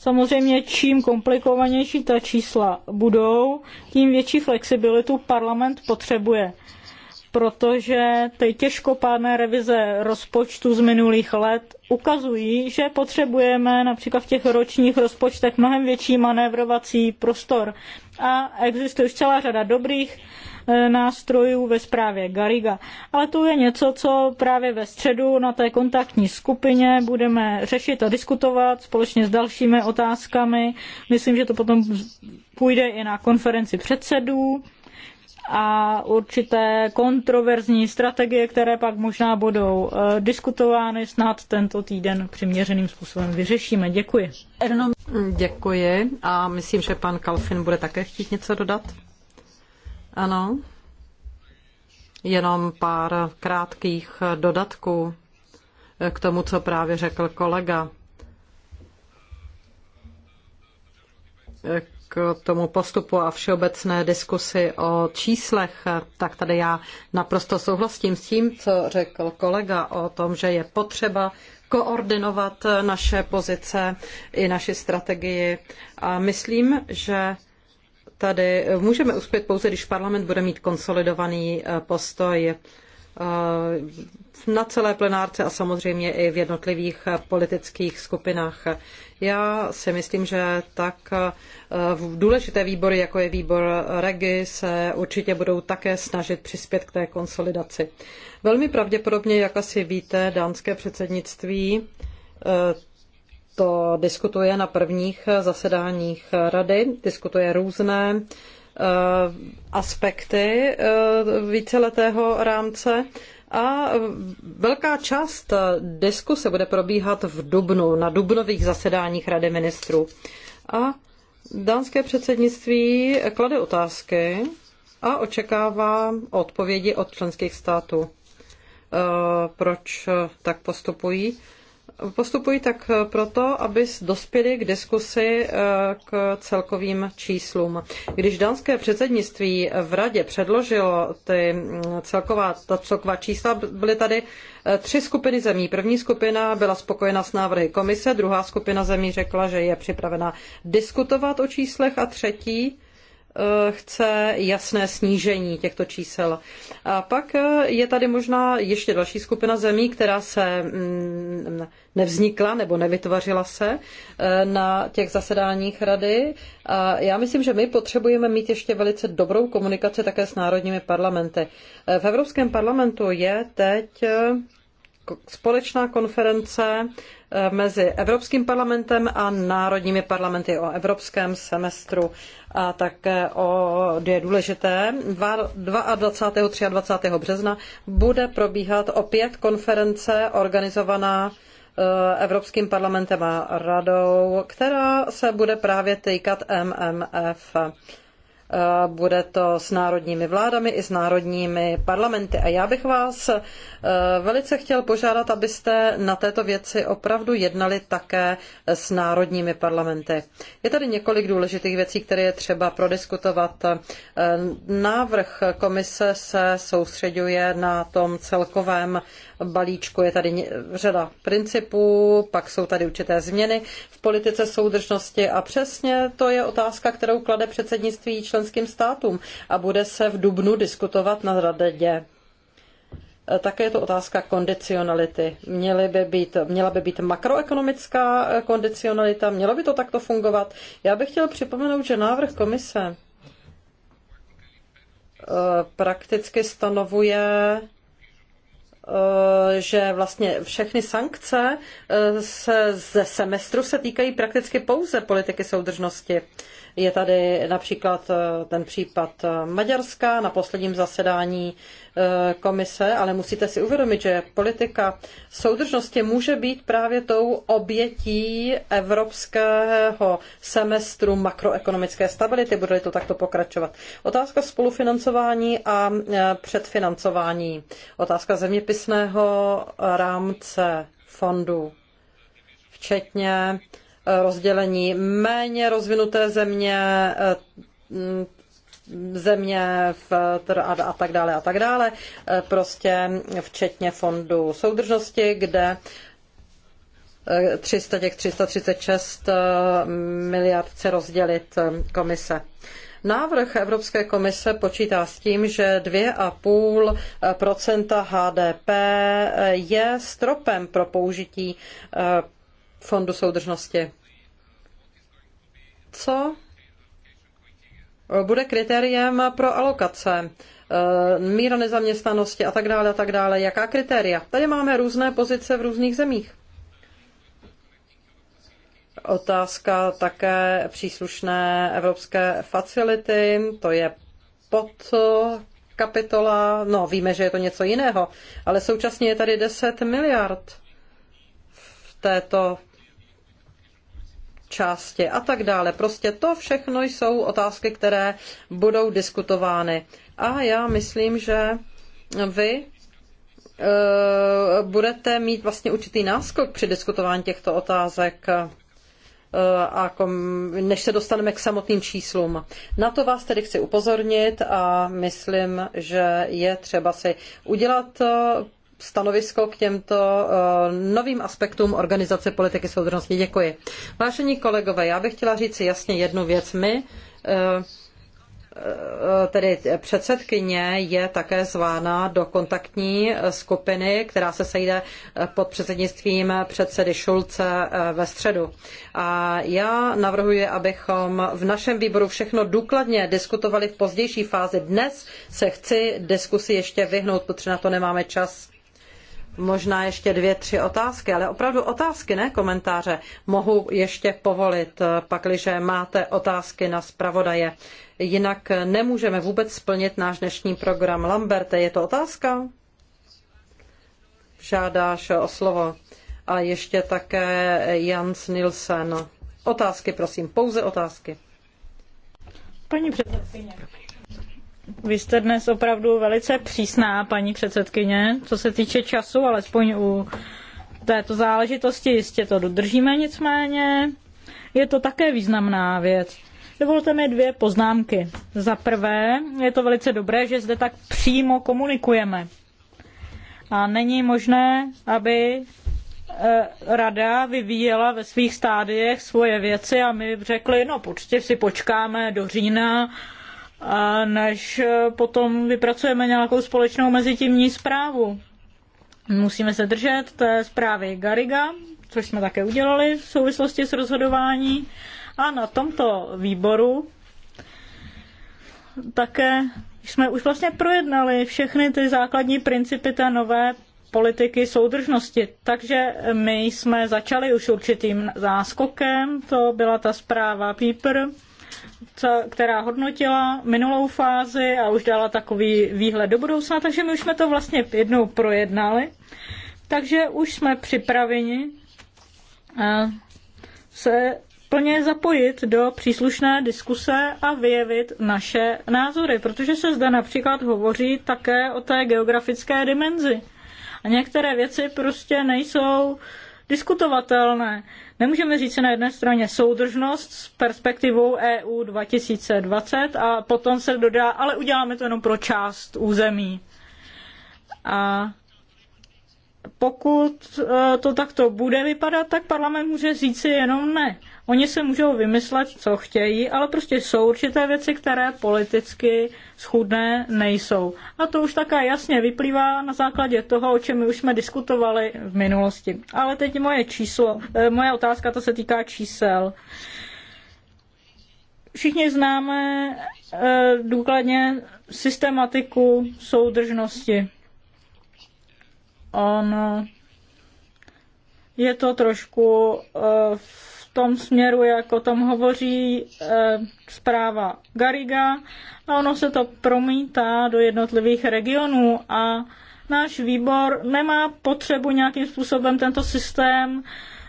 Samozřejmě čím komplikovanější ta čísla budou, tím větší flexibilitu parlament potřebuje protože ty těžkopádné revize rozpočtu z minulých let ukazují, že potřebujeme například v těch ročních rozpočtech mnohem větší manévrovací prostor. A existuje už celá řada dobrých Eh, nástrojů ve zprávě Gariga. Ale to je něco, co právě ve středu na té kontaktní skupině budeme řešit a diskutovat společně s dalšími otázkami. Myslím, že to potom půjde i na konferenci předsedů a určité kontroverzní strategie, které pak možná budou eh, diskutovány, snad tento týden přiměřeným způsobem vyřešíme. Děkuji. Děkuji a myslím, že pan Kalfin bude také chtít něco dodat. Ano. Jenom pár krátkých dodatků k tomu, co právě řekl kolega. K tomu postupu a všeobecné diskusi o číslech, tak tady já naprosto souhlasím s tím, co řekl kolega o tom, že je potřeba koordinovat naše pozice i naši strategii. A myslím, že tady můžeme uspět pouze, když parlament bude mít konsolidovaný eh, postoj eh, na celé plenárce a samozřejmě i v jednotlivých eh, politických skupinách. Já si myslím, že tak důležité výbory, jako je výbor Regi, se určitě budou také snažit přispět k té konsolidaci. Velmi pravděpodobně, jak asi víte, dánské předsednictví to diskutuje na prvních eh, zasedáních eh, rady, diskutuje různé eh, aspekty víceletého rámce a velká část diskuse bude probíhat v Dubnu, na dubnových zasedáních Rady ministrů. A dánské předsednictví klade otázky a očekává odpovědi od členských států. Proč tak postupují? Postupují tak proto, aby dospěli k diskusi eh, k celkovým číslům. Když dánské předsednictví v radě předložilo ty mm, celková, ta celková čísla, byly tady eh, tři skupiny zemí. První skupina byla spokojena s návrhy komise, druhá skupina zemí řekla, že je připravena diskutovat o číslech a třetí Eh, chce jasné snížení těchto čísel. A pak eh, je tady možná ještě další skupina zemí, která se mm, nevznikla nebo nevytvořila se eh, na těch zasedáních rady. A já myslím, že my potřebujeme mít ještě velice dobrou komunikaci také s národními parlamenty. V Evropském parlamentu je teď společná konference mezi Evropským parlamentem a národními parlamenty o evropském semestru a také o, je důležité, 22. 23. března bude probíhat opět konference organizovaná eh, Evropským parlamentem a radou, která se bude právě týkat MMF. Eh, bude to s národními vládami i s národními parlamenty. A já bych vás eh, velice chtěl požádat, abyste na této věci opravdu jednali také s národními parlamenty. Je tady několik důležitých věcí, které je třeba prodiskutovat. Eh, návrh komise se soustředuje na tom celkovém balíčku je tady řada principů, pak jsou tady určité změny v politice soudržnosti a přesně to je otázka, kterou klade předsednictví členským státům a bude se v Dubnu diskutovat na radě. E, také je to otázka kondicionality. Měly by být, měla by být makroekonomická e, kondicionalita, mělo by to takto fungovat. Já bych chtěl připomenout, že návrh komise e, prakticky stanovuje Eh, že vlastně všechny sankce eh, se, ze semestru se týkají prakticky pouze politiky soudržnosti. Je tady například eh, ten případ Maďarska na posledním zasedání Eh, komise, ale musíte si uvědomit, že politika soudržnosti může být právě tou obětí evropského semestru makroekonomické stability, bude-li to takto pokračovat. Otázka spolufinancování a eh, předfinancování. Otázka zeměpisného rámce fondů, včetně eh, rozdělení méně rozvinuté země, země v, a tak dále a tak dále, eh, prostě včetně fondu soudržnosti, kde 300 eh, těch 336 eh, miliard chce rozdělit komise. Návrh Evropské komise počítá s tím, že 2,5 HDP je stropem pro použití fondu soudržnosti. Co bude kritériem pro alokace, eh, míra nezaměstnanosti a tak dále a tak dále. Jaká kritéria? Tady máme různé pozice v různých zemích. Otázka také příslušné evropské facility, to je pod kapitola, no víme, že je to něco jiného, ale současně je tady 10 miliard v této části a tak dále. Prostě to všechno jsou otázky, které budou diskutovány. A já myslím, že vy e, budete mít vlastně určitý náskok při diskutování těchto otázek e, a kom, než se dostaneme k samotným číslům. Na to vás tedy chci upozornit a myslím, že je třeba si udělat e, stanovisko k těmto eh, novým aspektům organizace politiky soudržnosti. Děkuji. Vážení kolegové, já bych chtěla říct jasně jednu věc. My eh, eh, tedy předsedkyně je také zvána do kontaktní skupiny, která se sejde pod předsednictvím předsedy Šulce ve středu. A já navrhuji, abychom v našem výboru všechno důkladně diskutovali v pozdější fázi. Dnes se chci diskusi ještě vyhnout, protože na to nemáme čas. Možná ještě dvě, tři otázky, ale opravdu otázky, ne komentáře. Mohu ještě povolit, eh, pakliže máte otázky na zpravodaje. Jinak nemůžeme vůbec splnit náš dnešní program. Lamberte, je to otázka? Žádáš o slovo. A ještě také Jans Nilsen. Otázky, prosím, pouze otázky. Paní předsedkyně. Vy jste dnes opravdu velice přísná, paní předsedkyně, co se týče času, alespoň u této záležitosti jistě to dodržíme nicméně. Je to také významná věc. Dovolte mi dvě poznámky. Za prvé, je to velice dobré, že zde tak přímo komunikujeme. A není možné, aby eh, rada vyvíjela ve svých stádiech svoje věci a my řekli, no počtě si počkáme do října, a než eh, potom vypracujeme nějakou společnou mezitímní zprávu. Musíme se držet té zprávy Gariga, což jsme také udělali v souvislosti s rozhodování. A na tomto výboru také jsme už vlastně projednali všechny ty základní principy té nové politiky soudržnosti. Takže my jsme začali už určitým záskokem, to byla ta zpráva Píper která hodnotila minulou fázi a už dala takový výhled do budoucna, takže my už jsme to vlastně jednou projednali. Takže už jsme připraveni eh, se plně zapojit do příslušné diskuse a vyjevit naše názory, protože se zde například hovoří také o té geografické dimenzi. A některé věci prostě nejsou diskutovatelné. Nemůžeme říct na jedné straně soudržnost s perspektivou EU 2020 a potom se dodá, ale uděláme to jenom pro část území. A pokud eh, to takto bude vypadat, tak parlament může říci jenom ne. Oni si můžou vymyslet, co chtějí, ale prostě jsou určité věci, které politicky schudné nejsou. A to už také jasně vyplývá na základě toho, o čem my už jsme diskutovali v minulosti. Ale teď moje číslo, eh, moje otázka, to se týká čísel. Všichni známe eh, důkladně systematiku soudržnosti. Ono je to trošku eh, v tom směru, jak o tom hovoří e, zpráva Gariga a ono se to promítá do jednotlivých regionů a náš výbor nemá potřebu nějakým způsobem tento systém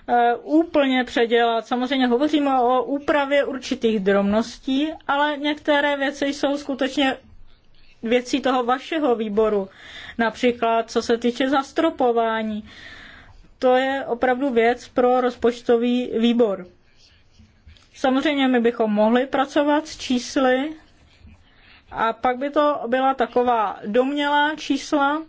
e, úplně předělat. Samozřejmě hovoříme o úpravě určitých drobností, ale některé věci jsou skutečně věcí toho vašeho výboru. Například co se týče zastropování to je opravdu věc pro rozpočtový výbor. Samozřejmě my bychom mohli pracovat s čísly a pak by to byla taková domělá čísla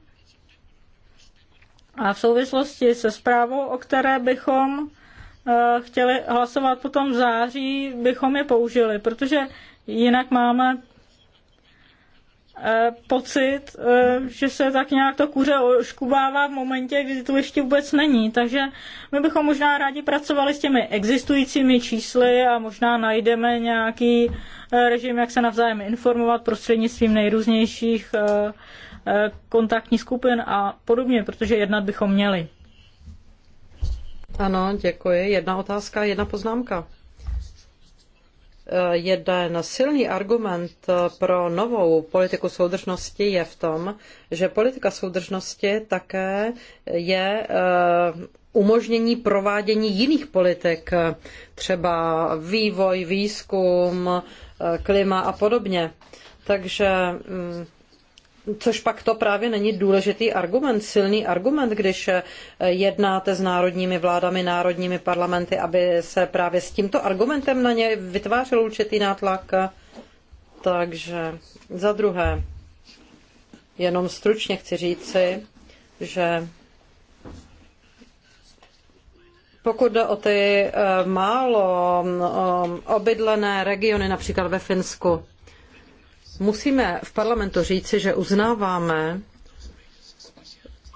a v souvislosti se zprávou, o které bychom eh, chtěli hlasovat potom v září, bychom je použili, protože jinak máme Eh, pocit, eh, že se tak nějak to kuře oškubává v momentě, kdy to ještě vůbec není. Takže my bychom možná rádi pracovali s těmi existujícími čísly a možná najdeme nějaký eh, režim, jak se navzájem informovat prostřednictvím nejrůznějších kontaktních skupin a podobně, protože jednat bychom měli. Ano, děkuji. Jedna otázka, jedna poznámka. Eh, jeden silný argument eh, pro novou politiku soudržnosti je v tom, že politika soudržnosti také je eh, umožnění provádění jiných politik, třeba vývoj, výzkum, klima a podobně. Takže mm, Což pak to právě není důležitý argument, silný argument, když eh, jednáte s národními vládami, národními parlamenty, aby se právě s tímto argumentem na ně vytvářel určitý nátlak. Takže za druhé, jenom stručně chci říci, že pokud jde o ty eh, málo mm, obydlené regiony, například ve Finsku, Musíme v parlamentu říci, že uznáváme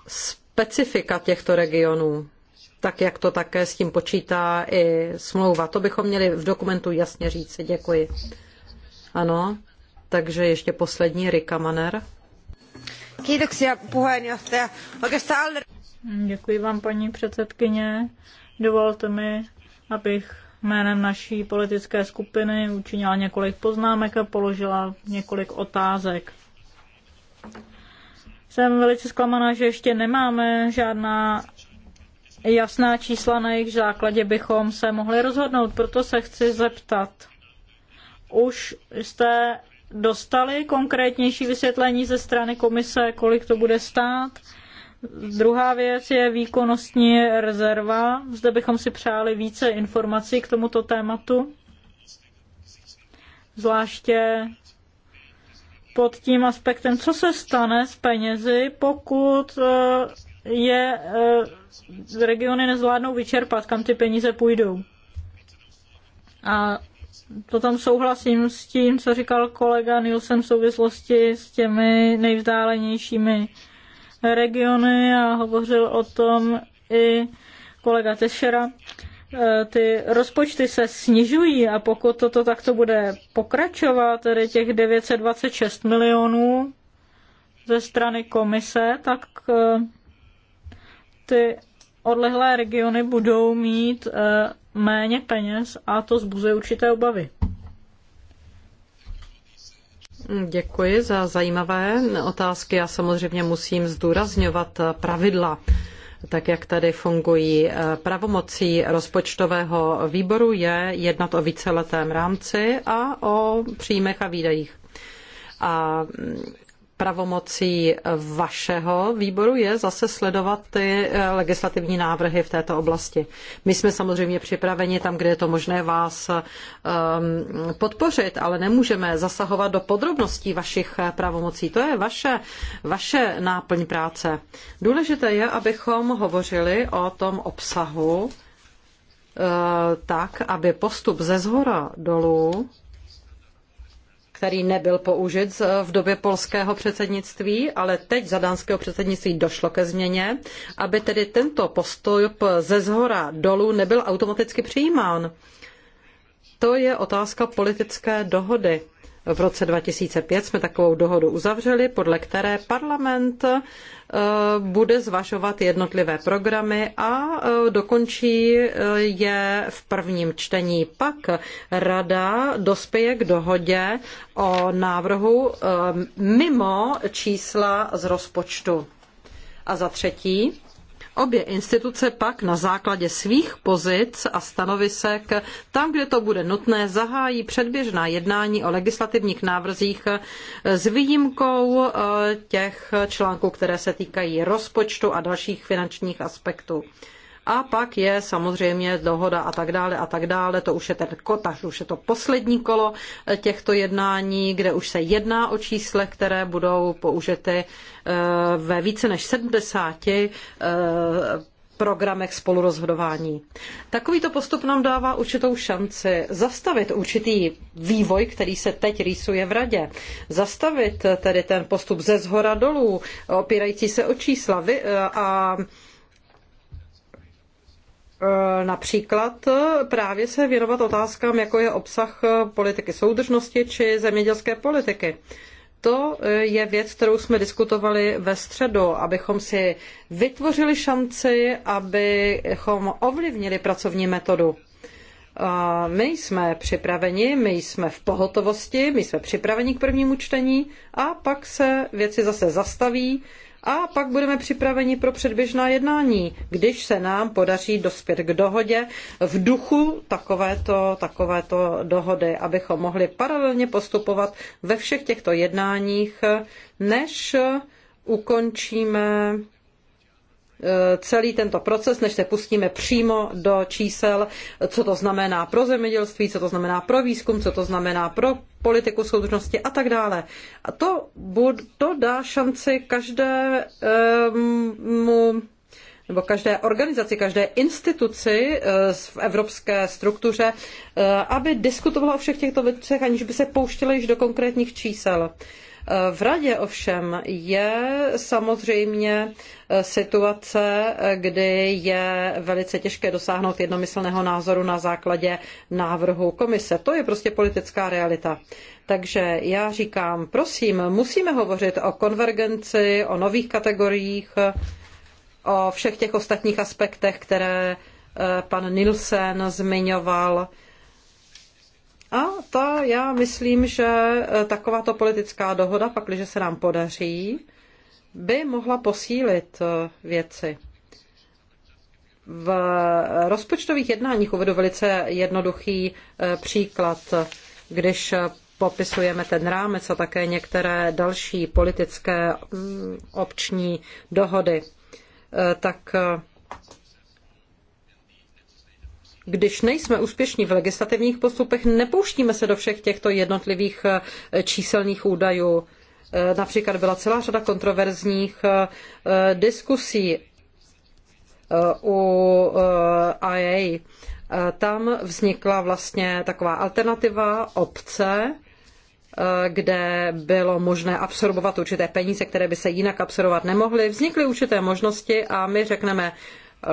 specifika těchto regionů, tak jak to také s tím počítá i smlouva. To bychom měli v dokumentu jasně říci. Děkuji. Ano, takže ještě poslední Rika Maner. Děkuji vám, paní předsedkyně. Dovolte mi, abych jménem naší politické skupiny učinila několik poznámek a položila několik otázek. Jsem velice zklamaná, že ještě nemáme žádná jasná čísla, na jejich základě bychom se mohli rozhodnout. Proto se chci zeptat. Už jste dostali konkrétnější vysvětlení ze strany komise, kolik to bude stát? Druhá věc je výkonnostní rezerva. Zde bychom si přáli více informací k tomuto tématu. Zvláště pod tím aspektem, co se stane s penězi, pokud eh, je eh, regiony nezvládnou vyčerpat, kam ty peníze půjdou. A to tam souhlasím s tím, co říkal kolega Nielsen v souvislosti s těmi nejvzdálenějšími regiony a hovořil o tom i kolega Tešera. E, ty rozpočty se snižují a pokud toto takto bude pokračovat, tedy těch 926 milionů ze strany komise, tak e, ty odlehlé regiony budou mít e, méně peněz a to zbuzuje určité obavy. Mm, děkuji za zajímavé otázky. Já samozřejmě musím zdůrazňovat eh, pravidla tak jak tady fungují. Eh, pravomocí rozpočtového výboru je jednat o víceletém rámci a o příjmech a výdajích. A mm, pravomocí vašeho výboru je zase sledovat ty eh, legislativní návrhy v této oblasti. My jsme samozřejmě připraveni tam, kde je to možné vás ehm, podpořit, ale nemůžeme zasahovat do podrobností vašich eh, pravomocí. To je vaše, vaše náplň práce. Důležité je, abychom hovořili o tom obsahu eh, tak, aby postup ze zhora dolů který nebyl použit v době polského předsednictví, ale teď za dánského předsednictví došlo ke změně, aby tedy tento postup ze zhora dolů nebyl automaticky přijímán. To je otázka politické dohody. V roce 2005 jsme takovou dohodu uzavřeli, podle které parlament eh, bude zvažovat jednotlivé programy a eh, dokončí eh, je v prvním čtení. Pak rada dospěje k dohodě o návrhu mimo čísla z rozpočtu. A za třetí, Obě instituce pak na základě svých pozic a stanovisek tam, kde to bude nutné, zahájí předběžná jednání o legislativních návrzích eh, s výjimkou eh, těch článků, které se týkají rozpočtu a dalších finančních aspektů. A pak je samozřejmě dohoda a tak dále a tak dále. To už je ten kotaž, už je to poslední kolo eh, těchto jednání, kde už se jedná o čísle, které budou použity eh, ve více než 70 eh, programech spolurozhodování. Takovýto postup nám dává určitou šanci zastavit určitý vývoj, který se teď rýsuje v radě. Zastavit tedy ten postup ze zhora dolů, opírající se o čísla a Eh, například eh, právě se věnovat otázkám, jako je obsah eh, politiky soudržnosti či zemědělské politiky. To je věc, kterou jsme diskutovali ve středu, abychom si vytvořili šanci, abychom ovlivnili pracovní metodu. My jsme připraveni, my jsme v pohotovosti, my jsme připraveni k prvnímu čtení a pak se věci zase zastaví, a pak budeme připraveni pro předběžná jednání, když se nám podaří dospět k dohodě v duchu takovéto, takovéto dohody, abychom mohli paralelně postupovat ve všech těchto jednáních, než ukončíme Eh, celý tento proces, než se pustíme přímo do čísel, co to znamená pro zemědělství, co to znamená pro výzkum, co to znamená pro politiku soudržnosti a tak dále. A to, bud, to dá šanci každému ehm, nebo každé organizaci, každé instituci eh, v evropské struktuře, eh, aby diskutovala o všech těchto věcech, aniž by se pouštěla již do konkrétních čísel. V radě ovšem je samozřejmě eh, situace, eh, kdy je velice těžké dosáhnout jednomyslného názoru na základě návrhu komise. To je prostě politická realita. Takže já říkám, prosím, musíme hovořit o konvergenci, o nových kategoriích, o všech těch ostatních aspektech, které eh, pan Nilsen zmiňoval a ta, já myslím, že eh, takováto politická dohoda, pakliže se nám podaří, by mohla posílit eh, věci. V rozpočtových jednáních uvedu velice jednoduchý eh, příklad, když popisujeme ten rámec a také některé další politické mm, opční dohody. Tak když nejsme úspěšní v legislativních postupech, nepouštíme se do všech těchto jednotlivých eh, číselných údajů. Eh, například byla celá řada kontroverzních eh, diskusí u IA. Tam vznikla vlastně taková alternativa obce, kde bylo možné absorbovat určité peníze, které by se jinak absorbovat nemohly. Vznikly určité možnosti a my řekneme,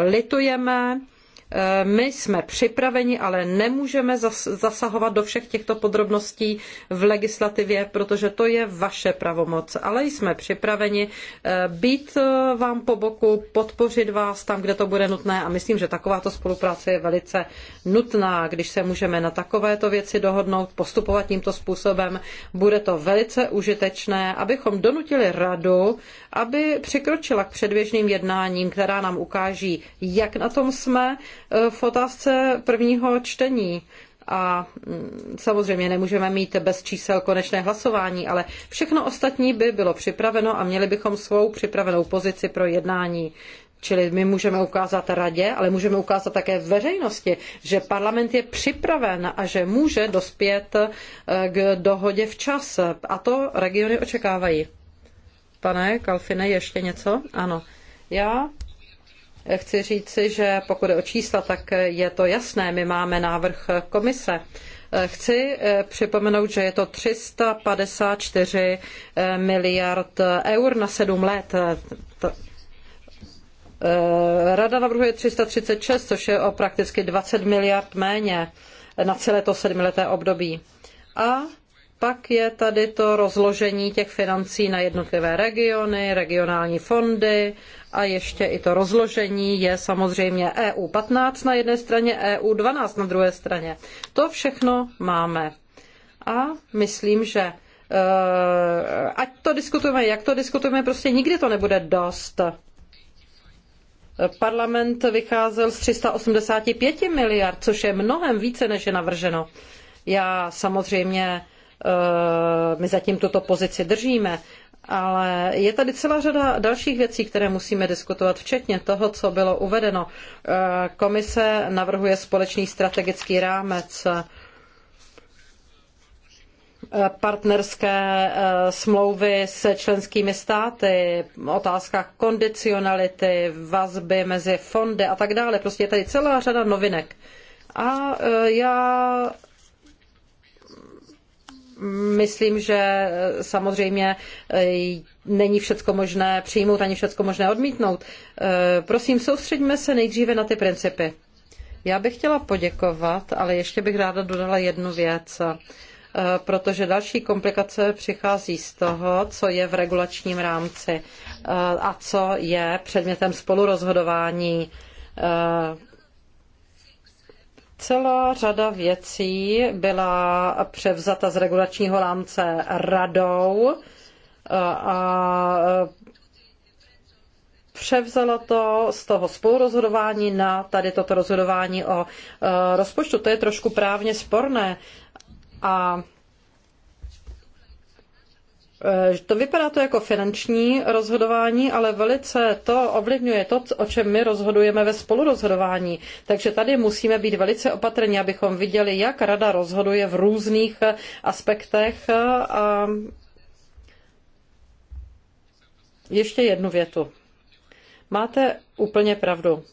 litujeme, Eh, my jsme připraveni, ale nemůžeme zasahovat do všech těchto podrobností v legislativě, protože to je vaše pravomoc. Ale jsme připraveni eh, být eh, vám po boku, podpořit vás tam, kde to bude nutné a myslím, že takováto spolupráce je velice nutná, když se můžeme na takovéto věci dohodnout, postupovat tímto způsobem. Bude to velice užitečné, abychom donutili radu, aby přikročila k předběžným jednáním, která nám ukáží, jak na tom jsme, v otázce prvního čtení. A mm, samozřejmě nemůžeme mít bez čísel konečné hlasování, ale všechno ostatní by bylo připraveno a měli bychom svou připravenou pozici pro jednání. Čili my můžeme ukázat radě, ale můžeme ukázat také veřejnosti, že parlament je připraven a že může dospět eh, k dohodě včas. A to regiony očekávají. Pane Kalfine, ještě něco? Ano. Já Chci říci, že pokud je o čísla, tak je to jasné. My máme návrh komise. Chci eh, připomenout, že je to 354 eh, miliard eur na sedm let. Eh, rada navrhuje 336, což je o prakticky 20 miliard méně na celé to sedmileté období. A pak je tady to rozložení těch financí na jednotlivé regiony, regionální fondy a ještě i to rozložení je samozřejmě EU 15 na jedné straně, EU 12 na druhé straně. To všechno máme. A myslím, že eh, ať to diskutujeme, jak to diskutujeme, prostě nikdy to nebude dost. Parlament vycházel z 385 miliard, což je mnohem více, než je navrženo. Já samozřejmě eh, my zatím tuto pozici držíme, ale je tady celá řada dalších věcí, které musíme diskutovat, včetně toho, co bylo uvedeno. E, komise navrhuje společný strategický rámec e, partnerské e, smlouvy s členskými státy, otázka kondicionality, vazby mezi fondy a tak dále. Prostě je tady celá řada novinek. A já myslím, že eh, samozřejmě eh, není všecko možné přijmout ani všecko možné odmítnout. Eh, prosím, soustředíme se nejdříve na ty principy. Já bych chtěla poděkovat, ale ještě bych ráda dodala jednu věc, protože další komplikace přichází z toho, co je v regulačním rámci a co je předmětem spolurozhodování Celá řada věcí byla převzata z regulačního rámce radou a převzala to z toho spolurozhodování na tady toto rozhodování o e, rozpočtu. To je trošku právně sporné a Eh, to vypadá to jako finanční rozhodování, ale velice to ovlivňuje to, o čem my rozhodujeme ve spolurozhodování. Takže tady musíme být velice opatrní, abychom viděli, jak rada rozhoduje v různých eh, aspektech. Eh, a ještě jednu větu. Máte úplně pravdu,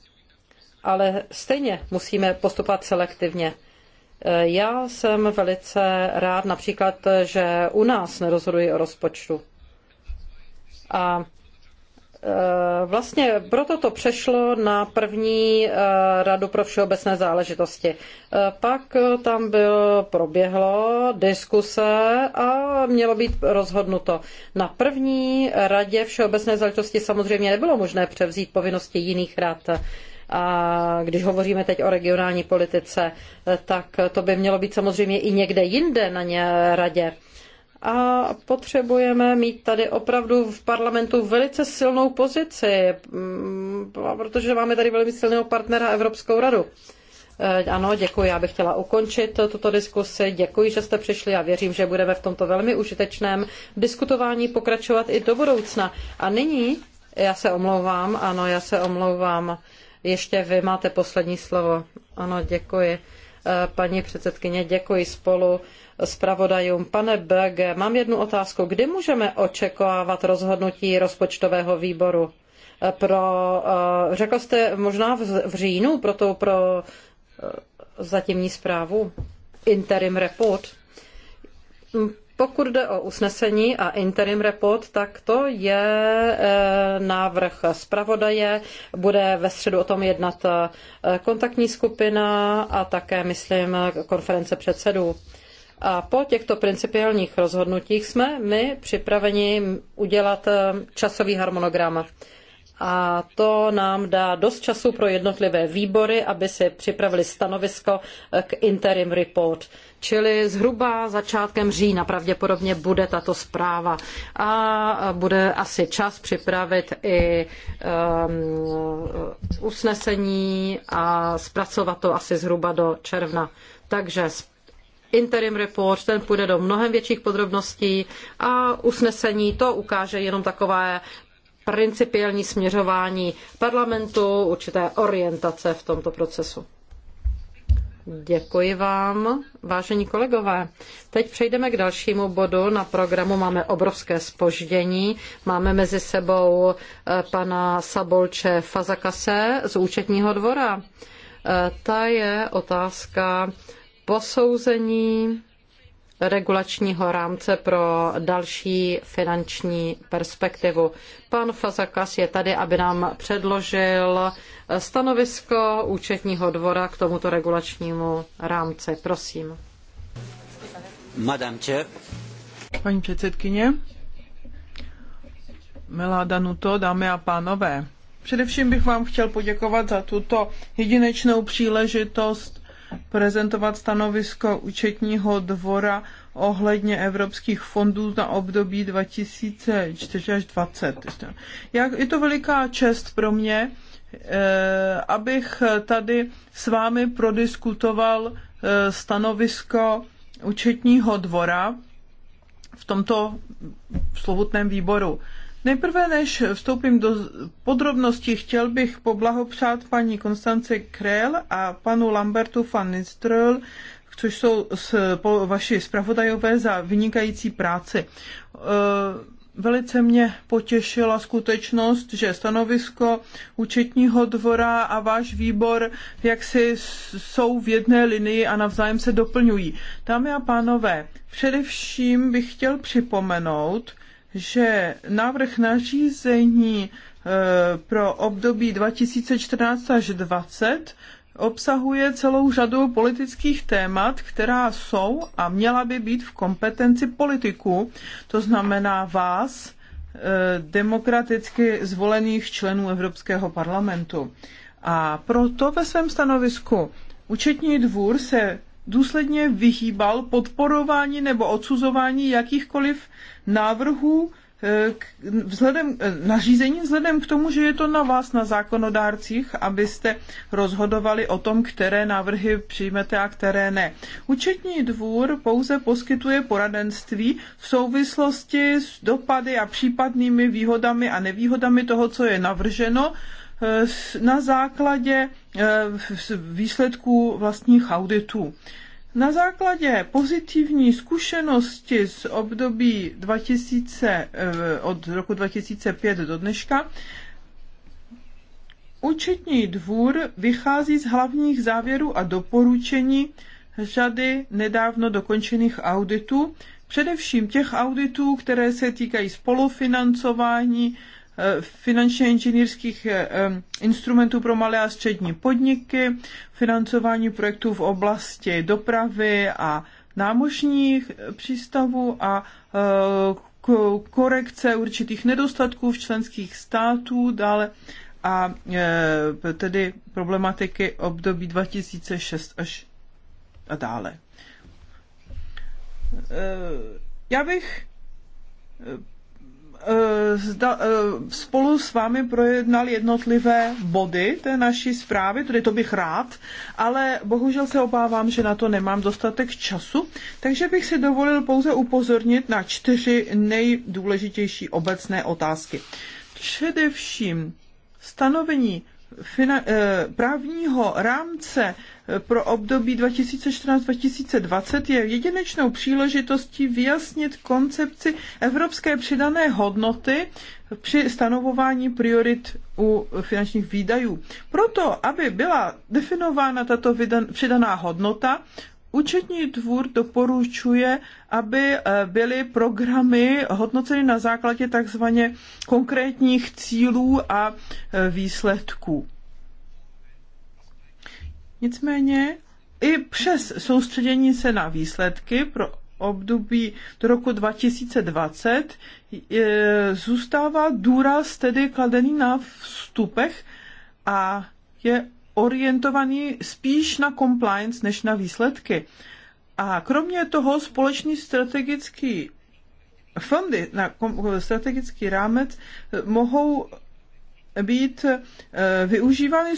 ale stejně musíme postupovat selektivně. Eh, já jsem velice rád například, že u nás nerozhodují o rozpočtu. A eh, vlastně proto to přešlo na první eh, radu pro všeobecné záležitosti. Pak tam byl, proběhlo diskuse a mělo být rozhodnuto. Na první radě všeobecné záležitosti samozřejmě nebylo možné převzít povinnosti jiných rad. A když hovoříme teď o regionální politice, tak to by mělo být samozřejmě i někde jinde na ně radě. A potřebujeme mít tady opravdu v parlamentu velice silnou pozici, mm, protože máme tady velmi silného partnera Evropskou radu. E, ano, děkuji. Já bych chtěla ukončit tuto diskusi. Děkuji, že jste přišli a věřím, že budeme v tomto velmi užitečném diskutování pokračovat i do budoucna. A nyní, já se omlouvám, ano, já se omlouvám, ještě vy máte poslední slovo. Ano, děkuji. Eh, paní předsedkyně, děkuji spolu pravodajům Pane Böge, mám jednu otázku. Kdy můžeme očekávat rozhodnutí rozpočtového výboru? Eh, pro, eh, řekl jste možná v říjnu pro, to, pro zatímní zprávu? Interim report? Pokud jde o usnesení a interim report, tak to je eh, návrh zpravodaje. Bude ve středu o tom jednat eh, kontaktní skupina a také, myslím, konference předsedů. A po těchto principiálních rozhodnutích jsme my připraveni udělat eh, časový harmonogram. A to nám dá dost času pro jednotlivé výbory, aby si připravili stanovisko k interim report. Čili zhruba začátkem října pravděpodobně bude tato zpráva a bude asi čas připravit i um, usnesení a zpracovat to asi zhruba do června. Takže interim report, ten půjde do mnohem větších podrobností a usnesení to ukáže jenom takové principiální směřování parlamentu, určité orientace v tomto procesu. Děkuji vám, vážení kolegové. Teď přejdeme k dalšímu bodu. Na programu máme obrovské spoždění. Máme mezi sebou eh, pana Sabolče Fazakase z účetního dvora. Eh, ta je otázka posouzení regulačního rámce pro další finanční perspektivu. Pan Fazakas je tady, aby nám předložil stanovisko účetního dvora k tomuto regulačnímu rámci. Prosím. Madame Paní předsedkyně, milá Danuto, dámy a pánové, především bych vám chtěl poděkovat za tuto jedinečnou příležitost prezentovat stanovisko účetního dvora ohledně evropských fondů na období 2004 až 2020. Jak, je to veliká čest pro mě, eh, abych tady s vámi prodiskutoval eh, stanovisko účetního dvora v tomto slovutném výboru. Nejprve, než vstoupím do podrobností, chtěl bych poblahopřát paní Konstance Krell a panu Lambertu van Niströl, což jsou z, po, vaši zpravodajové za vynikající práci. E, velice mě potěšila skutečnost, že stanovisko účetního dvora a váš výbor jaksi jsou v jedné linii a navzájem se doplňují. Dámy a pánové, především bych chtěl připomenout, že návrh nařízení e, pro období 2014 až 2020 obsahuje celou řadu politických témat, která jsou a měla by být v kompetenci politiků, to znamená vás, e, demokraticky zvolených členů Evropského parlamentu. A proto ve svém stanovisku Účetní dvůr se důsledně vyhýbal podporování nebo odsuzování jakýchkoliv návrhů eh, k, vzhledem, eh, nařízení vzhledem k tomu, že je to na vás, na zákonodárcích, abyste rozhodovali o tom, které návrhy přijmete a které ne. Účetní dvůr pouze poskytuje poradenství v souvislosti s dopady a případnými výhodami a nevýhodami toho, co je navrženo Eh, na základě eh, výsledků vlastních auditů. Na základě pozitivní zkušenosti z období 2000, eh, od roku 2005 do dneška Účetní dvůr vychází z hlavních závěrů a doporučení řady nedávno dokončených auditů, především těch auditů, které se týkají spolufinancování finančně inženýrských eh, instrumentů pro malé a střední podniky, financování projektů v oblasti dopravy a námořních eh, přístavů a eh, korekce určitých nedostatků v členských států, dále a tedy problematiky období 2006 až a dále. Já bych Eh, zda, eh, spolu s vámi projednal jednotlivé body té naší zprávy, tedy to bych rád, ale bohužel se obávám, že na to nemám dostatek času, takže bych si dovolil pouze upozornit na čtyři nejdůležitější obecné otázky. Především stanovení eh, právního rámce pro období 2014-2020 je jedinečnou příležitostí vyjasnit koncepci evropské přidané hodnoty při stanovování priorit u finančních výdajů. Proto, aby byla definována tato přidaná hodnota, Účetní dvůr doporučuje, aby eh, byly programy hodnoceny na základě takzvaně konkrétních cílů a eh, výsledků. Nicméně i přes soustředění se na výsledky pro období do roku 2020 je, zůstává důraz tedy kladený na vstupech a je orientovaný spíš na compliance než na výsledky. A kromě toho společný strategický fondy na strategický rámec mohou být eh, využívány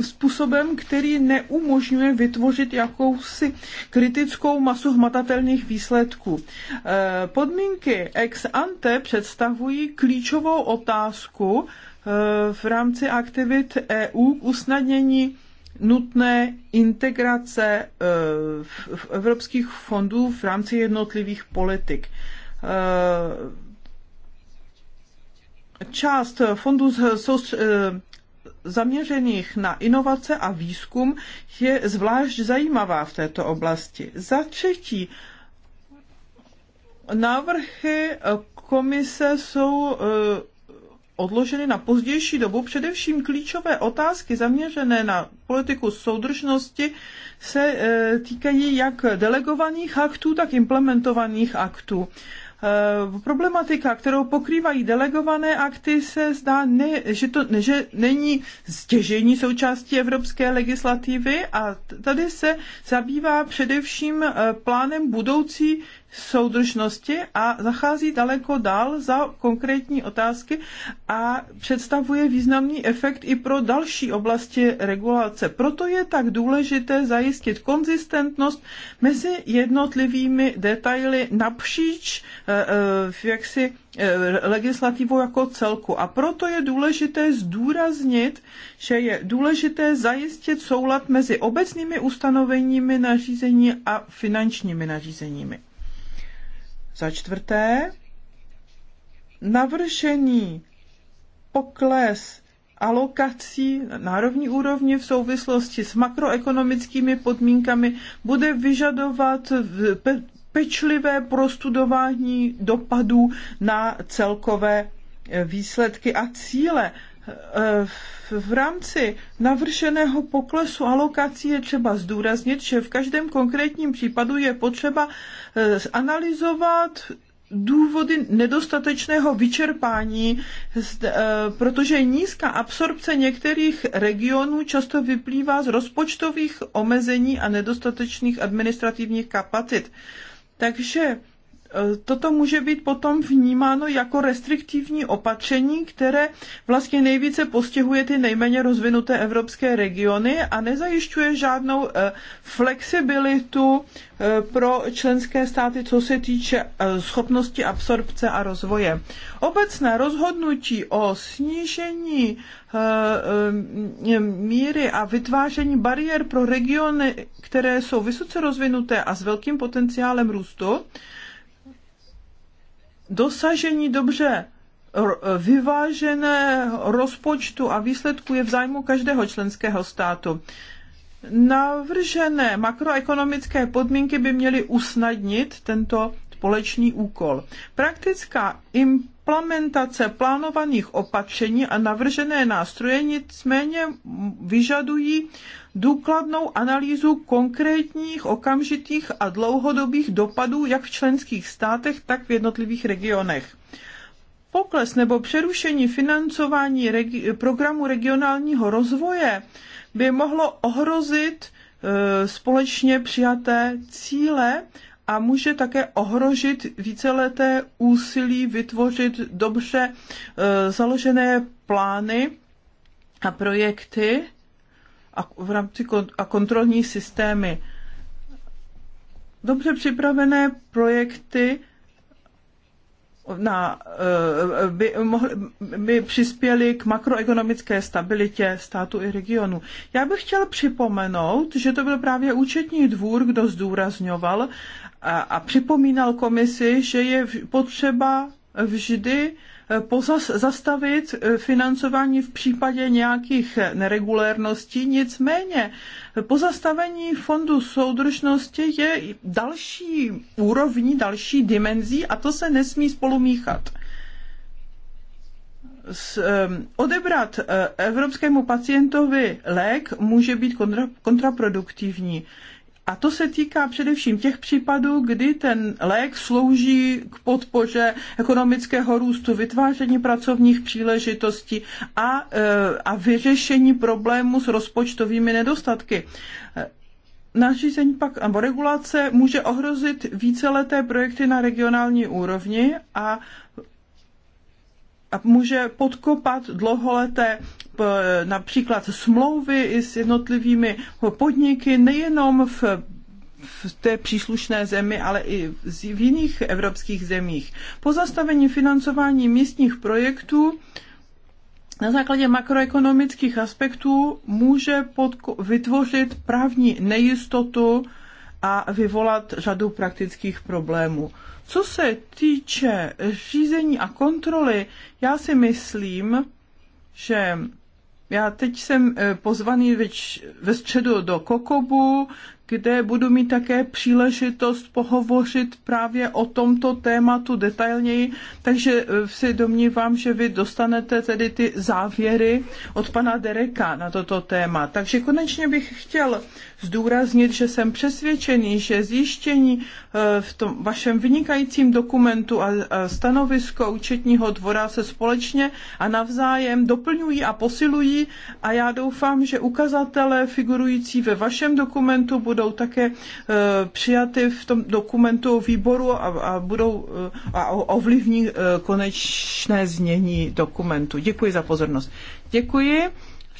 způsobem, který neumožňuje vytvořit jakousi kritickou masu hmatatelných výsledků. Eh, podmínky ex ante představují klíčovou otázku eh, v rámci aktivit EU k usnadnění nutné integrace evropských fondů v rámci jednotlivých politik část fondů e, zaměřených na inovace a výzkum je zvlášť zajímavá v této oblasti. Za třetí, návrhy komise jsou e, odloženy na pozdější dobu. Především klíčové otázky zaměřené na politiku soudržnosti se e, týkají jak delegovaných aktů, tak implementovaných aktů. Eh, problematika, kterou pokrývají delegované akty, se zdá, ne, že, to, že není stěžení součástí evropské legislativy a tady se zabývá především eh, plánem budoucí soudržnosti a zachází daleko dál za konkrétní otázky a představuje významný efekt i pro další oblasti regulace. Proto je tak důležité zajistit konzistentnost mezi jednotlivými detaily napříč eh, eh, jaksi eh, legislativou jako celku. A proto je důležité zdůraznit, že je důležité zajistit soulad mezi obecnými ustanoveními nařízení a finančními nařízeními. Za čtvrté, navršení pokles alokací na národní úrovni v souvislosti s makroekonomickými podmínkami bude vyžadovat pečlivé prostudování dopadů na celkové e, výsledky a cíle Eh, v rámci navršeného poklesu alokací je třeba zdůraznit, že v každém konkrétním případu je potřeba eh, analyzovat důvody nedostatečného vyčerpání, eh, protože nízká absorpce některých regionů často vyplývá z rozpočtových omezení a nedostatečných administrativních kapacit. Takže toto může být potom vnímáno jako restriktivní opatření, které vlastně nejvíce postihuje ty nejméně rozvinuté evropské regiony a nezajišťuje žádnou eh, flexibilitu eh, pro členské státy, co se týče eh, schopnosti absorpce a rozvoje. Obecné rozhodnutí o snížení míry a vytváření bariér pro regiony, které jsou vysoce rozvinuté a s velkým potenciálem růstu, dosažení dobře vyvážené rozpočtu a výsledku je v zájmu každého členského státu. Navržené makroekonomické podmínky by měly usnadnit tento společný úkol. Praktická im implementace plánovaných opatření a navržené nástroje nicméně vyžadují důkladnou analýzu konkrétních okamžitých a dlouhodobých dopadů jak v členských státech, tak v jednotlivých regionech. Pokles nebo přerušení financování regi- programu regionálního rozvoje by mohlo ohrozit e, společně přijaté cíle a může také ohrožit víceleté úsilí vytvořit dobře e, založené plány a projekty a v rámci a kontrolní systémy. Dobře připravené projekty na, e, by, mohli, by přispěli k makroekonomické stabilitě státu i regionu. Já bych chtěl připomenout, že to byl právě účetní dvůr, kdo zdůrazňoval, a, připomínal komisi, že je potřeba vždy eh, pozas, zastavit eh, financování v případě nějakých neregulérností. Nicméně pozastavení fondu soudržnosti je další úrovní, další dimenzí a to se nesmí spolumíchat. S, eh, odebrat evropskému pacientovi lék může být kontra, kontraproduktivní. A to se týká především těch případů, kdy ten lék slouží k podpoře ekonomického růstu, vytváření pracovních příležitostí a, eh, a vyřešení problémů s rozpočtovými nedostatky. Nařízení pak nebo regulace může ohrozit víceleté projekty na regionální úrovni a a může podkopat dlouholeté například smlouvy i s jednotlivými podniky, nejenom v v té příslušné zemi, ale i v jiných evropských zemích. Pozastavení financování místních projektů na základě makroekonomických aspektů může vytvořit právní nejistotu a vyvolat řadu praktických problémů. Co se týče řízení a kontroly, já si myslím, že já teď jsem eh, pozvaný ve středu do Kokobu, kde budu mít také příležitost pohovořit právě o tomto tématu detailněji, takže eh, si domnívám, že vy dostanete tedy ty závěry od pana Dereka na toto téma. Takže konečně bych chtěl zdůraznit, že jsem přesvědčený, že zjištění eh, v tom vašem vynikajícím dokumentu a eh, stanovisko účetního dvora se společně a navzájem doplňují a posilují a já doufám, že ukazatele figurující ve vašem dokumentu budou také eh, přijaty v tom dokumentu o výboru a, a budou a ovlivní konečné znění dokumentu. Děkuji za pozornost. Děkuji.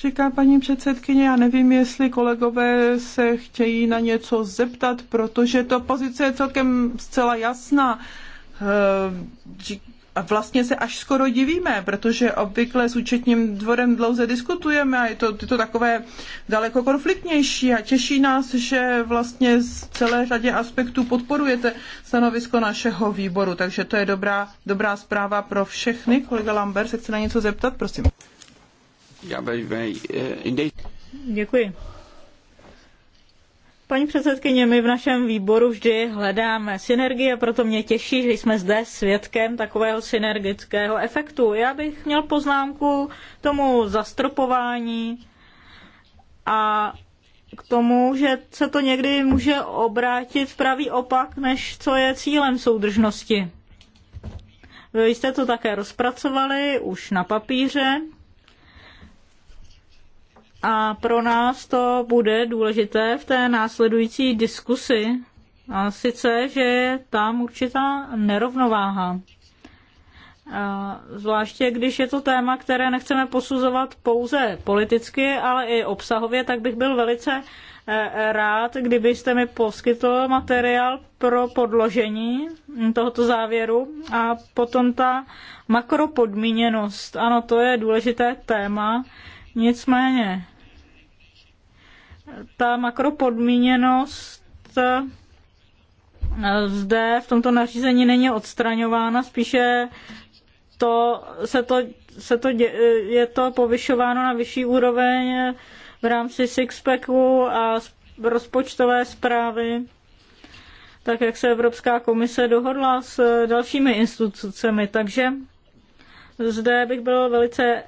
Říká paní předsedkyně, já nevím, jestli kolegové se chtějí na něco zeptat, protože to pozice je celkem zcela jasná. Eh, a vlastně se až skoro divíme, protože obvykle s účetním dvorem dlouze diskutujeme a je to, je to takové daleko konfliktnější a těší nás, že vlastně z celé řadě aspektů podporujete stanovisko našeho výboru. Takže to je dobrá, dobrá zpráva pro všechny. Kolega Lambert se chce na něco zeptat, prosím. Eh, Děkuji. Paní předsedkyně, my v našem výboru vždy hledáme synergie, proto mě těší, že jsme zde svědkem takového synergického efektu. Já bych měl poznámku k tomu zastropování a k tomu, že se to někdy může obrátit v pravý opak, než co je cílem soudržnosti. Vy jste to také rozpracovali už na papíře, a pro nás to bude důležité v té následující diskusi. A sice, že je tam určitá nerovnováha. Zvláště když je to téma, které nechceme posuzovat pouze politicky, ale i obsahově, tak bych byl velice e, rád, kdybyste mi poskytl materiál pro podložení tohoto závěru a potom ta makropodmíněnost. Ano, to je důležité téma, nicméně ta makropodmíněnost eh, zde v tomto nařízení není odstraňována, spíše to, se, to, se to dě, je to povyšováno na vyšší úroveň v rámci sixpacku a rozpočtové zprávy, tak jak se Evropská komise dohodla s dalšími institucemi. Takže zde bych byl velice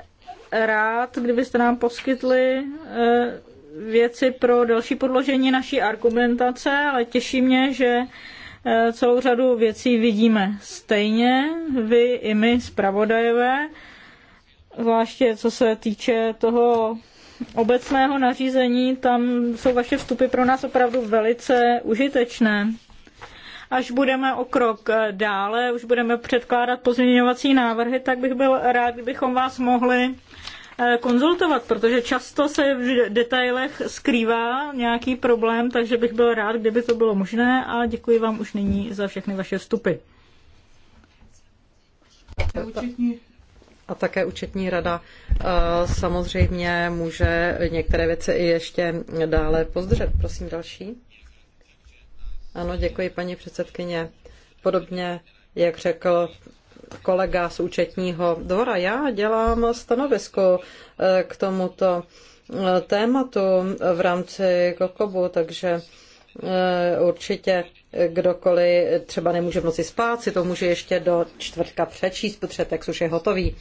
rád, kdybyste nám poskytli eh, věci pro další podložení naší argumentace, ale těší mě, že eh, celou řadu věcí vidíme stejně, vy i my zpravodajové, zvláště co se týče toho obecného nařízení, tam jsou vaše vstupy pro nás opravdu velice užitečné. Až budeme o krok dále, už budeme předkládat pozměňovací návrhy, tak bych byl rád, kdybychom vás mohli Eh, konzultovat, protože často se v detailech skrývá nějaký problém, takže bych byl rád, kdyby to bylo možné a děkuji vám už nyní za všechny vaše vstupy. A také účetní rada eh, samozřejmě může některé věci i ještě dále pozdřet. Prosím další. Ano, děkuji paní předsedkyně. Podobně, jak řekl kolega z účetního dvora. Já dělám stanovisko eh, k tomuto eh, tématu v rámci Kokobu, takže eh, určitě kdokoliv třeba nemůže v noci spát, si to může ještě do čtvrtka přečíst, protože text už je hotový.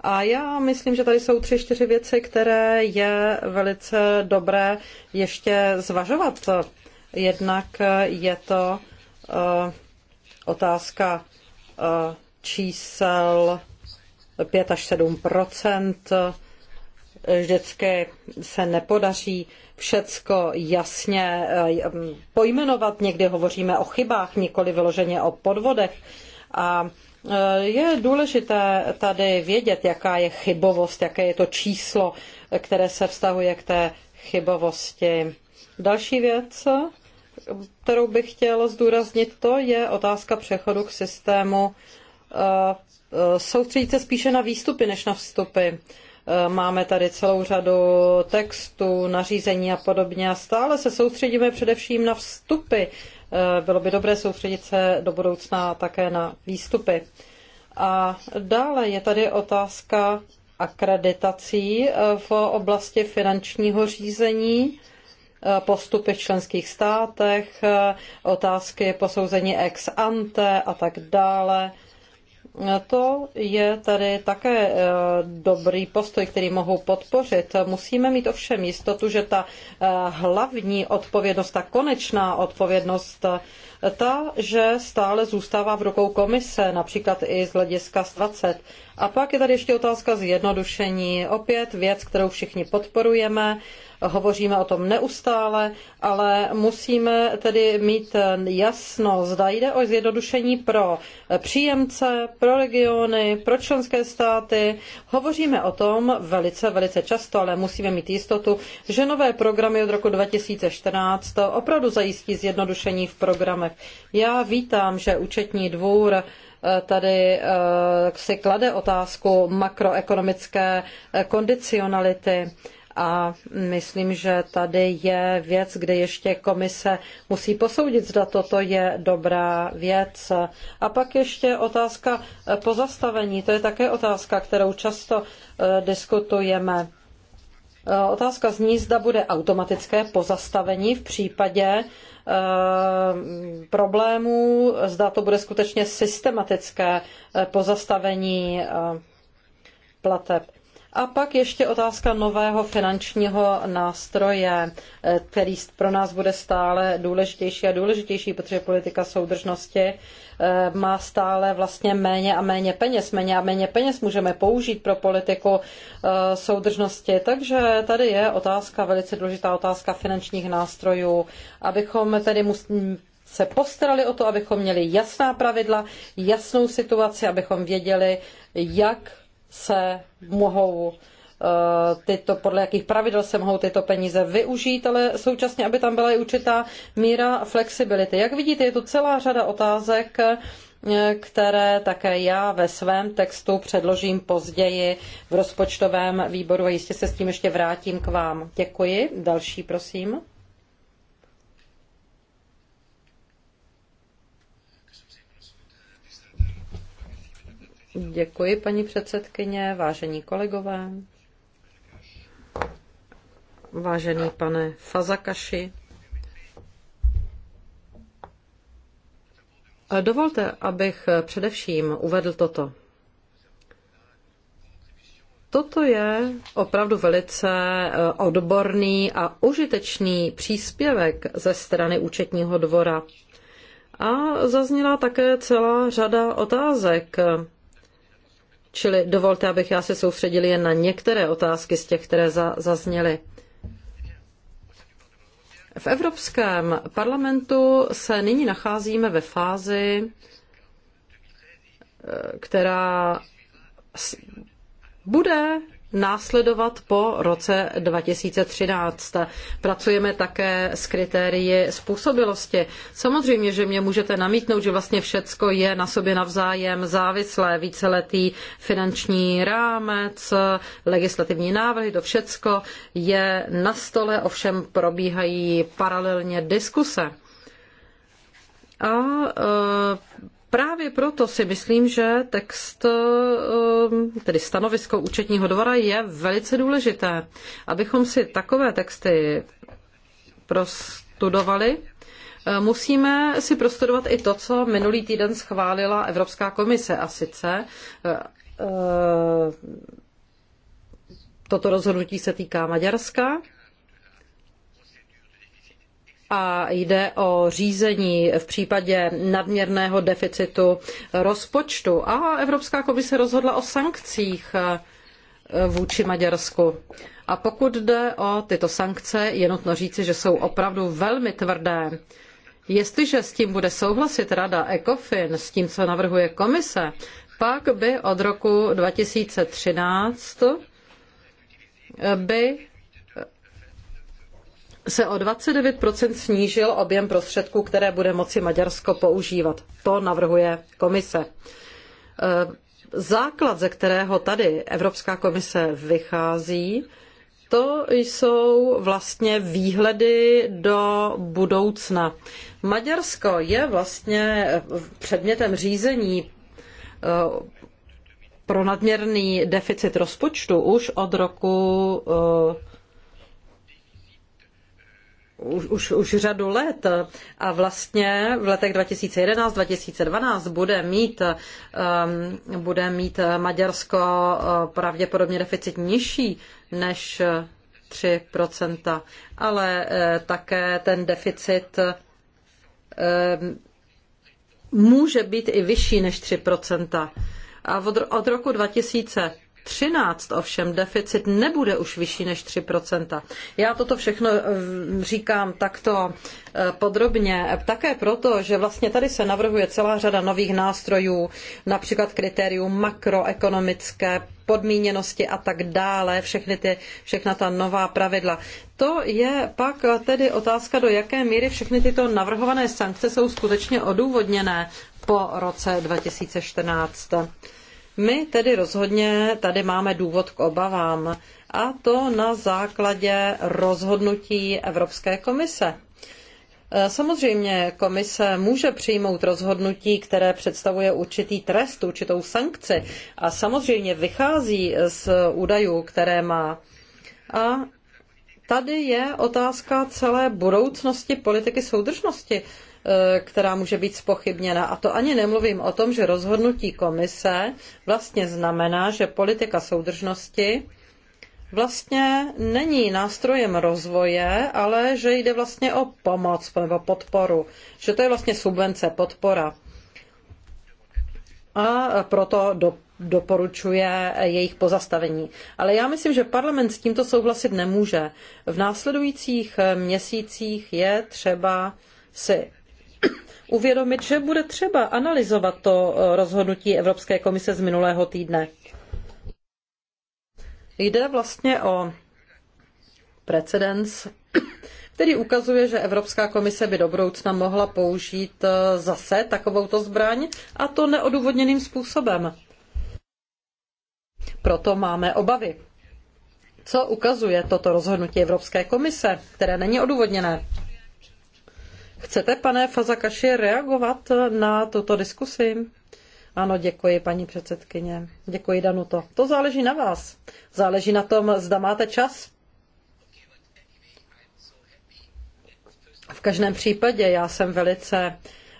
A já myslím, že tady jsou tři, čtyři věci, které je velice dobré ještě zvažovat. Jednak je to otázka čísel 5 až 7 Vždycky se nepodaří všecko jasně eh, pojmenovat. Někdy hovoříme o chybách, nikoli vyloženě o podvodech. A eh, je důležité tady vědět, jaká je chybovost, jaké je to číslo, které se vztahuje k té chybovosti. Další věc, kterou bych chtěla zdůraznit, to je otázka přechodu k systému Eh, soustředit se spíše na výstupy než na vstupy. Eh, máme tady celou řadu textů, nařízení a podobně a stále se soustředíme především na vstupy. Eh, bylo by dobré soustředit se do budoucna také na výstupy. A dále je tady otázka akreditací v oblasti finančního řízení, postupy v členských státech, otázky posouzení ex ante a tak dále to je tady také eh, dobrý postoj, který mohou podpořit. Musíme mít ovšem jistotu, že ta eh, hlavní odpovědnost, ta konečná odpovědnost, eh, ta, že stále zůstává v rukou komise, například i z hlediska 20. A pak je tady ještě otázka zjednodušení. Opět věc, kterou všichni podporujeme hovoříme o tom neustále, ale musíme tedy mít jasno, zda jde o zjednodušení pro příjemce, pro regiony, pro členské státy. Hovoříme o tom velice, velice často, ale musíme mít jistotu, že nové programy od roku 2014 opravdu zajistí zjednodušení v programech. Já vítám, že účetní dvůr eh, tady eh, si klade otázku makroekonomické eh, kondicionality a myslím, že tady je věc, kde ještě komise musí posoudit, zda toto je dobrá věc. A pak ještě otázka pozastavení. To je také otázka, kterou často e, diskutujeme. E, otázka zní, zda bude automatické pozastavení v případě e, problémů, zda to bude skutečně systematické pozastavení plateb. A pak ještě otázka nového finančního nástroje, eh, který pro nás bude stále důležitější a důležitější, protože politika soudržnosti eh, má stále vlastně méně a méně peněz. Méně a méně peněz můžeme použít pro politiku eh, soudržnosti. Takže tady je otázka, velice důležitá otázka finančních nástrojů, abychom tedy mus- se postarali o to, abychom měli jasná pravidla, jasnou situaci, abychom věděli, jak se mohou eh, tyto, podle jakých pravidel se mohou tyto peníze využít, ale současně, aby tam byla i určitá míra flexibility. Jak vidíte, je tu celá řada otázek, eh, které také já ve svém textu předložím později v rozpočtovém výboru a jistě se s tím ještě vrátím k vám. Děkuji. Další, prosím. Děkuji, paní předsedkyně, vážení kolegové, vážený pane Fazakaši. Dovolte, abych především uvedl toto. Toto je opravdu velice eh, odborný a užitečný příspěvek ze strany účetního dvora. A zazněla také celá řada otázek Čili dovolte, abych já se soustředil jen na některé otázky z těch, které za, zazněly. V Evropském parlamentu se nyní nacházíme ve fázi, eh, která bude následovat po roce 2013. Pracujeme také s kritérii způsobilosti. Samozřejmě, že mě můžete namítnout, že vlastně všecko je na sobě navzájem závislé. Víceletý finanční rámec, legislativní návrhy, to všecko je na stole, ovšem probíhají paralelně diskuse. A e, Právě proto si myslím, že text, um, tedy stanovisko účetního dvora je velice důležité, abychom si takové texty prostudovali. Eh, musíme si prostudovat i to, co minulý týden schválila Evropská komise, a sice eh, eh, toto rozhodnutí se týká Maďarska a jde o řízení v případě nadměrného deficitu rozpočtu. A Evropská komise rozhodla o sankcích eh, vůči Maďarsku. A pokud jde o tyto sankce, je nutno říci, že jsou opravdu velmi tvrdé. Jestliže s tím bude souhlasit Rada ECOFIN, s tím, co navrhuje komise, pak by od roku 2013 by se o 29% snížil objem prostředků, které bude moci Maďarsko používat. To navrhuje komise. E, základ, ze kterého tady Evropská komise vychází, to jsou vlastně výhledy do budoucna. Maďarsko je vlastně předmětem řízení e, pro nadměrný deficit rozpočtu už od roku e, už, už, už řadu let a vlastně v letech 2011-2012 bude mít, um, bude mít Maďarsko uh, pravděpodobně deficit nižší než 3%, ale eh, také ten deficit um, může být i vyšší než 3%. A od, od roku 2000 2013 ovšem deficit nebude už vyšší než 3%. Já toto všechno eh, říkám takto eh, podrobně také proto, že vlastně tady se navrhuje celá řada nových nástrojů, například kritérium makroekonomické podmíněnosti a tak dále, všechny ty, všechna ta nová pravidla. To je pak tedy otázka, do jaké míry všechny tyto navrhované sankce jsou skutečně odůvodněné po roce 2014. My tedy rozhodně tady máme důvod k obavám a to na základě rozhodnutí Evropské komise. E, samozřejmě komise může přijmout rozhodnutí, které představuje určitý trest, určitou sankci a samozřejmě vychází z údajů, které má. A tady je otázka celé budoucnosti politiky soudržnosti. Eh, která může být spochybněna. A to ani nemluvím o tom, že rozhodnutí komise vlastně znamená, že politika soudržnosti vlastně není nástrojem rozvoje, ale že jde vlastně o pomoc nebo podporu. Že to je vlastně subvence, podpora. A proto do, doporučuje jejich pozastavení. Ale já myslím, že parlament s tímto souhlasit nemůže. V následujících měsících je třeba si uvědomit, že bude třeba analyzovat to eh, rozhodnutí Evropské komise z minulého týdne. Jde vlastně o precedens, [CLEARS THROAT] který ukazuje, že Evropská komise by do budoucna mohla použít eh, zase takovouto zbraň a to neodůvodněným způsobem. Proto máme obavy. Co ukazuje toto rozhodnutí Evropské komise, které není odůvodněné? Chcete, pane Fazakaši, reagovat na tuto diskusi? Ano, děkuji, paní předsedkyně. Děkuji, Danuto. To záleží na vás. Záleží na tom, zda máte čas. V každém případě já jsem velice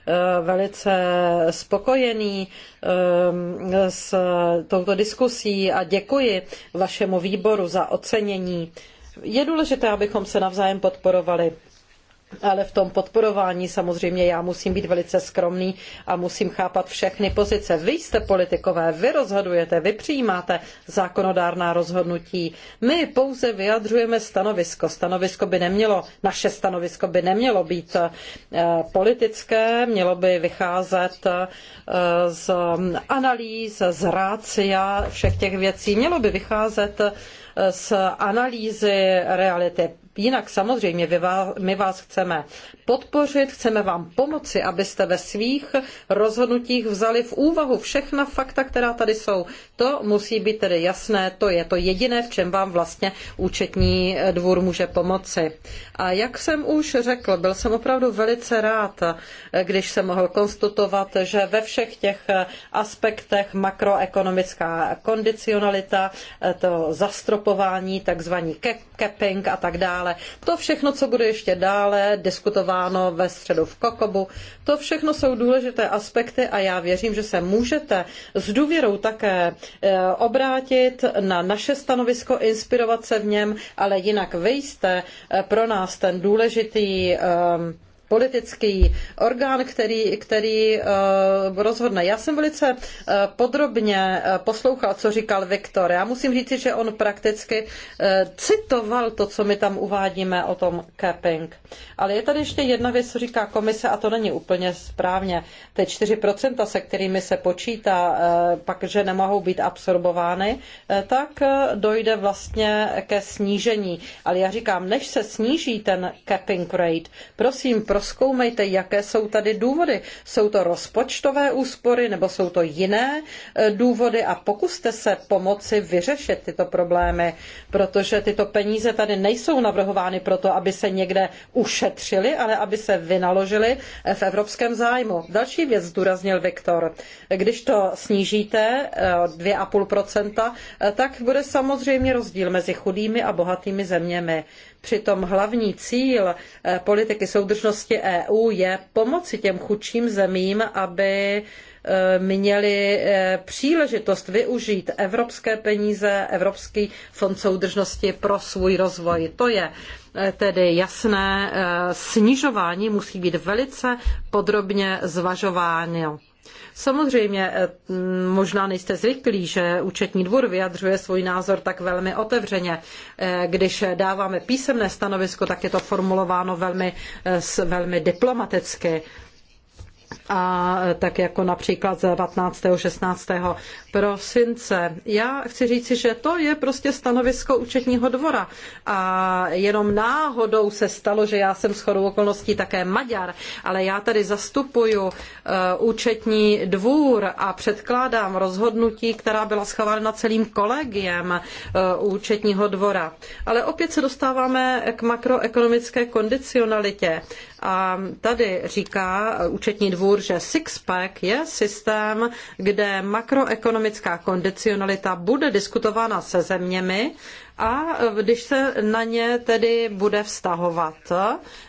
eh, velice spokojený eh, s touto diskusí a děkuji vašemu výboru za ocenění. Je důležité, abychom se navzájem podporovali ale v tom podporování samozřejmě já musím být velice skromný a musím chápat všechny pozice. Vy jste politikové, vy rozhodujete, vy přijímáte zákonodárná rozhodnutí. My pouze vyjadřujeme stanovisko. Stanovisko by nemělo, naše stanovisko by nemělo být eh, politické, mělo by vycházet eh, z analýz, z rácia všech těch věcí, mělo by vycházet eh, z analýzy reality. Jinak samozřejmě my vás chceme podpořit, chceme vám pomoci, abyste ve svých rozhodnutích vzali v úvahu všechna fakta, která tady jsou. To musí být tedy jasné, to je to jediné, v čem vám vlastně účetní dvůr může pomoci. A jak jsem už řekl, byl jsem opravdu velice rád, když jsem mohl konstatovat, že ve všech těch aspektech makroekonomická kondicionalita, to zastropování, takzvaný capping a tak dále, to všechno, co bude ještě dále diskutováno, ráno, ve středu v Kokobu. To všechno jsou důležité aspekty a já věřím, že se můžete s důvěrou také eh, obrátit na naše stanovisko, inspirovat se v něm, ale jinak vy jste eh, pro nás ten důležitý ehm, politický orgán, který, který eh, rozhodne. Já jsem velice eh, podrobně eh, poslouchal, co říkal Viktor. Já musím říct, že on prakticky citoval to, co my tam uvádíme o tom capping. Ale je tady ještě jedna věc, co říká komise, a to není úplně správně. Ty 4%, se kterými se počítá, pak, že nemohou být absorbovány, tak dojde vlastně ke snížení. Ale já říkám, než se sníží ten capping rate, prosím, prosím proskoumejte, jaké jsou tady důvody. Jsou to rozpočtové úspory nebo jsou to jiné e, důvody a pokuste se pomoci vyřešit tyto problémy, protože tyto peníze tady nejsou navrhovány proto, aby se někde ušetřili, ale aby se vynaložili v evropském zájmu. Další věc zdůraznil Viktor. Když to snížíte 2,5%, e, e, tak bude samozřejmě rozdíl mezi chudými a bohatými zeměmi. Přitom hlavní cíl eh, politiky soudržnosti EU je pomoci těm chudším zemím, aby eh, měli eh, příležitost využít evropské peníze, Evropský fond soudržnosti pro svůj rozvoj. To je tedy jasné, snižování musí být velice podrobně zvažováno. Samozřejmě eh, možná nejste zvyklí, že účetní dvůr vyjadřuje svůj názor tak velmi otevřeně. Eh, když dáváme písemné stanovisko, tak je to formulováno velmi, eh, velmi diplomaticky a tak jako například 15. 16. prosince. Já chci říci, že to je prostě stanovisko účetního dvora a jenom náhodou se stalo, že já jsem shodou okolností také Maďar, ale já tady zastupuju eh, účetní dvůr a předkládám rozhodnutí, která byla schválena celým kolegiem eh, účetního dvora. Ale opět se dostáváme k makroekonomické kondicionalitě. A tady říká účetní dvůr, že six-pack je systém, kde makroekonomická kondicionalita bude diskutována se zeměmi, a když se na ně tedy bude vztahovat,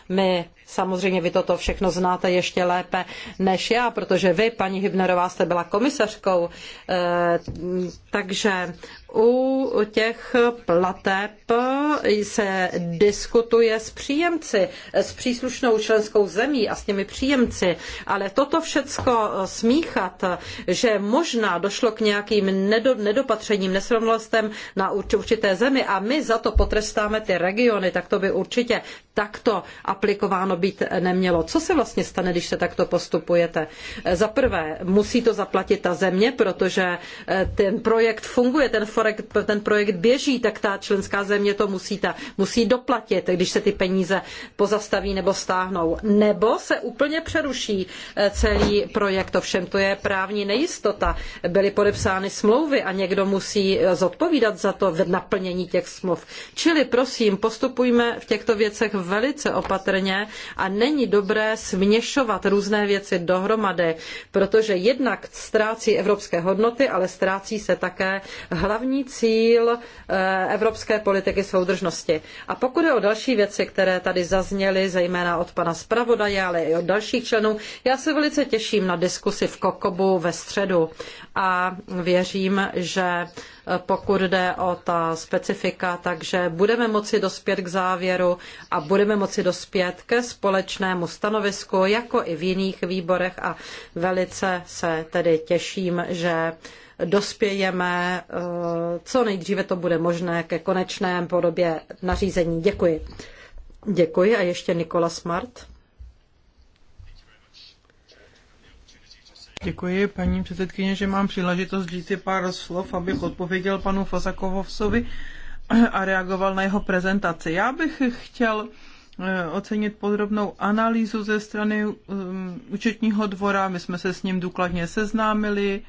my samozřejmě vy toto všechno znáte ještě lépe než já, protože vy, paní Hybnerová, jste byla komisařkou, eh, takže u těch plateb se diskutuje s příjemci, s příslušnou členskou zemí a s těmi příjemci, ale toto všecko smíchat, že možná došlo k nějakým nedopatřením, nesrovnalostem na určité zemi a my za to potrestáme ty regiony, tak to by určitě takto aplikováno být nemělo. Co se vlastně stane, když se takto postupujete? Za prvé, musí to zaplatit ta země, protože ten projekt funguje, ten projekt, ten projekt běží, tak ta členská země to musí, ta, musí doplatit, když se ty peníze pozastaví nebo stáhnou. Nebo se úplně přeruší eh, celý projekt. Ovšem to je právní nejistota. Byly podepsány smlouvy a někdo musí eh, zodpovídat za to v naplnění těch smluv. Čili prosím, postupujme v těchto věcech velice opatrně a není dobré směšovat různé věci dohromady, protože jednak ztrácí evropské hodnoty, ale ztrácí se také hlavní hlavní cíl eh, evropské politiky soudržnosti. A pokud je o další věci, které tady zazněly, zejména od pana zpravodaje, ale i od dalších členů, já se velice těším na diskusi v Kokobu ve středu a věřím, že eh, pokud jde o ta specifika, takže budeme moci dospět k závěru a budeme moci dospět ke společnému stanovisku, jako i v jiných výborech a velice se tedy těším, že dospějeme, eh, co nejdříve to bude možné ke konečné podobě nařízení. Děkuji. Děkuji a ještě Nikola Smart. Děkuji, paní předsedkyně, že mám příležitost říct si pár slov, abych odpověděl panu Fazakovovsovi a reagoval na jeho prezentaci. Já bych chtěl eh, ocenit podrobnou analýzu ze strany eh, účetního dvora. My jsme se s ním důkladně seznámili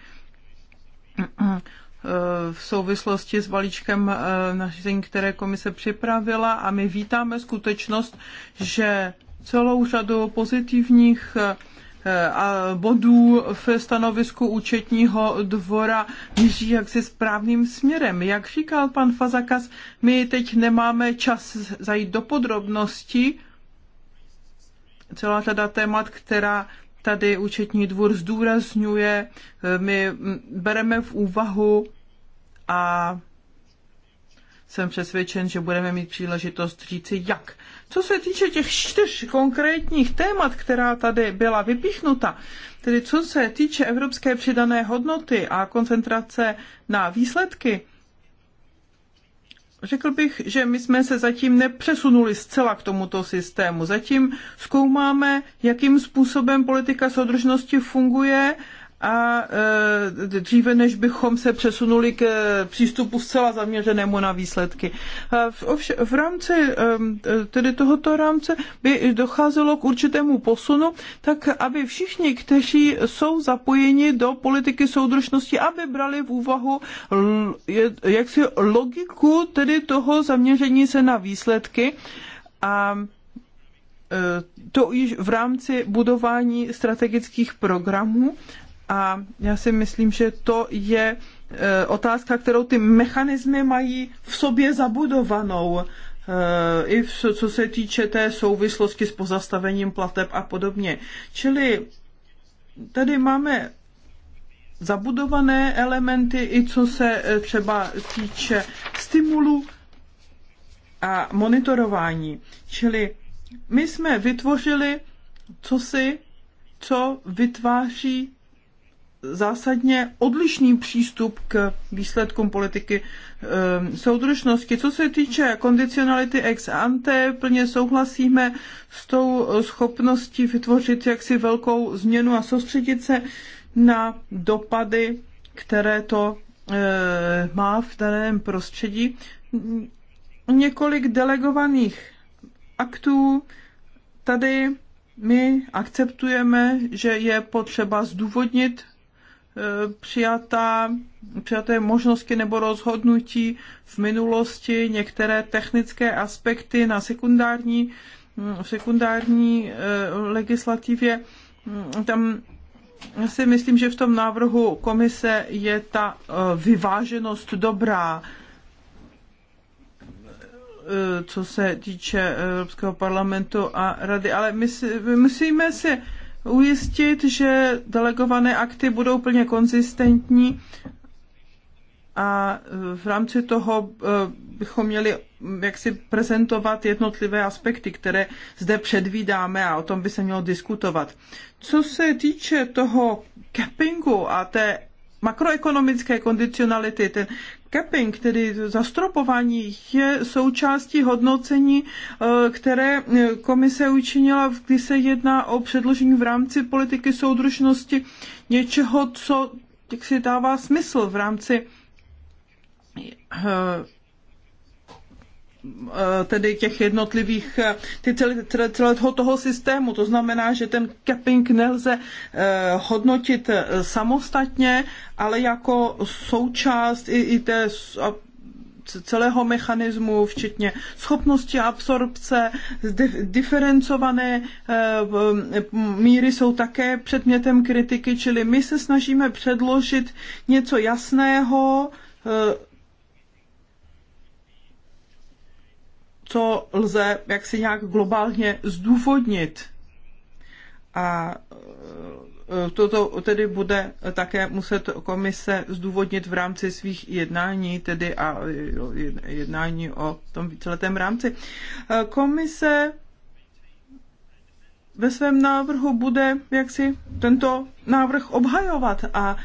v souvislosti s balíčkem eh, nařízení, které komise připravila a my vítáme skutečnost, že celou řadu pozitivních eh, bodů v stanovisku účetního dvora míří jaksi správným směrem. Jak říkal pan Fazakas, my teď nemáme čas zajít do podrobností, celá řada témat, která tady účetní dvůr zdůrazňuje, eh, my mm, bereme v úvahu a jsem přesvědčen, že budeme mít příležitost říci jak. Co se týče těch čtyř konkrétních témat, která tady byla vypíchnuta, tedy co se týče evropské přidané hodnoty a koncentrace na výsledky, Řekl bych, že my jsme se zatím nepřesunuli zcela k tomuto systému. Zatím zkoumáme, jakým způsobem politika soudržnosti funguje a e, dříve, než bychom se přesunuli k e, přístupu zcela zaměřenému na výsledky. V rámci e, tedy tohoto rámce by docházelo k určitému posunu, tak aby všichni, kteří jsou zapojeni do politiky soudržnosti, aby brali v úvahu jaksi logiku tedy toho zaměření se na výsledky a to již v rámci budování strategických programů a já si myslím, že to je e, otázka, kterou ty mechanismy mají v sobě zabudovanou e, i v, co se týče té souvislosti s pozastavením plateb a podobně. Čili tady máme zabudované elementy, i co se e, třeba týče stimulu a monitorování. Čili my jsme vytvořili cosi, co vytváří zásadně odlišný přístup k výsledkům politiky ehm, soudržnosti. Co se týče kondicionality ex ante, plně souhlasíme s tou eh, schopností vytvořit jaksi velkou změnu a soustředit se na dopady, které to eh, má v daném prostředí. Několik delegovaných aktů tady my akceptujeme, že je potřeba zdůvodnit přijatá, přijaté možnosti nebo rozhodnutí v minulosti, některé technické aspekty na sekundární, v sekundární eh, legislativě. Mm, tam já si myslím, že v tom návrhu komise je ta eh, vyváženost dobrá, eh, co se týče Evropského parlamentu a rady, ale my, si, my musíme si ujistit, že delegované akty budou plně konzistentní a e, v rámci toho e, bychom měli jak si prezentovat jednotlivé aspekty, které zde předvídáme a o tom by se mělo diskutovat. Co se týče toho capingu a té makroekonomické kondicionality, ten capping, tedy zastropování, je součástí hodnocení, eh, které eh, komise učinila, kdy se jedná o předložení v rámci politiky soudržnosti něčeho, co jak si dává smysl v rámci eh, Eh, tedy těch jednotlivých, eh, ty celé, celé, celého toho systému. To znamená, že ten capping nelze eh, hodnotit samostatně, ale jako součást i, i té celého mechanismu, včetně schopnosti absorpce, diferencované míry jsou také předmětem kritiky, čili my se snažíme předložit něco jasného, co lze jak se nějak globálně zdůvodnit. A e, toto tedy bude také muset komise zdůvodnit v rámci svých jednání, tedy a jednání o tom víceletém rámci. E, komise ve svém návrhu bude jaksi tento návrh obhajovat a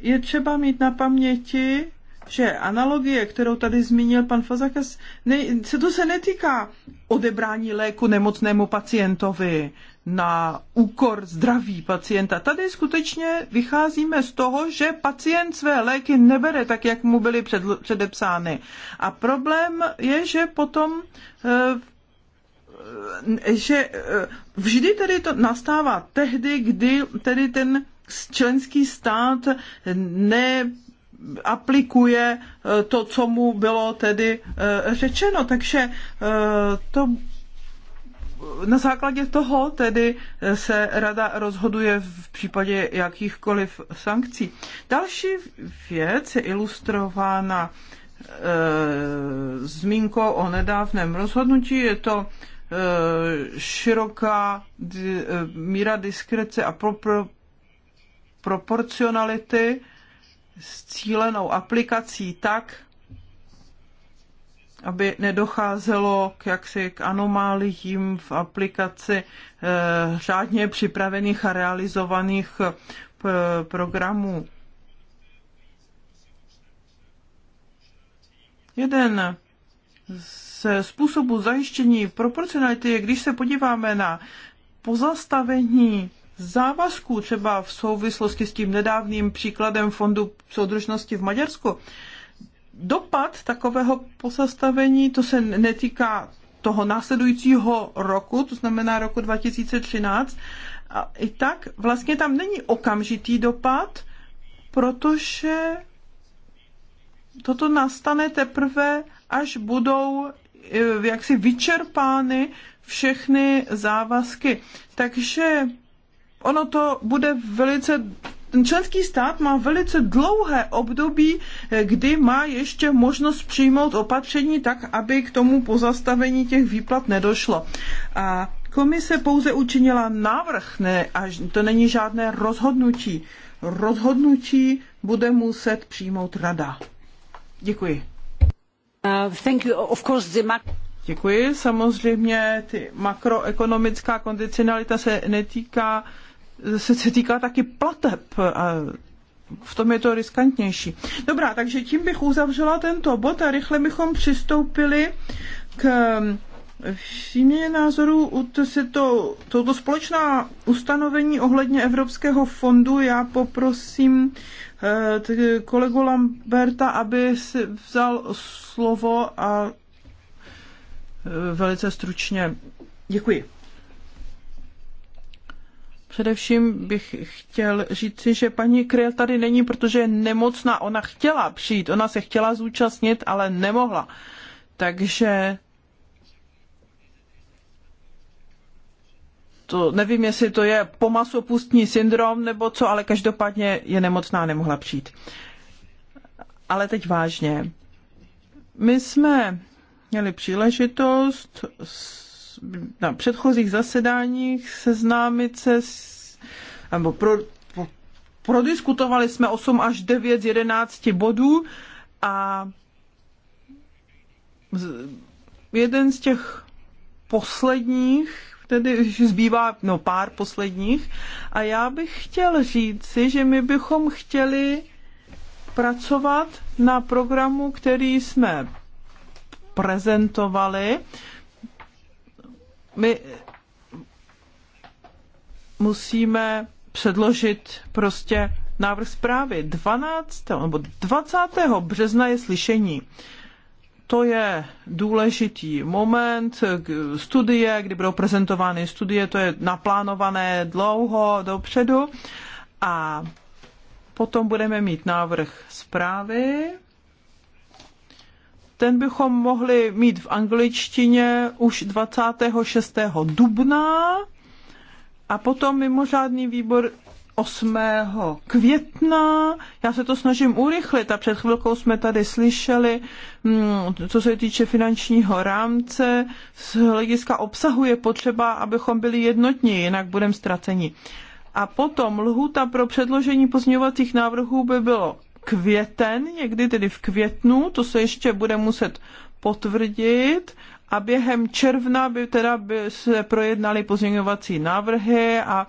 je třeba mít na paměti, že analogie, kterou tady zmínil pan Fazakas, ne, se to se netýká odebrání léku nemocnému pacientovi na úkor zdraví pacienta. Tady skutečně vycházíme z toho, že pacient své léky nebere tak, jak mu byly před, předepsány. A problém je, že potom eh, eh, že eh, vždy tedy to nastává tehdy, kdy tedy ten členský stát ne aplikuje eh, to, co mu bylo tedy eh, řečeno. Takže eh, to na základě toho tedy se rada rozhoduje v případě jakýchkoliv sankcí. Další věc je ilustrována e, zmínkou o nedávném rozhodnutí. Je to e, široká di, e, míra diskrece a pro, pro, proporcionality e, s cílenou aplikací tak, aby nedocházelo k jaksi k anomáliím v aplikaci e, řádně připravených a realizovaných eh, programů. Jeden ze způsobů zajištění proporcionality je, když se podíváme na pozastavení závazků, třeba v souvislosti s tím nedávným příkladem Fondu soudržnosti v Maďarsku. Dopad takového pozastavení, to se netýká toho následujícího roku, to znamená roku 2013, a i tak vlastně tam není okamžitý dopad, protože toto nastane teprve, až budou eh, jaksi vyčerpány všechny závazky. Takže ono to bude velice ten členský stát má velice dlouhé období, eh, kdy má ještě možnost přijmout opatření tak, aby k tomu pozastavení těch výplat nedošlo. A komise pouze učinila návrh, ne, až to není žádné rozhodnutí. Rozhodnutí bude muset přijmout rada. Děkuji. Uh, thank you. Of course the Děkuji. Samozřejmě ty makroekonomická kondicionalita se netýká se, se týká taky plateb a v tom je to riskantnější. Dobrá, takže tím bych uzavřela tento bod a rychle bychom přistoupili k mm, výměně názorů. Se to, toto společná ustanovení ohledně Evropského fondu já poprosím eh, kolegu Lamberta, aby si vzal slovo a eh, velice stručně. Děkuji. Především bych chtěl říci, že paní Kryl tady není, protože je nemocná. Ona chtěla přijít, ona se chtěla zúčastnit, ale nemohla. Takže to nevím, jestli to je pomasopustní syndrom nebo co, ale každopádně je nemocná a nemohla přijít. Ale teď vážně. My jsme měli příležitost s na předchozích zasedáních seznámit se s, nebo pro, pro, prodiskutovali jsme 8 až 9 z 11 bodů a z, jeden z těch posledních, tedy už zbývá no, pár posledních, a já bych chtěl říci, že my bychom chtěli pracovat na programu, který jsme prezentovali my musíme předložit prostě návrh zprávy. 12. nebo 20. března je slyšení. To je důležitý moment studie, kdy budou prezentovány studie, to je naplánované dlouho dopředu. A potom budeme mít návrh zprávy ten bychom mohli mít v angličtině už 26. dubna a potom mimořádný výbor 8. května. Já se to snažím urychlit a před chvilkou jsme tady slyšeli, mm, co se týče finančního rámce, z hlediska obsahu je potřeba, abychom byli jednotní, jinak budeme ztraceni. A potom lhuta pro předložení pozměňovacích návrhů by bylo květen, někdy tedy v květnu, to se ještě bude muset potvrdit a během června by teda by se projednali pozměňovací návrhy a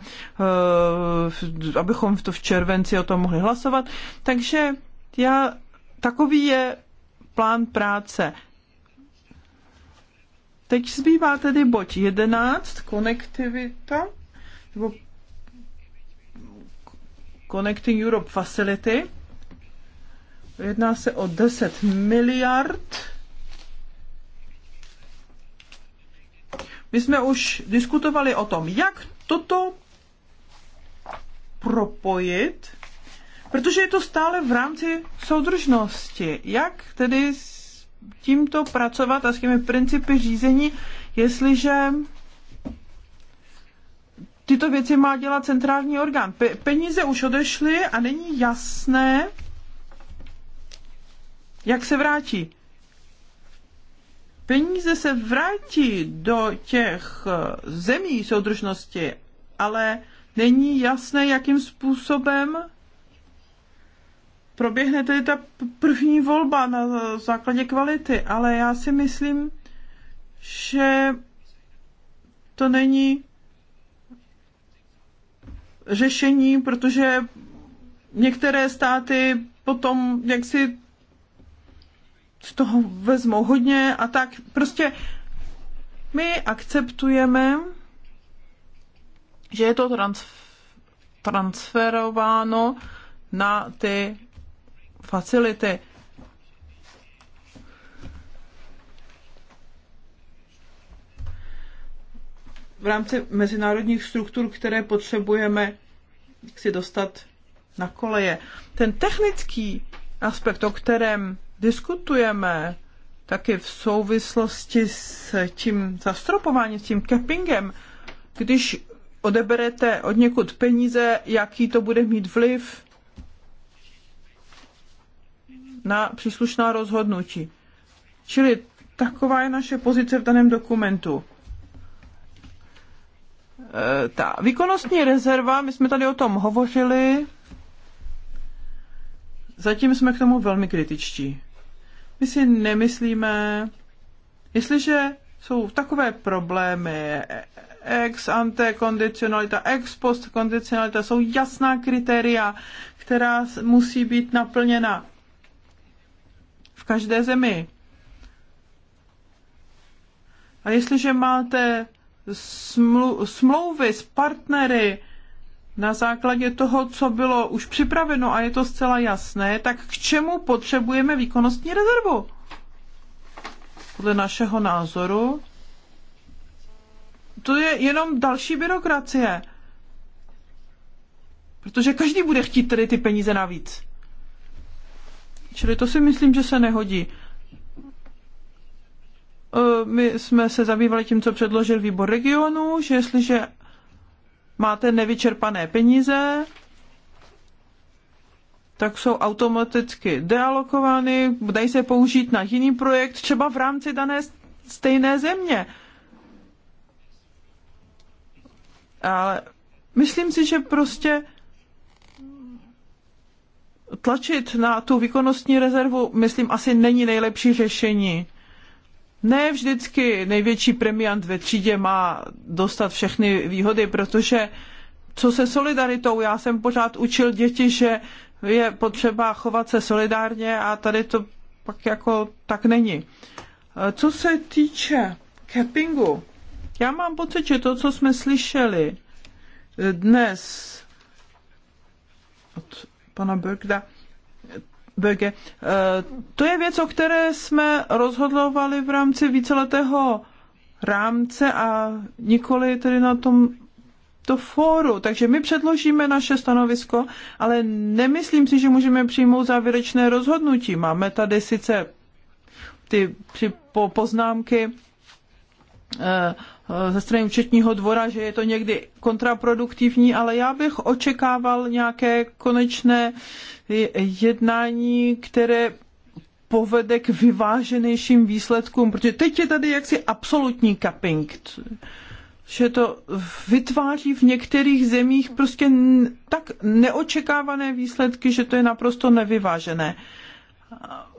e, abychom to v červenci o tom mohli hlasovat. Takže já, takový je plán práce. Teď zbývá tedy bod 11, konektivita, nebo Connecting Europe Facility. Jedná se o 10 miliard. My jsme už diskutovali o tom, jak toto propojit, protože je to stále v rámci soudržnosti. Jak tedy s tímto pracovat a s těmi principy řízení, jestliže tyto věci má dělat centrální orgán. Pe- peníze už odešly a není jasné, jak se vrátí. Peníze se vrátí do těch eh, zemí soudržnosti, ale není jasné, jakým způsobem proběhne tedy ta první volba na základě kvality, ale já si myslím, že to není řešení, protože některé státy potom jak si z toho vezmou hodně a tak. Prostě my akceptujeme, že je to transferováno na ty facility. v rámci mezinárodních struktur, které potřebujeme si dostat na koleje. Ten technický aspekt, o kterém diskutujeme taky v souvislosti s tím zastropováním, s tím cappingem, když odeberete od někud peníze, jaký to bude mít vliv na příslušná rozhodnutí. Čili taková je naše pozice v daném dokumentu. E, ta výkonnostní rezerva, my jsme tady o tom hovořili, zatím jsme k tomu velmi kritičtí. My si nemyslíme, jestliže jsou takové problémy, ex ante kondicionalita, ex post kondicionalita, jsou jasná kritéria, která musí být naplněna v každé zemi. A jestliže máte smlu- smlouvy s partnery, na základě toho, co bylo už připraveno a je to zcela jasné, tak k čemu potřebujeme výkonnostní rezervu? Podle našeho názoru to je jenom další byrokracie. Protože každý bude chtít tady ty peníze navíc. Čili to si myslím, že se nehodí. E, my jsme se zabývali tím, co předložil výbor regionu, že jestliže máte nevyčerpané peníze, tak jsou automaticky dealokovány, dají se použít na jiný projekt, třeba v rámci dané stejné země. Ale myslím si, že prostě tlačit na tu výkonnostní rezervu, myslím, asi není nejlepší řešení. Ne vždycky největší premiant ve třídě má dostat všechny výhody, protože co se solidaritou, já jsem pořád učil děti, že je potřeba chovat se solidárně a tady to pak jako tak není. Eh, co se týče cappingu, já mám pocit, že to, co jsme slyšeli eh, dnes od pana Bergda, Böge. E, to je věc, o které jsme rozhodlovali v rámci víceletého rámce a nikoli tedy na tom to fóru. Takže my předložíme naše stanovisko, ale nemyslím si, že můžeme přijmout závěrečné rozhodnutí. Máme tady sice ty poznámky Eh, ze strany účetního dvora, že je to někdy kontraproduktivní, ale já bych očekával nějaké konečné jednání, které povede k vyváženějším výsledkům, protože teď je tady jaksi absolutní cupping, že to vytváří v některých zemích prostě tak neočekávané výsledky, že to je naprosto nevyvážené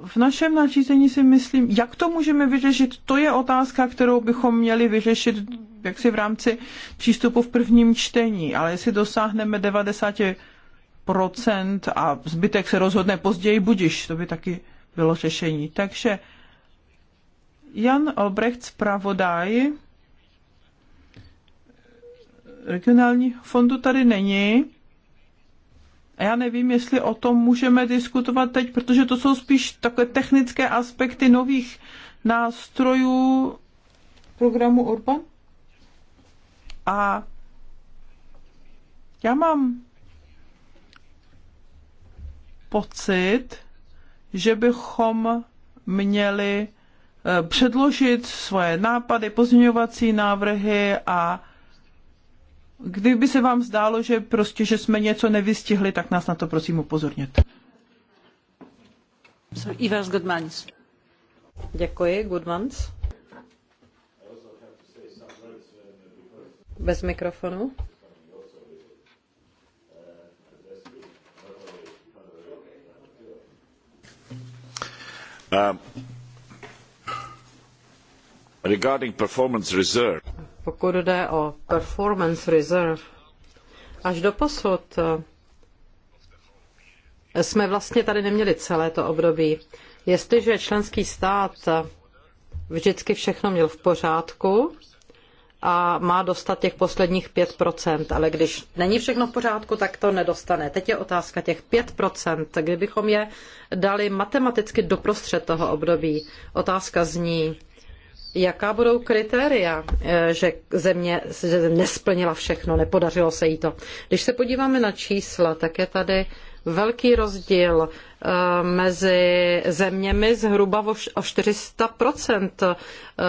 v našem nařízení si myslím, jak to můžeme vyřešit, to je otázka, kterou bychom měli vyřešit jaksi v rámci přístupu v prvním čtení, ale jestli dosáhneme 90% a zbytek se rozhodne později, budiš, to by taky bylo řešení. Takže Jan Albrecht zpravodaj regionální fondu tady není a já nevím, jestli o tom můžeme diskutovat teď, protože to jsou spíš takové technické aspekty nových nástrojů programu Urban. A já mám pocit, že bychom měli eh, předložit svoje nápady, pozměňovací návrhy a Kdyby se vám zdálo, že prostě, že jsme něco nevystihli, tak nás na to prosím upozorněte. Ivers Goodmans. Děkuji, Goodmans. Bez mikrofonu. Uh, regarding performance reserve pokud jde o performance reserve, až do posud eh, jsme vlastně tady neměli celé to období. Jestliže členský stát eh, vždycky všechno měl v pořádku a má dostat těch posledních 5%, ale když není všechno v pořádku, tak to nedostane. Teď je otázka těch 5%, kdybychom je dali matematicky doprostřed toho období. Otázka zní, jaká budou kritéria, eh, že země že nesplnila všechno, nepodařilo se jí to. Když se podíváme na čísla, tak je tady velký rozdíl eh, mezi zeměmi zhruba o 400% eh,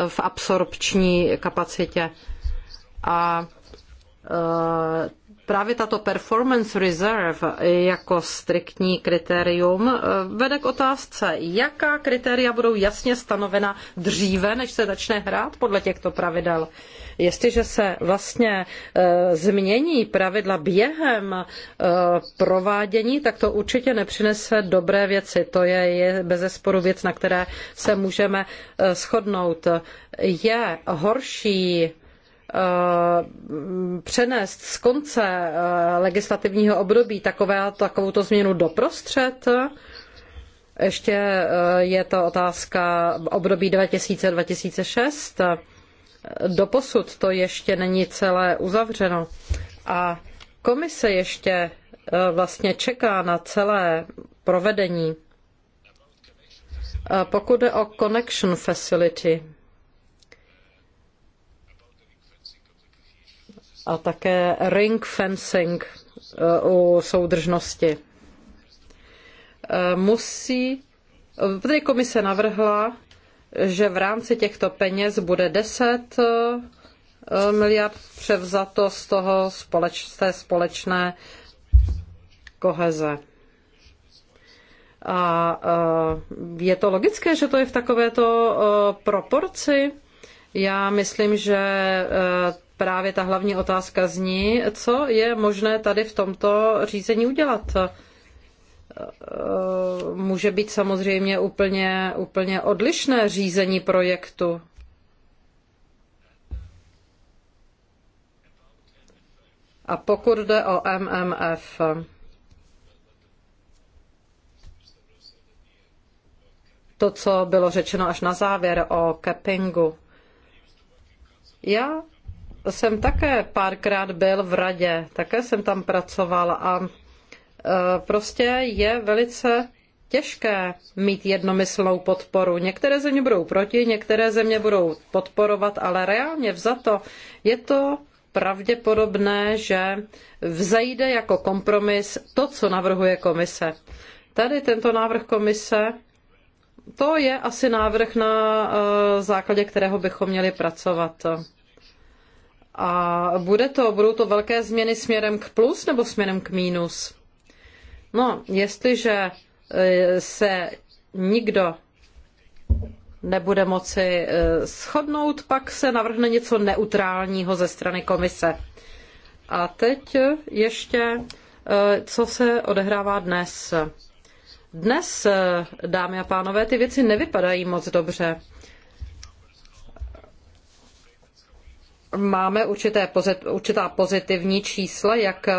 v absorpční kapacitě. A Právě tato performance reserve jako striktní kritérium eh, vede k otázce, jaká kritéria budou jasně stanovena dříve, než se začne hrát podle těchto pravidel. Jestliže se vlastně e, změní pravidla během e, provádění, tak to určitě nepřinese dobré věci. To je, je bezesporu věc, na které se můžeme e, shodnout. Je horší Eh, přenést z konce eh, legislativního období takové, takovouto změnu doprostřed? Ještě eh, je to otázka období 2000-2006. Doposud to ještě není celé uzavřeno. A komise ještě vlastně čeká na celé provedení. Pokud jde o Connection Facility, a také ring fencing eh, u soudržnosti. Eh, musí, tedy komise navrhla, že v rámci těchto peněz bude 10 eh, miliard převzato z toho společ, z té společné koheze. A je to logické, že to je v takovéto proporci? Já myslím, že právě ta hlavní otázka zní, co je možné tady v tomto řízení udělat. E, může být samozřejmě úplně, úplně odlišné řízení projektu. A pokud jde o MMF, to, co bylo řečeno až na závěr o cappingu, já jsem také párkrát byl v radě, také jsem tam pracoval a e, prostě je velice těžké mít jednomyslnou podporu. Některé země budou proti, některé země budou podporovat, ale reálně vzato je to pravděpodobné, že vzejde jako kompromis to, co navrhuje komise. Tady tento návrh komise, to je asi návrh, na e, základě kterého bychom měli pracovat. A bude to, budou to velké změny směrem k plus nebo směrem k mínus? No, jestliže e, se nikdo nebude moci e, shodnout, pak se navrhne něco neutrálního ze strany komise. A teď ještě, e, co se odehrává dnes. Dnes, dámy a pánové, ty věci nevypadají moc dobře. máme určité, určitá pozitivní čísla, jak eh,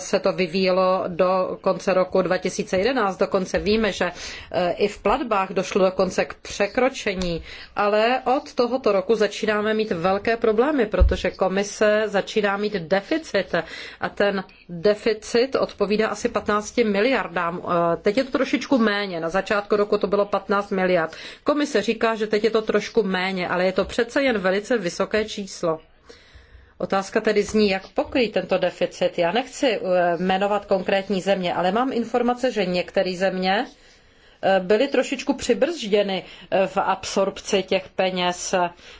se to vyvíjelo do konce roku 2011. Dokonce víme, že eh, i v platbách došlo dokonce k překročení, ale od tohoto roku začínáme mít velké problémy, protože komise začíná mít deficit a ten deficit odpovídá asi 15 miliardám. Eh, teď je to trošičku méně, na začátku roku to bylo 15 miliard. Komise říká, že teď je to trošku méně, ale je to přece jen velice vysoké číslo. Otázka tedy zní, jak pokrýt tento deficit. Já nechci eh, jmenovat konkrétní země, ale mám informace, že některé země Eh, byly trošičku přibrzděny eh, v absorpci těch peněz.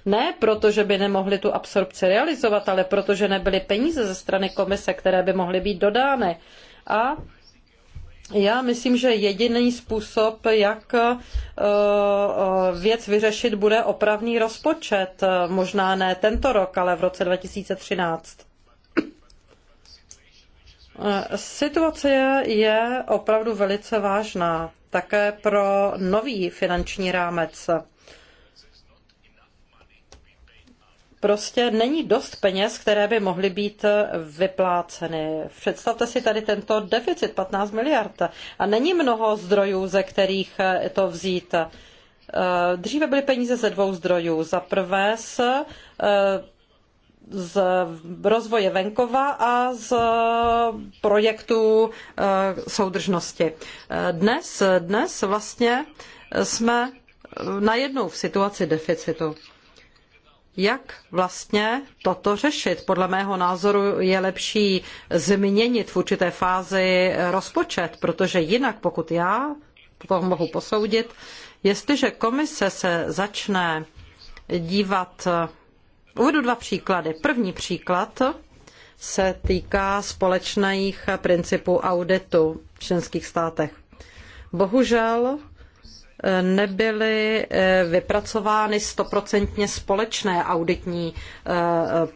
Ne proto, že by nemohly tu absorpci realizovat, ale proto, že nebyly peníze ze strany komise, které by mohly být dodány. A já myslím, že jediný způsob, jak eh, věc vyřešit, bude opravný rozpočet. Možná ne tento rok, ale v roce 2013. Situace je opravdu velice vážná také pro nový finanční rámec. Prostě není dost peněz, které by mohly být vypláceny. Představte si tady tento deficit 15 miliard. A není mnoho zdrojů, ze kterých to vzít. Eh, dříve byly peníze ze dvou zdrojů. Za prvé z z rozvoje venkova a z projektů eh, soudržnosti. Eh, dnes, dnes vlastně jsme najednou v situaci deficitu. Jak vlastně toto řešit? Podle mého názoru je lepší změnit v určité fázi rozpočet, protože jinak, pokud já to mohu posoudit, jestliže komise se začne dívat Uvedu dva příklady. První příklad se týká společných principů auditu v členských státech. Bohužel eh, nebyly eh, vypracovány stoprocentně společné auditní eh,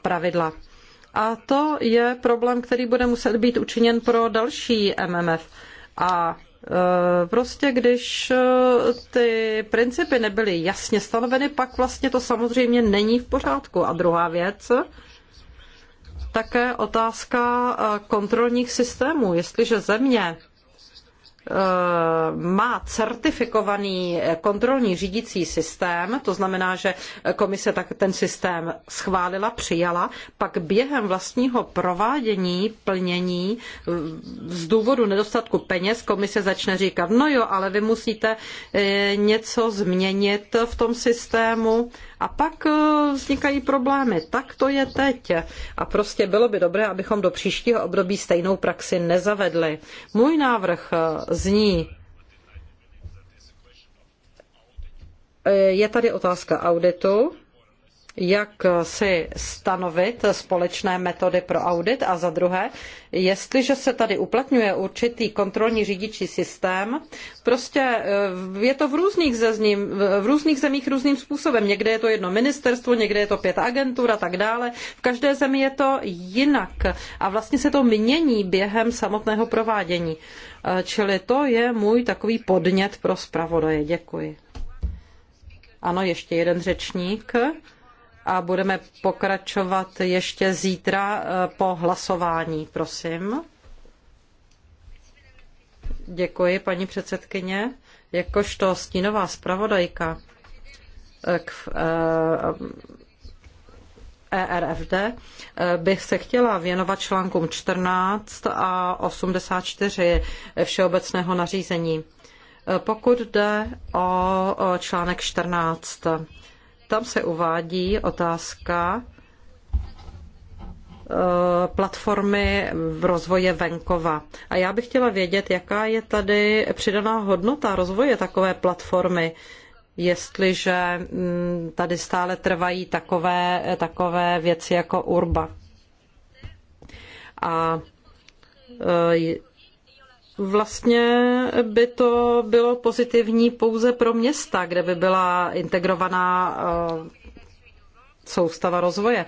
pravidla. A to je problém, který bude muset být učiněn pro další MMF. A Eh, prostě když eh, ty principy nebyly jasně stanoveny, pak vlastně to samozřejmě není v pořádku. A druhá věc, také otázka eh, kontrolních systémů. Jestliže země Eh, má certifikovaný kontrolní řídící systém, to znamená, že komise tak ten systém schválila, přijala, pak během vlastního provádění plnění eh, z důvodu nedostatku peněz komise začne říkat, no jo, ale vy musíte eh, něco změnit v tom systému a pak eh, vznikají problémy. Tak to je teď. A prostě bylo by dobré, abychom do příštího období stejnou praxi nezavedli. Můj návrh eh, zní, eh, je tady otázka auditu, jak si stanovit společné metody pro audit a za druhé, jestliže se tady uplatňuje určitý kontrolní řídící systém, prostě eh, je to v různých, zezním, v různých zemích různým způsobem. Někde je to jedno ministerstvo, někde je to pět agentur a tak dále. V každé zemi je to jinak a vlastně se to mění během samotného provádění. Eh, čili to je můj takový podnět pro zpravodaje. Děkuji. Ano, ještě jeden řečník a budeme pokračovat ještě zítra eh, po hlasování, prosím. Děkuji, paní předsedkyně. Jakožto stínová zpravodajka eh, k ERFD eh, e bych se chtěla věnovat článkům 14 a 84 všeobecného nařízení. Pokud jde o článek 14, tam se uvádí otázka eh, platformy v rozvoje venkova. A já bych chtěla vědět, jaká je tady přidaná hodnota rozvoje takové platformy, jestliže mm, tady stále trvají takové, takové věci jako urba. A eh, Vlastně by to bylo pozitivní pouze pro města, kde by byla integrovaná eh, soustava rozvoje.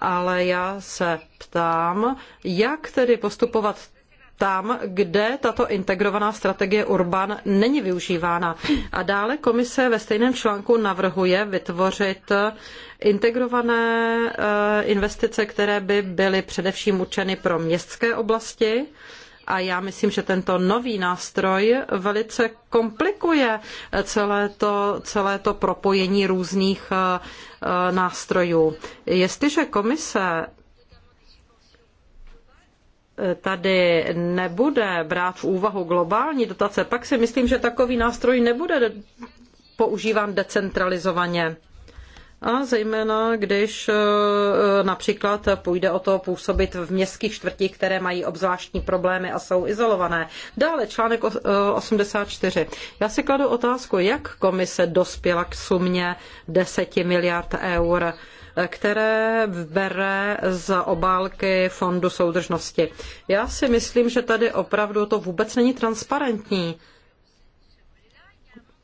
Ale já se ptám, jak tedy postupovat tam, kde tato integrovaná strategie Urban není využívána. A dále komise ve stejném článku navrhuje vytvořit integrované eh, investice, které by byly především určeny pro městské oblasti a já myslím, že tento nový nástroj velice komplikuje celé to, celé to propojení různých eh, eh, nástrojů. Jestliže komise eh, tady nebude brát v úvahu globální dotace, pak si myslím, že takový nástroj nebude používán decentralizovaně. A zejména, když e, například půjde o to působit v městských čtvrtích, které mají obzvláštní problémy a jsou izolované. Dále článek 84. E, Já si kladu otázku, jak komise dospěla k sumě 10 miliard eur e, které bere z obálky Fondu soudržnosti. Já si myslím, že tady opravdu to vůbec není transparentní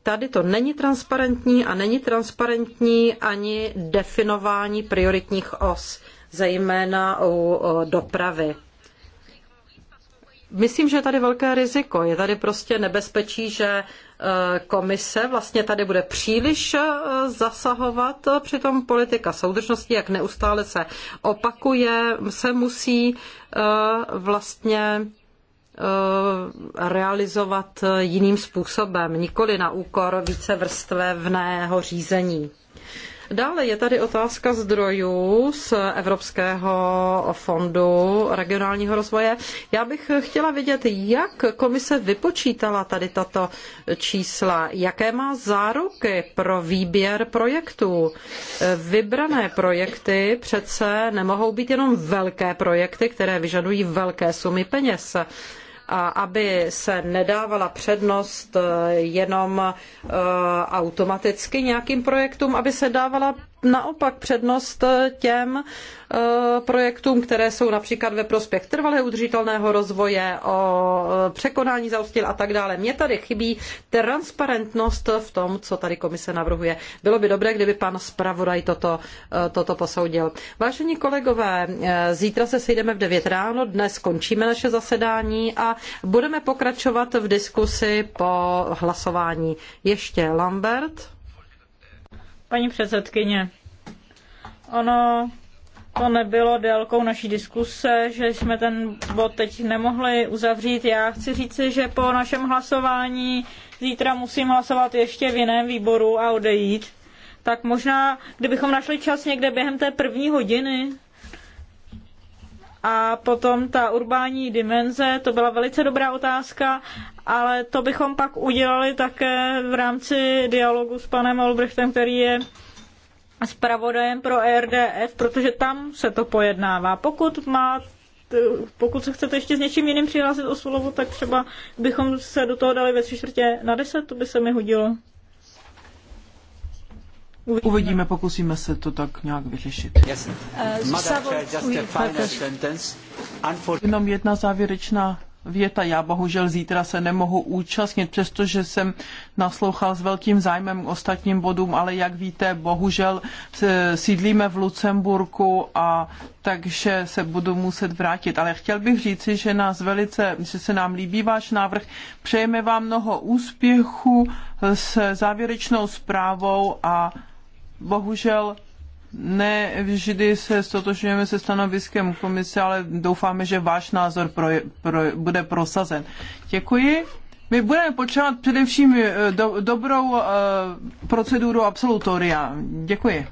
Tady to není transparentní a není transparentní ani definování prioritních os, zejména u dopravy. Myslím, že je tady velké riziko. Je tady prostě nebezpečí, že e, komise vlastně tady bude příliš e, zasahovat, e, přitom politika soudržnosti, jak neustále se opakuje, se musí vlastně Eh, realizovat jiným způsobem, nikoli na úkor vícevrstevného řízení. Dále je tady otázka zdrojů z Evropského fondu regionálního rozvoje. Já bych chtěla vědět, jak komise vypočítala tady tato čísla, jaké má záruky pro výběr projektů. Vybrané projekty přece nemohou být jenom velké projekty, které vyžadují velké sumy peněz a aby se nedávala přednost eh, jenom eh, automaticky nějakým projektům, aby se dávala naopak přednost těm eh, projektům, které jsou například ve prospěch trvale udržitelného rozvoje, o eh, překonání zaostil a tak dále. Mně tady chybí transparentnost v tom, co tady komise navrhuje. Bylo by dobré, kdyby pan zpravodaj toto, eh, toto posoudil. Vážení kolegové, zítra se sejdeme v 9 ráno, dnes končíme naše zasedání a budeme pokračovat v diskusi po hlasování. Ještě Lambert. Paní předsedkyně, ono to nebylo délkou naší diskuse, že jsme ten bod teď nemohli uzavřít. Já chci říci, že po našem hlasování zítra musím hlasovat ještě v jiném výboru a odejít. Tak možná, kdybychom našli čas někde během té první hodiny, a potom ta urbání dimenze, to byla velice dobrá otázka, ale to bychom pak udělali také v rámci dialogu s panem Olbrechtem, který je zpravodajem pro RDF, protože tam se to pojednává. Pokud má pokud se chcete ještě s něčím jiným přihlásit o slovo, tak třeba bychom se do toho dali ve tři čtvrtě na deset, to by se mi hodilo. Uvidíme, pokusíme se to tak nějak vyřešit. Eh, Jenom jedna závěrečná věta. Já bohužel zítra se nemohu účastnit, přestože jsem naslouchal s velkým zájmem k ostatním bodům, ale jak víte, bohužel eh, sídlíme v Lucemburku a takže se budu muset vrátit. Ale chtěl bych říci, že nás velice, že se nám líbí váš návrh. Přejeme vám mnoho úspěchu s závěrečnou zprávou a bohužel ne vždy se stotožňujeme se stanoviskem komise, ale doufáme, že váš názor pro, pro, bude prosazen. Děkuji. My budeme počítat především eh, do, dobrou uh, proceduru absolutoria. Děkuji.